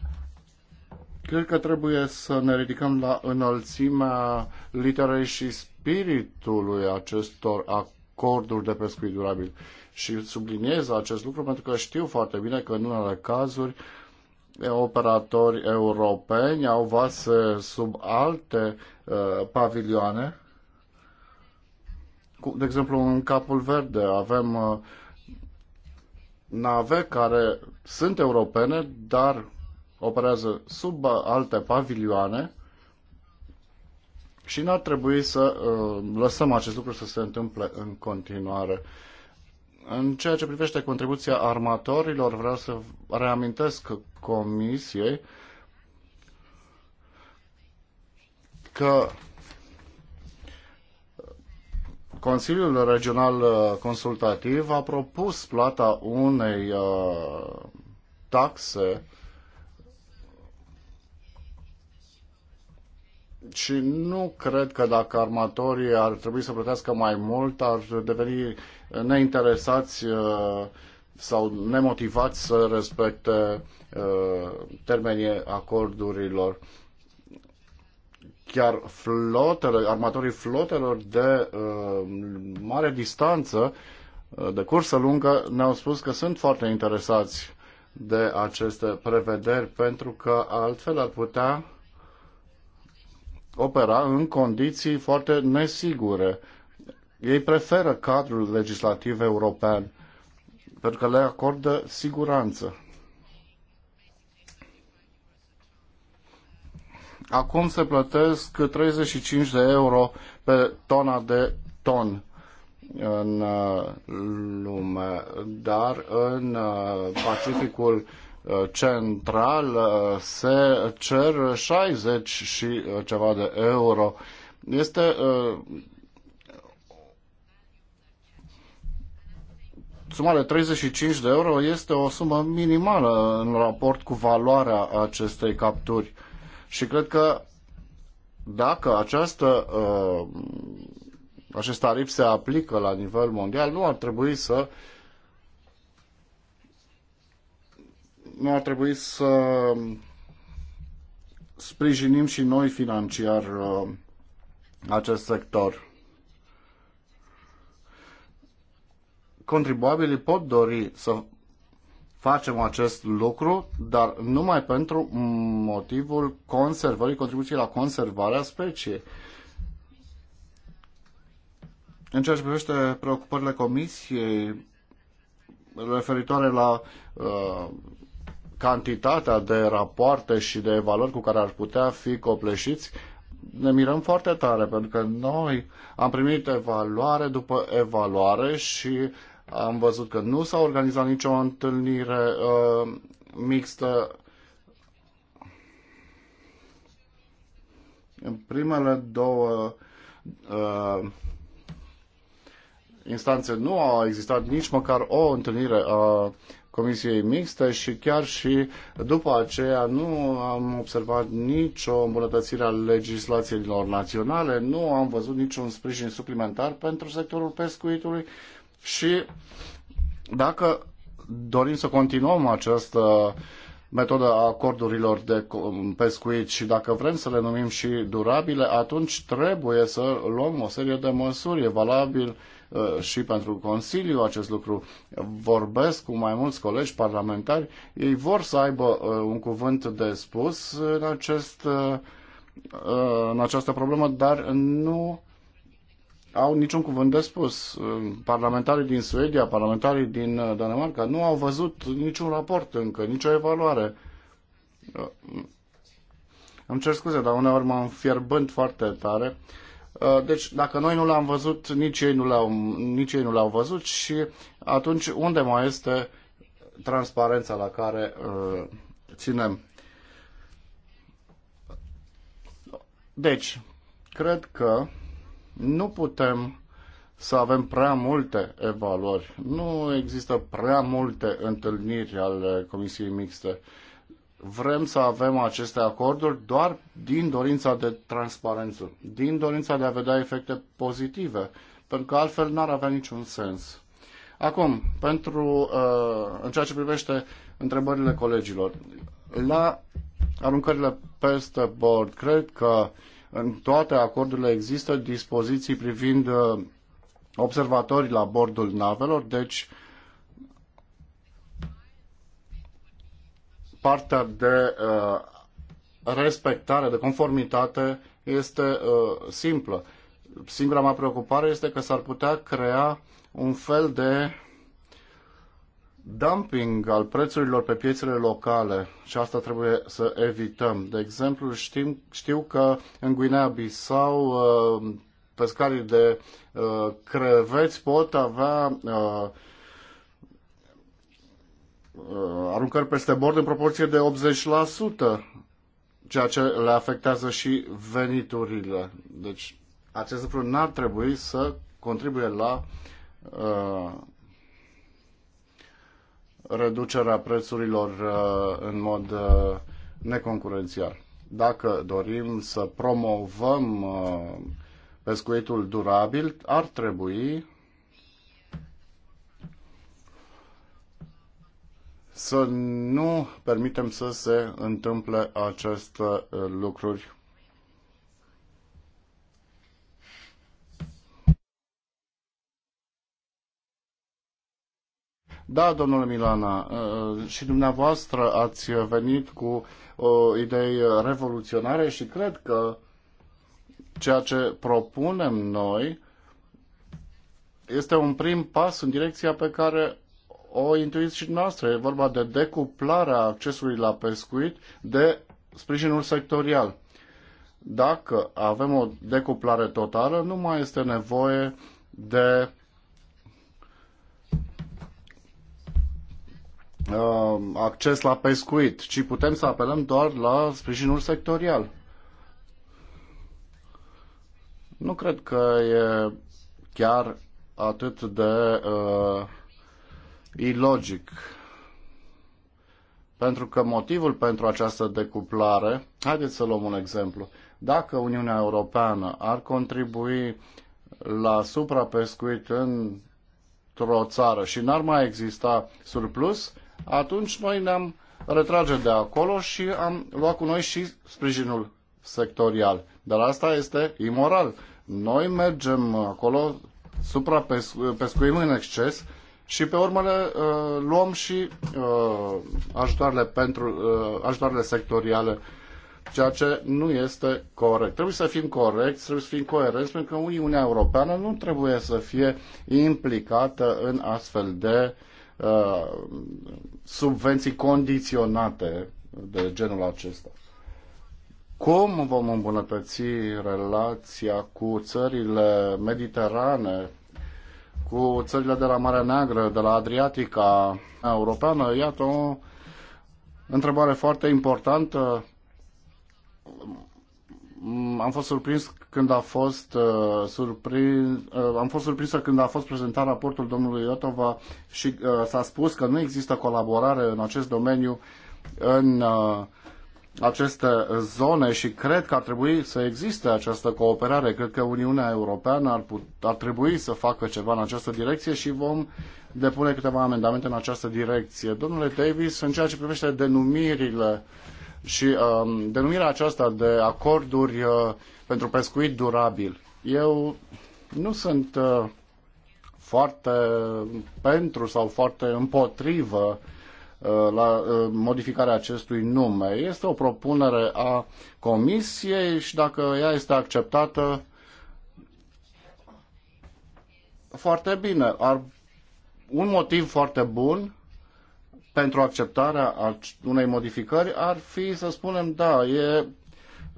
Cred că trebuie să ne ridicăm la înălțimea literei și spiritului acestor acorduri de pescuit durabil. Și subliniez acest lucru pentru că știu foarte bine că în unele cazuri operatori europeni au vase sub alte uh, pavilioane. De exemplu, în Capul Verde avem uh, nave care sunt europene, dar operează sub alte pavilioane și n-ar trebui să uh, lăsăm acest lucru să se întâmple în continuare. În ceea ce privește contribuția armatorilor, vreau să reamintesc Comisiei că Consiliul Regional uh, Consultativ a propus plata unei uh, taxe și nu cred că dacă armatorii ar trebui să plătească mai mult, ar deveni neinteresați uh, sau nemotivați să respecte termenii acordurilor chiar flotele, armatorii flotelor de uh, mare distanță, uh, de cursă lungă, ne-au spus că sunt foarte interesați de aceste prevederi, pentru că altfel ar putea opera în condiții foarte nesigure. Ei preferă cadrul legislativ european pentru că le acordă siguranță. acum se plătesc 35 de euro pe tona de ton în uh, lume, dar în uh, Pacificul uh, Central se cer 60 și ceva de euro. Este suma de 35 de euro este o sumă minimală în raport cu valoarea acestei capturi. Și cred că dacă această, uh, acest tarif se aplică la nivel mondial, nu ar trebui să nu ar trebui să sprijinim și noi financiar uh, acest sector. Contribuabilii pot dori să facem acest lucru, dar numai pentru motivul conservării, contribuției la conservarea speciei. În ceea ce privește preocupările comisiei referitoare la uh, cantitatea de rapoarte și de valori cu care ar putea fi copleșiți, ne mirăm foarte tare, pentru că noi am primit evaluare după evaluare și am văzut că nu s-a organizat nicio întâlnire uh, mixtă. În primele două uh, instanțe nu a existat nici măcar o întâlnire a Comisiei Mixte și chiar și după aceea nu am observat nicio îmbunătățire a legislațiilor naționale, nu am văzut niciun sprijin suplimentar pentru sectorul pescuitului și dacă dorim să continuăm această metodă a acordurilor de pescuit și dacă vrem să le numim și durabile, atunci trebuie să luăm o serie de măsuri. E valabil uh, și pentru Consiliu acest lucru. Vorbesc cu mai mulți colegi parlamentari, ei vor să aibă uh, un cuvânt de spus în, acest, uh, în această problemă, dar nu au niciun cuvânt de spus. Parlamentarii din Suedia, parlamentarii din uh, Danemarca nu au văzut niciun raport încă, nicio evaluare. Uh, îmi cer scuze, dar uneori m-am fierbând foarte tare. Uh, deci, dacă noi nu l-am văzut, nici ei nu l-au, nici ei nu l-au văzut și atunci unde mai este transparența la care uh, ținem? Deci, cred că nu putem să avem prea multe evaluări. Nu există prea multe întâlniri ale Comisiei Mixte. Vrem să avem aceste acorduri doar din dorința de transparență, din dorința de a vedea efecte pozitive, pentru că altfel n-ar avea niciun sens. Acum, pentru, uh, în ceea ce privește întrebările colegilor, la aruncările peste bord, cred că uh, în toate acordurile există dispoziții privind uh, observatorii la bordul navelor, deci partea de uh, respectare, de conformitate este uh, simplă. Singura mea preocupare este că s-ar putea crea un fel de dumping al prețurilor pe piețele locale și asta trebuie să evităm. De exemplu, știm, știu că în Guinea-Bissau uh, pescarii de uh, creveți pot avea uh, aruncări peste bord în proporție de 80%, ceea ce le afectează și veniturile. Deci acest lucru n-ar trebui să contribuie la reducerea prețurilor uh, în mod uh, neconcurențial. Dacă dorim să promovăm uh, pescuitul durabil, ar trebui să nu permitem să se întâmple aceste lucruri Da, domnule Milana, uh, uh, și dumneavoastră ați venit cu uh, idei revoluționare și cred că ceea ce propunem noi este un prim pas în direcția pe care o intuiți și dumneavoastră. E vorba de decuplarea accesului la pescuit de sprijinul sectorial. Dacă avem o decuplare totală, nu mai este nevoie de Uh, acces la pescuit, ci putem să apelăm doar la sprijinul sectorial. Nu cred că e chiar atât de uh, ilogic. Pentru că motivul pentru această decuplare, haideți să luăm un exemplu. Dacă Uniunea Europeană ar contribui la suprapescuit într-o țară și n-ar mai exista surplus, atunci noi ne-am retrage de acolo și am luat cu noi și sprijinul sectorial. Dar asta este imoral. Noi mergem acolo, suprapescuim în exces și pe urmă le, uh, luăm și uh, ajutoarele, pentru, uh, ajutoarele sectoriale, ceea ce nu este corect. Trebuie să fim corecți, trebuie să fim coerenți, pentru că Uniunea Europeană nu trebuie să fie implicată în astfel de uh, Uh, subvenții condiționate de genul acesta. Cum vom îmbunătăți relația cu țările mediterane, cu țările de la Marea Neagră, de la Adriatica Europeană? Iată o întrebare foarte importantă. Am fost surprins când a fost uh, surprins, uh, am fost surprinsă când a fost prezentat raportul domnului Iotova și uh, s-a spus că nu există colaborare în acest domeniu în uh, aceste zone și cred că ar trebui să existe această cooperare. Cred că Uniunea Europeană ar, put, ar trebui să facă ceva în această direcție și vom depune câteva amendamente în această direcție. Domnule Davis, în ceea ce privește denumirile uh, și um, denumirea aceasta de acorduri uh, pentru pescuit durabil. Eu nu sunt uh, foarte pentru sau foarte împotrivă uh, la uh, modificarea acestui nume. Este o propunere a Comisiei și dacă ea este acceptată, foarte bine. Ar, un motiv foarte bun pentru acceptarea unei modificări ar fi să spunem, da, e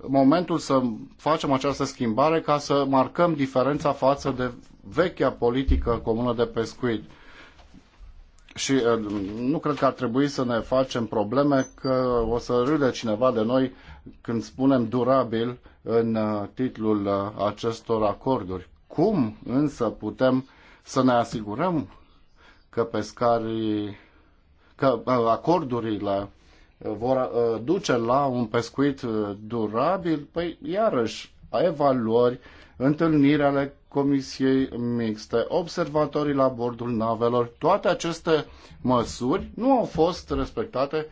momentul să facem această schimbare ca să marcăm diferența față de vechea politică comună de pescuit. Și uh, nu cred că ar trebui să ne facem probleme că o să râde cineva de noi când spunem durabil în uh, titlul uh, acestor acorduri. Cum însă putem să ne asigurăm că pescarii că uh, acordurile uh, vor uh, duce la un pescuit durabil, păi iarăși evaluări, întâlnirile ale Comisiei Mixte, observatorii la bordul navelor, toate aceste măsuri nu au fost respectate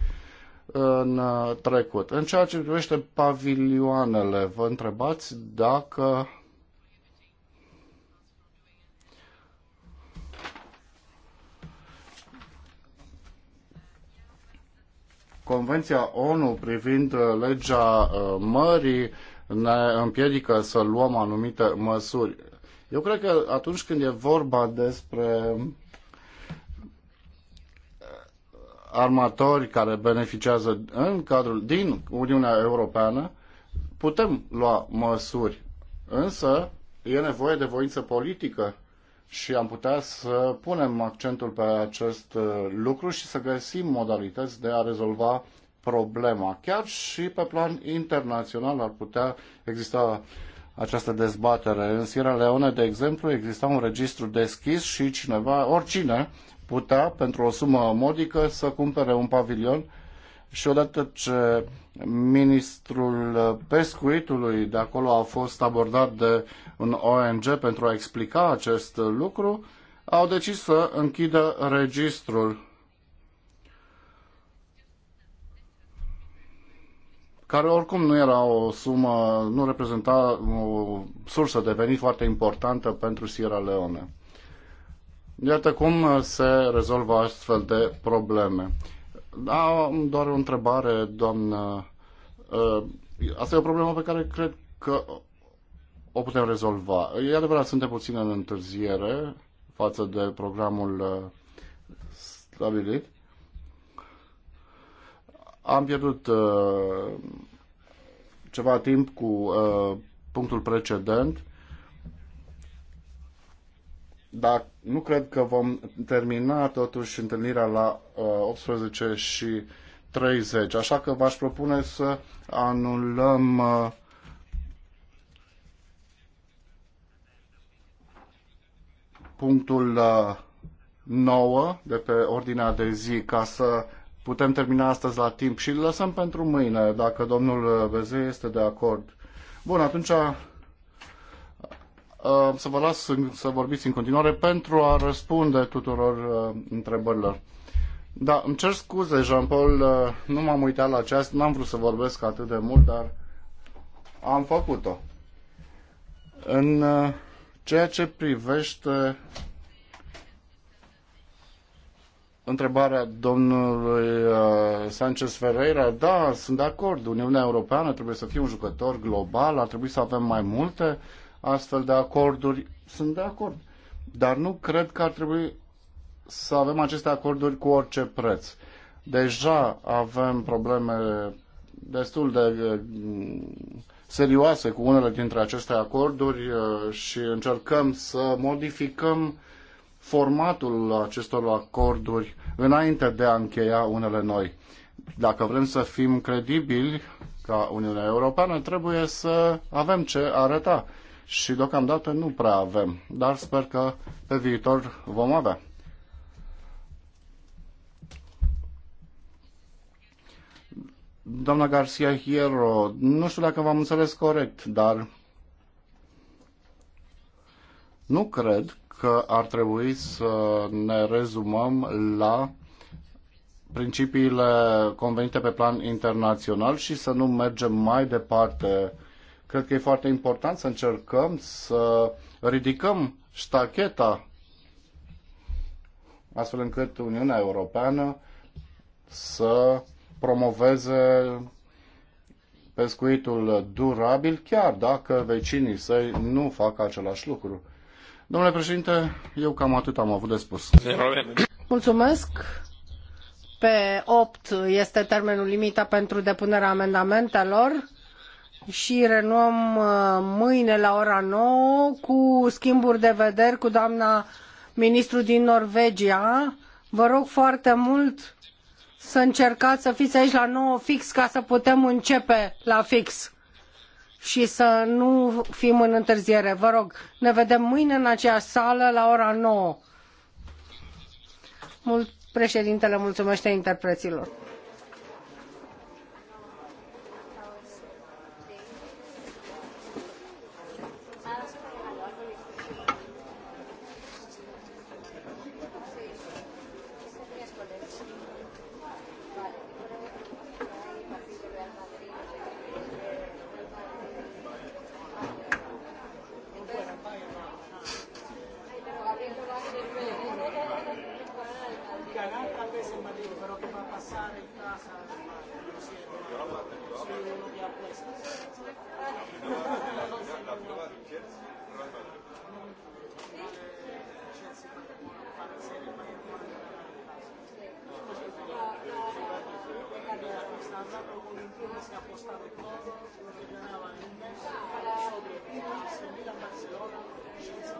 în trecut. În ceea ce privește pavilioanele, vă întrebați dacă Convenția ONU privind uh, legea uh, mării ne împiedică să luăm anumite măsuri. Eu cred că atunci când e vorba despre uh, armatori care beneficiază în cadrul din Uniunea Europeană, putem lua măsuri, însă e nevoie de voință politică și am putea să punem accentul pe acest uh, lucru și să găsim modalități de a rezolva problema. Chiar și pe plan internațional ar putea exista această dezbatere. În Sierra Leone, de exemplu, exista un registru deschis și cineva, oricine, putea, pentru o sumă modică, să cumpere un pavilion și odată ce ministrul pescuitului de acolo a fost abordat de un ONG pentru a explica acest lucru, au decis să închidă registrul care oricum nu era o sumă, nu reprezenta o sursă de venit foarte importantă pentru Sierra Leone. Iată cum se rezolvă astfel de probleme. Am doar o întrebare, doamnă Uh, asta e o problemă pe care cred că o putem rezolva. E adevărat, suntem puțin în întârziere față de programul uh, stabilit. Am pierdut uh, ceva timp cu punctul precedent, dar nu cred că vom termina totuși întâlnirea la 18 și 30. Așa că v-aș propune să anulăm uh, punctul 9 uh, de pe ordinea de zi ca să putem termina astăzi la timp și îl lăsăm pentru mâine, dacă domnul uh, Beze este de acord. Bun, atunci să vă las să vorbiți în continuare pentru a răspunde tuturor întrebărilor. Da, îmi cer scuze, Jean-Paul, uh, nu m-am uitat la ceas, n-am vrut să vorbesc atât de mult, dar am făcut-o. În uh, ceea ce privește întrebarea domnului uh, Sanchez Ferreira, da, sunt de acord, Uniunea Europeană trebuie să fie un jucător global, ar trebui să avem mai multe astfel de acorduri, sunt de acord. Dar nu cred că ar trebui să avem aceste acorduri cu orice preț. Deja avem probleme destul de eh, serioase cu unele dintre aceste acorduri eh, și încercăm să modificăm formatul acestor acorduri înainte de a încheia unele noi. Dacă vrem să fim credibili ca Uniunea Europeană, trebuie să avem ce arăta. Și deocamdată nu prea avem, dar sper că pe viitor vom avea. Doamna Garcia Hierro, nu știu dacă v-am înțeles corect, dar nu cred că ar trebui să ne rezumăm la principiile convenite pe plan internațional și să nu mergem mai departe. Cred că e foarte important să încercăm să ridicăm ștacheta astfel încât Uniunea Europeană să promoveze pescuitul durabil, chiar dacă vecinii săi nu fac același lucru. Domnule președinte, eu cam atât am avut de spus. Mulțumesc. Pe 8 este termenul limită pentru depunerea amendamentelor și renuăm uh, mâine la ora 9 cu schimburi de vederi cu doamna ministru din Norvegia. Vă rog foarte mult să încercați să fiți aici la 9 fix ca să putem începe la fix și să nu fim în întârziere. Vă rog, ne vedem mâine în aceeași sală la ora 9. Mult, președintele mulțumește interpreților.